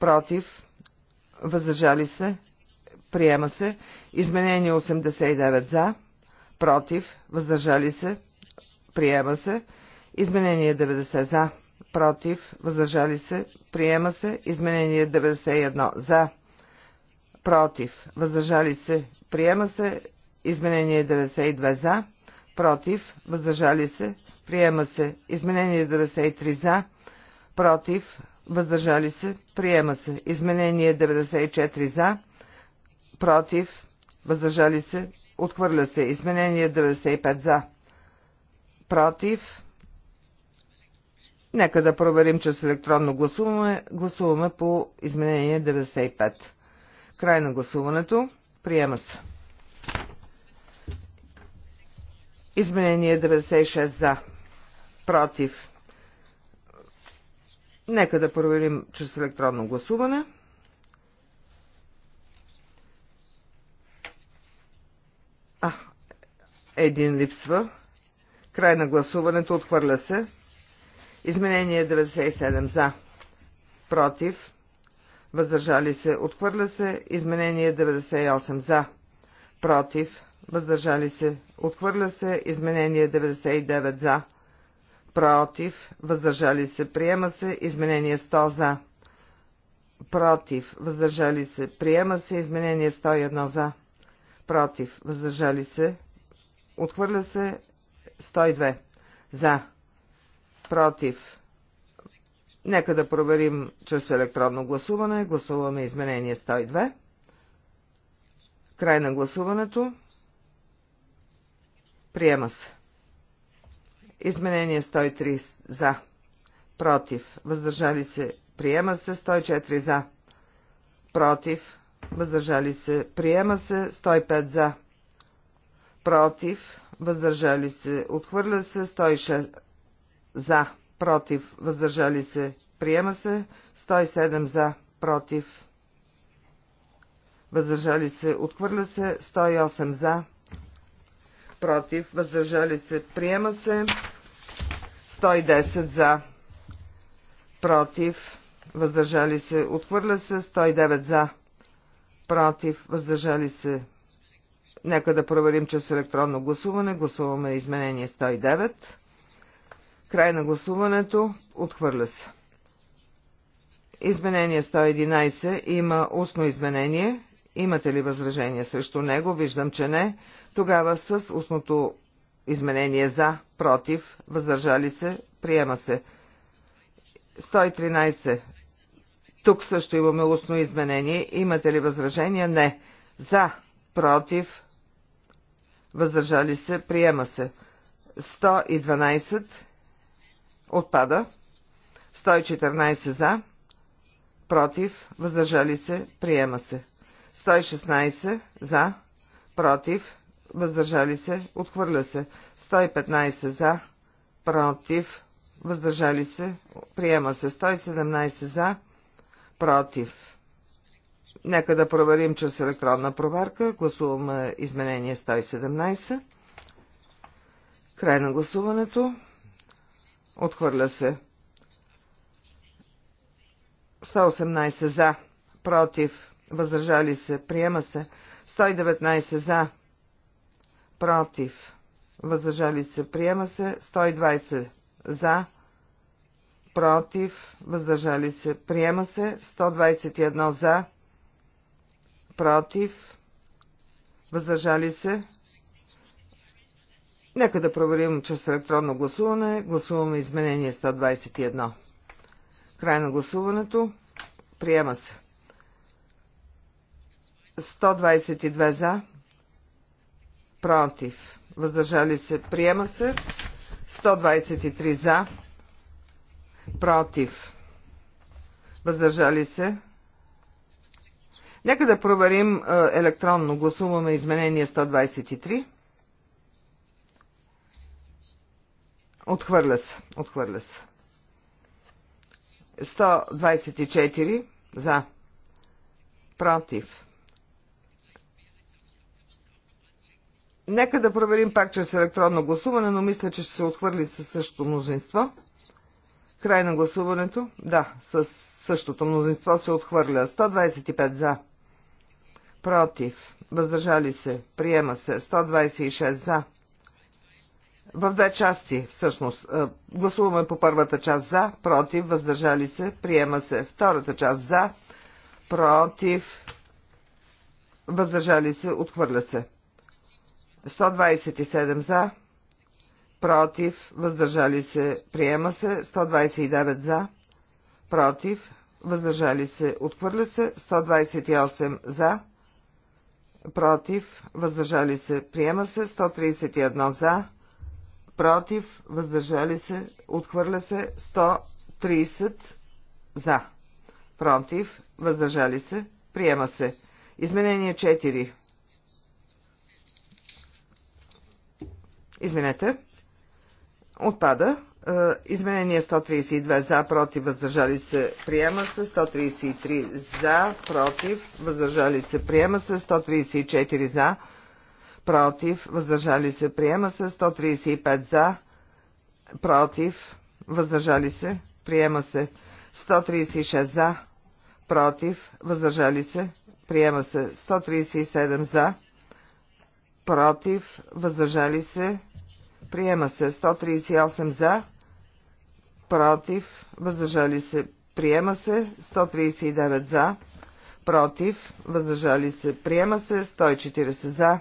против, въздържали се, приема се. Изменение 89 за, против, въздържали се, приема се. Изменение 90 за, против, въздържали се, приема се. Изменение 91 за, против, въздържали се, приема се. Изменение 92 за, против, въздържали се, приема се. Изменение 93 за, против, въздържали се, приема се. Изменение 94 за, против, въздържали се, отхвърля се. Изменение 95 за, против, Нека да проверим, че с електронно гласуваме. Гласуваме по изменение 95. Край на гласуването. Приема се. Изменение 96 за. Против. Нека да проверим чрез електронно гласуване. А, един липсва. Край на гласуването отхвърля се. Изменение 97 за. Против. Въздържали се. Отхвърля се. Изменение 98 за. Против. Въздържали се. Отхвърля се. Изменение 99 за. Против. Въздържали се. Приема се. Изменение 100 за. Против. Въздържали се. Приема се. Изменение 101 за. Против. Въздържали се. Отхвърля се. 102. За против. Нека да проверим чрез електронно гласуване. Гласуваме изменение 102. Край на гласуването. Приема се. Изменение 103 за. Против. Въздържали се. Приема се. 104 за. Против. Въздържали се. Приема се. 105 за. Против. Въздържали се. Отхвърля се. 106 за, против, въздържали се, приема се, 107 за, против, въздържали се, отхвърля се, 108 за, против, въздържали се, приема се, 110 за, против, въздържали се, отхвърля се, 109 за, против, въздържали се. Нека да проверим с електронно гласуване. Гласуваме изменение 109. Край на гласуването. Отхвърля се. Изменение 111 има устно изменение. Имате ли възражение срещу него? Виждам, че не. Тогава с устното изменение за, против, въздържали се, приема се. 113. Тук също имаме устно изменение. Имате ли възражение? Не. За, против, въздържали се, приема се. 112 Отпада. 114 за. Против. Въздържали се. Приема се. 116 за. Против. Въздържали се. Отхвърля се. 115 за. Против. Въздържали се. Приема се. 117 за. Против. Нека да проверим чрез електронна проверка. Гласуваме изменение 117. Край на гласуването. Отхвърля се. 118 за. Против. Въздържали се. Приема се. 119 за. Против. Въздържали се. Приема се. 120 за. Против. Въздържали се. Приема се. 121 за. Против. Въздържали се. Нека да проверим чрез електронно гласуване. Гласуваме изменение 121. Край на гласуването. Приема се. 122 за. Против. Въздържали се. Приема се. 123 за. Против. Въздържали се. Нека да проверим е, електронно. Гласуваме изменение 123. Отхвърля се. Отхвърля се. 124 за. Против. Нека да проверим пак чрез електронно гласуване, но мисля, че ще се отхвърли със същото мнозинство. Край на гласуването. Да, с същото мнозинство се отхвърля. 125 за. Против. Въздържали се. Приема се. 126 за в две части, всъщност. Е, гласуваме по първата част за, против, въздържали се, приема се. Втората част за, против, въздържали се, отхвърля се. 127 за, против, въздържали се, приема се. 129 за, против, въздържали се, отхвърля се. 128 за, против, въздържали се, приема се. 131 за, против, въздържали се, отхвърля се 130 за, против, въздържали се, приема се. Изменение 4. Изменете. Отпада. Е, изменение 132 за, против, въздържали се, приема се. 133 за, против, въздържали се, приема се. 134 за, против, въздържали се, приема се. 135 за, против, въздържали се, приема се. 136 за, против, въздържали се, приема се. 137 за, против, въздържали се, приема се. 138 за, против, въздържали се, приема се. 139 за, против, въздържали се, приема се. 140 за,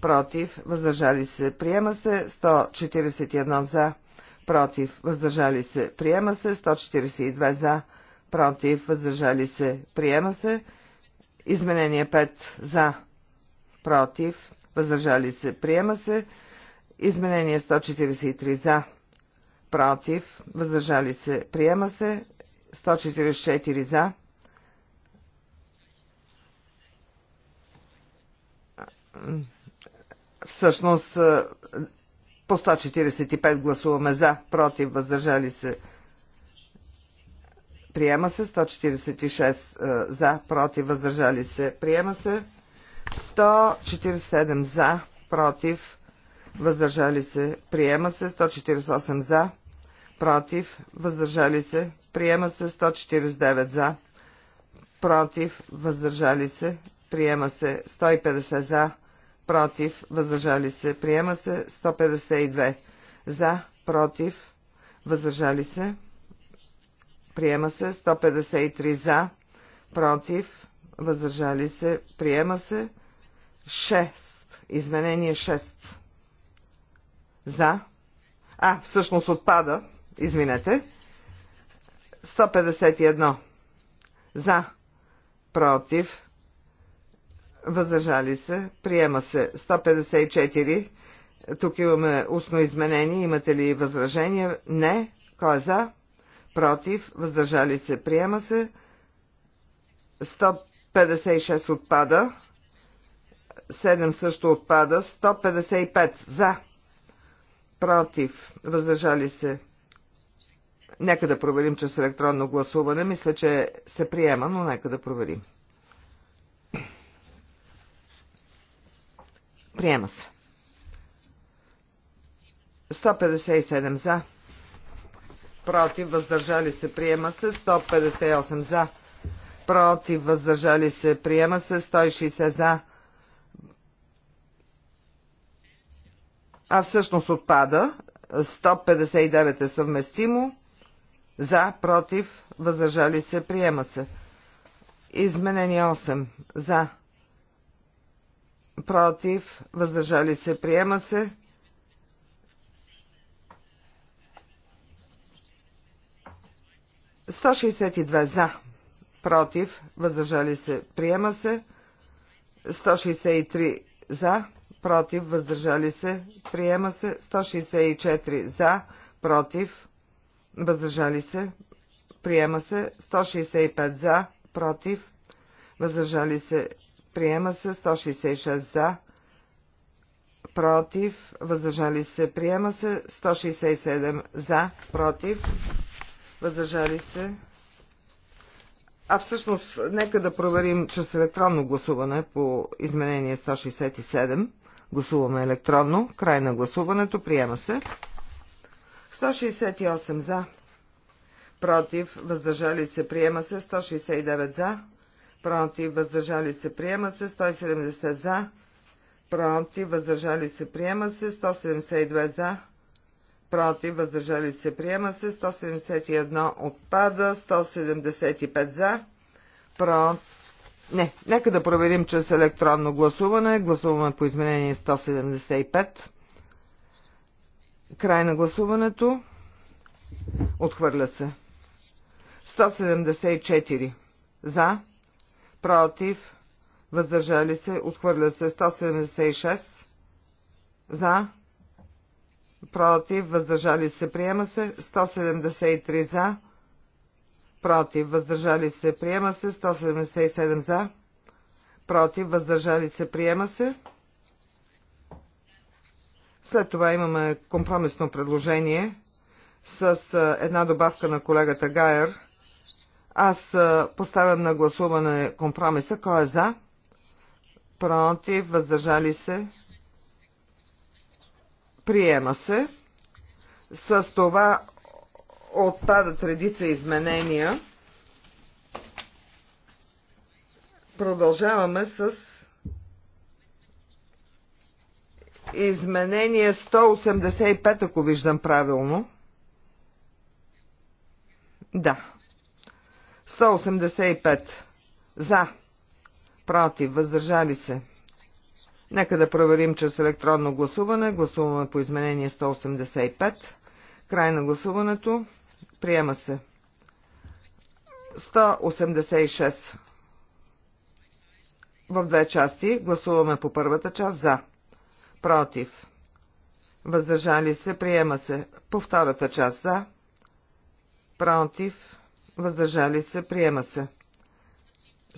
против, въздържали се, приема се, 141 за, против, въздържали се, приема се, 142 за, против, въздържали се, приема се, изменение 5 за, против, въздържали се, приема се, изменение 143 за, против, въздържали се, приема се, 144 за, Mm. Всъщност е, по 145 гласуваме за, против, въздържали се. Приема се 146 е, за, против, въздържали се. Приема се 147 за, против, въздържали се. Приема се 148 за, против, въздържали се. Приема се 149 за, против, въздържали се. Приема се 150 за, против, въздържали се, приема се 152 за, против, въздържали се, приема се 153 за, против, въздържали се, приема се 6, изменение 6 за, а, всъщност отпада, извинете, 151 за, против, въздържали се, приема се 154, тук имаме устно изменение, имате ли възражение? Не, кой е за? Против, въздържали се, приема се 156 отпада, 7 също отпада, 155 за, против, въздържали се. Нека да проверим чрез електронно гласуване. Мисля, че се приема, но нека да проверим. Приема се. 157 за. Против, въздържали се, приема се. 158 за. Против, въздържали се, приема се. 160 за. А всъщност отпада. 159 е съвместимо. За, против, въздържали се, приема се. Изменение 8. За, против, въздържали се, приема се. Сто за, против, въздържали се, приема се. 163 за, против, въздържали се, приема се. 164 за, против, въздържали се, приема се. 165 за, против, въздържали се, приема се 166 за, против, въздържали се, приема се 167 за, против, въздържали се. А всъщност, нека да проверим чрез електронно гласуване по изменение 167. Гласуваме електронно. Край на гласуването. Приема се. 168 за. Против. Въздържали се. Приема се. 169 за против, въздържали се, приема се, 170 за, против, въздържали се, приема се, 172 за, против, въздържали се, приема се, 171 отпада, 175 за, против, не, нека да проверим чрез електронно гласуване. Гласуваме по изменение 175. Край на гласуването. Отхвърля се. 174. За против, въздържали се, отхвърля се 176, за, против, въздържали се, приема се 173 за, против, въздържали се, приема се 177 за, против, въздържали се, приема се. След това имаме компромисно предложение с една добавка на колегата Гайер – аз поставям на гласуване компромиса. Кой е за? Против, въздържали се? Приема се. С това отпадат редица изменения. Продължаваме с изменение 185, ако виждам правилно. Да. 185 за, против, въздържали се. Нека да проверим чрез електронно гласуване. Гласуваме по изменение 185. Край на гласуването. Приема се. 186. В две части гласуваме по първата част за. Против. Въздържали се. Приема се. По втората част за. Против въздържали се, приема се.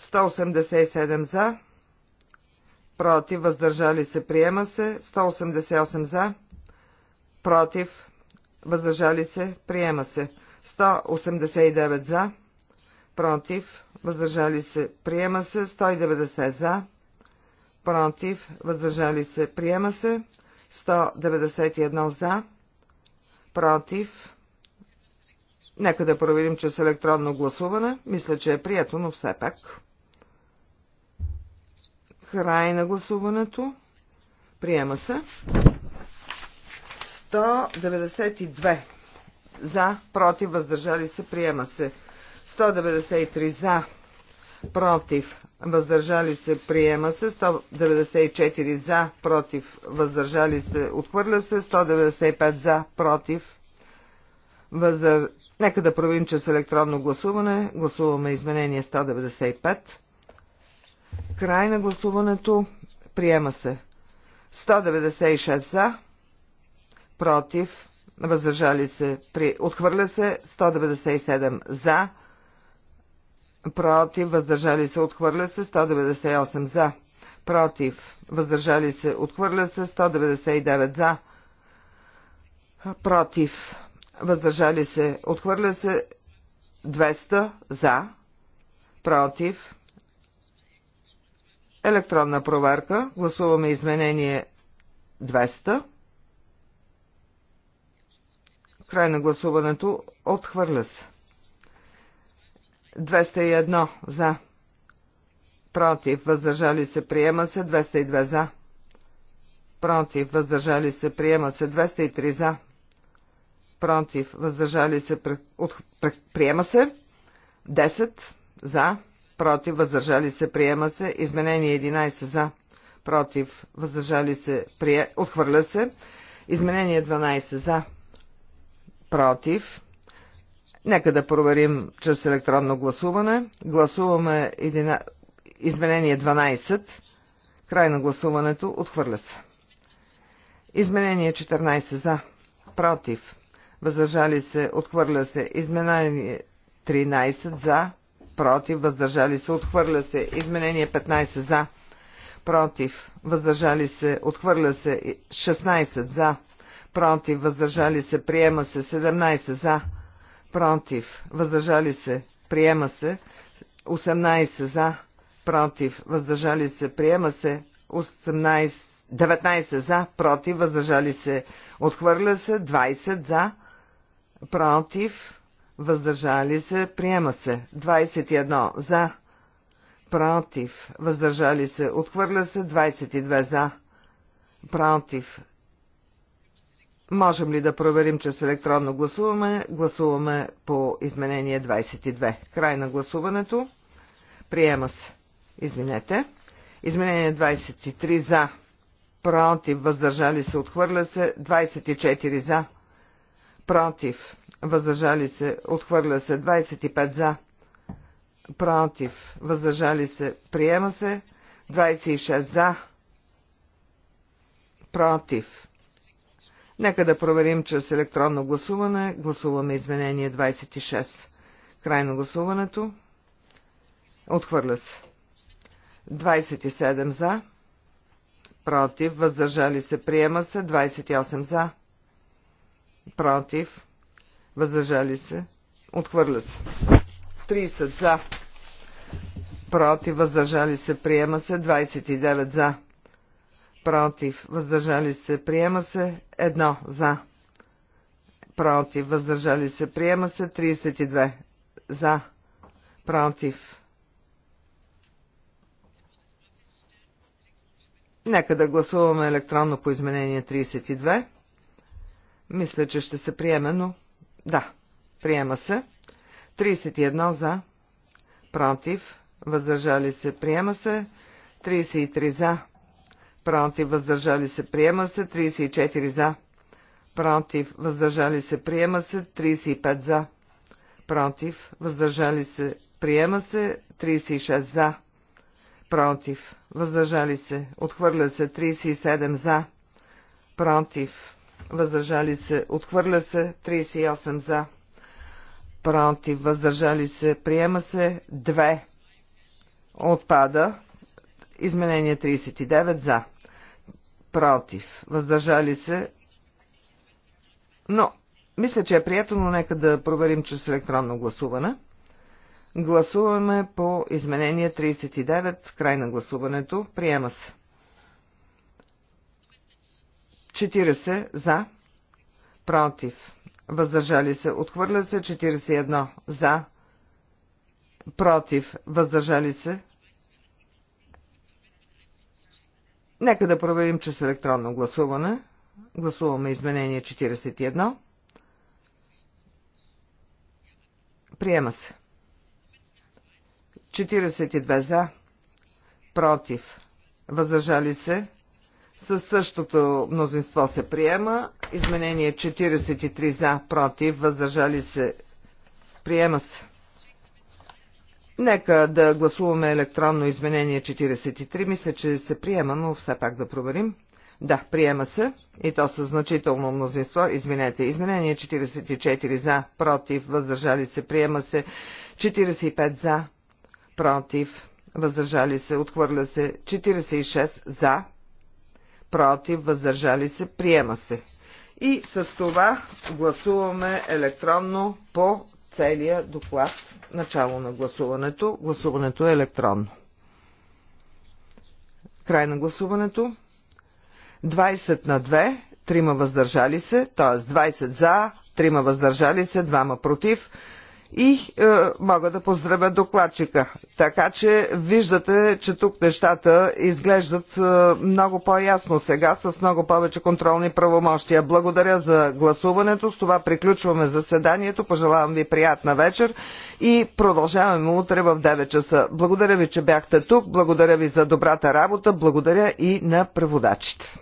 187 за, против, въздържали се, приема се. 188 за, против, въздържали се, приема се. 189 за, против, въздържали се, приема се. 190 за, против, въздържали се, приема се. 191 за, против, Нека да проверим че с електронно гласуване. Мисля, че е прието, но все пак. Край на гласуването. Приема се. 192 за, против, въздържали се, приема се. 193 за, против, въздържали се, приема се. 194 за, против, въздържали се, отхвърля се. 195 за, против, Въздър... Нека да правим, че с електронно гласуване гласуваме изменение 195. Край на гласуването. Приема се. 196 за. Против. Въздържали се. При... Отхвърля се. 197 за. Против. Въздържали се. Отхвърля се. 198 за. Против. Въздържали се. Отхвърля се. 199 за. Против въздържали се, отхвърля се 200 за, против, електронна проверка, гласуваме изменение 200, край на гласуването, отхвърля се. 201 за, против, въздържали се, приема се, 202 за, против, въздържали се, приема се, 203 за, против, въздържали се, приема се. 10 за, против, въздържали се, приема се. Изменение 11 за, против, въздържали се, прие... отхвърля се. Изменение 12 за, против. Нека да проверим чрез електронно гласуване. Гласуваме 11... изменение 12. Край на гласуването. Отхвърля се. Изменение 14 за. Против въздържали се, отхвърля се. Изменение 13 за, против, въздържали се, отхвърля се. Изменение 15 за, против, въздържали се, отхвърля се. 16 за, против, въздържали се, приема се. 17 за, против, въздържали се, приема се. 18 за, против, въздържали се, приема се. 18 19 за, против, въздържали се, отхвърля се, 20 за, против, въздържали се, приема се. 21 за, против, въздържали се, отхвърля се. 22 за, против. Можем ли да проверим, че с електронно гласуваме? Гласуваме по изменение 22. Край на гласуването. Приема се. Извинете. Изменение 23 за, против, въздържали се, отхвърля се. 24 за, против, въздържали се, отхвърля се 25 за, против, въздържали се, приема се 26 за, против. Нека да проверим чрез електронно гласуване. Гласуваме изменение 26. Край на гласуването. Отхвърля се. 27 за. Против. Въздържали се. Приема се. 28 за против, въздържали се, отхвърля се. 30 за, против, въздържали се, приема се, 29 за, против, въздържали се, приема се, 1 за, против, въздържали се, приема се, 32 за, против. Нека да гласуваме електронно по изменение 32. Мисля, че ще се приеме, но... Да, приема се. 31 за, против, въздържали се, приема се. 33 за, против, въздържали се, приема се. 34 за, против, въздържали се, приема се. 35 за, против, въздържали се, приема се. 36 за, против, въздържали се, отхвърля се. 37 за, против, въздържали се, отхвърля се, 38 за, против, въздържали се, приема се, 2 отпада, изменение 39 за, против, въздържали се, но мисля, че е прието, но нека да проверим чрез електронно гласуване. Гласуваме по изменение 39, в край на гласуването, приема се. 40 за, против, въздържали се, отхвърля се, 41 за, против, въздържали се. Нека да проверим, че с електронно гласуване. Гласуваме изменение 41. Приема се. 42 за, против, въздържали се, със същото мнозинство се приема. Изменение 43 за, против, въздържали се. Приема се. Нека да гласуваме електронно изменение 43. Мисля, че се приема, но все пак да проверим. Да, приема се. И то със значително мнозинство. Извинете, Изменение 44 за, против, въздържали се. Приема се. 45 за, против, въздържали се. Отхвърля се. 46 за, против, въздържали се, приема се. И с това гласуваме електронно по целия доклад. Начало на гласуването. Гласуването е електронно. Край на гласуването. 20 на 2, 3 въздържали се, т.е. 20 за, 3 въздържали се, 2 против и е, мога да поздравя докладчика. Така че виждате, че тук нещата изглеждат е, много по-ясно сега, с много повече контролни правомощия. Благодаря за гласуването. С това приключваме заседанието. Пожелавам ви приятна вечер и продължаваме утре в 9 часа. Благодаря ви, че бяхте тук. Благодаря ви за добрата работа. Благодаря и на преводачите.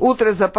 Утре започваме.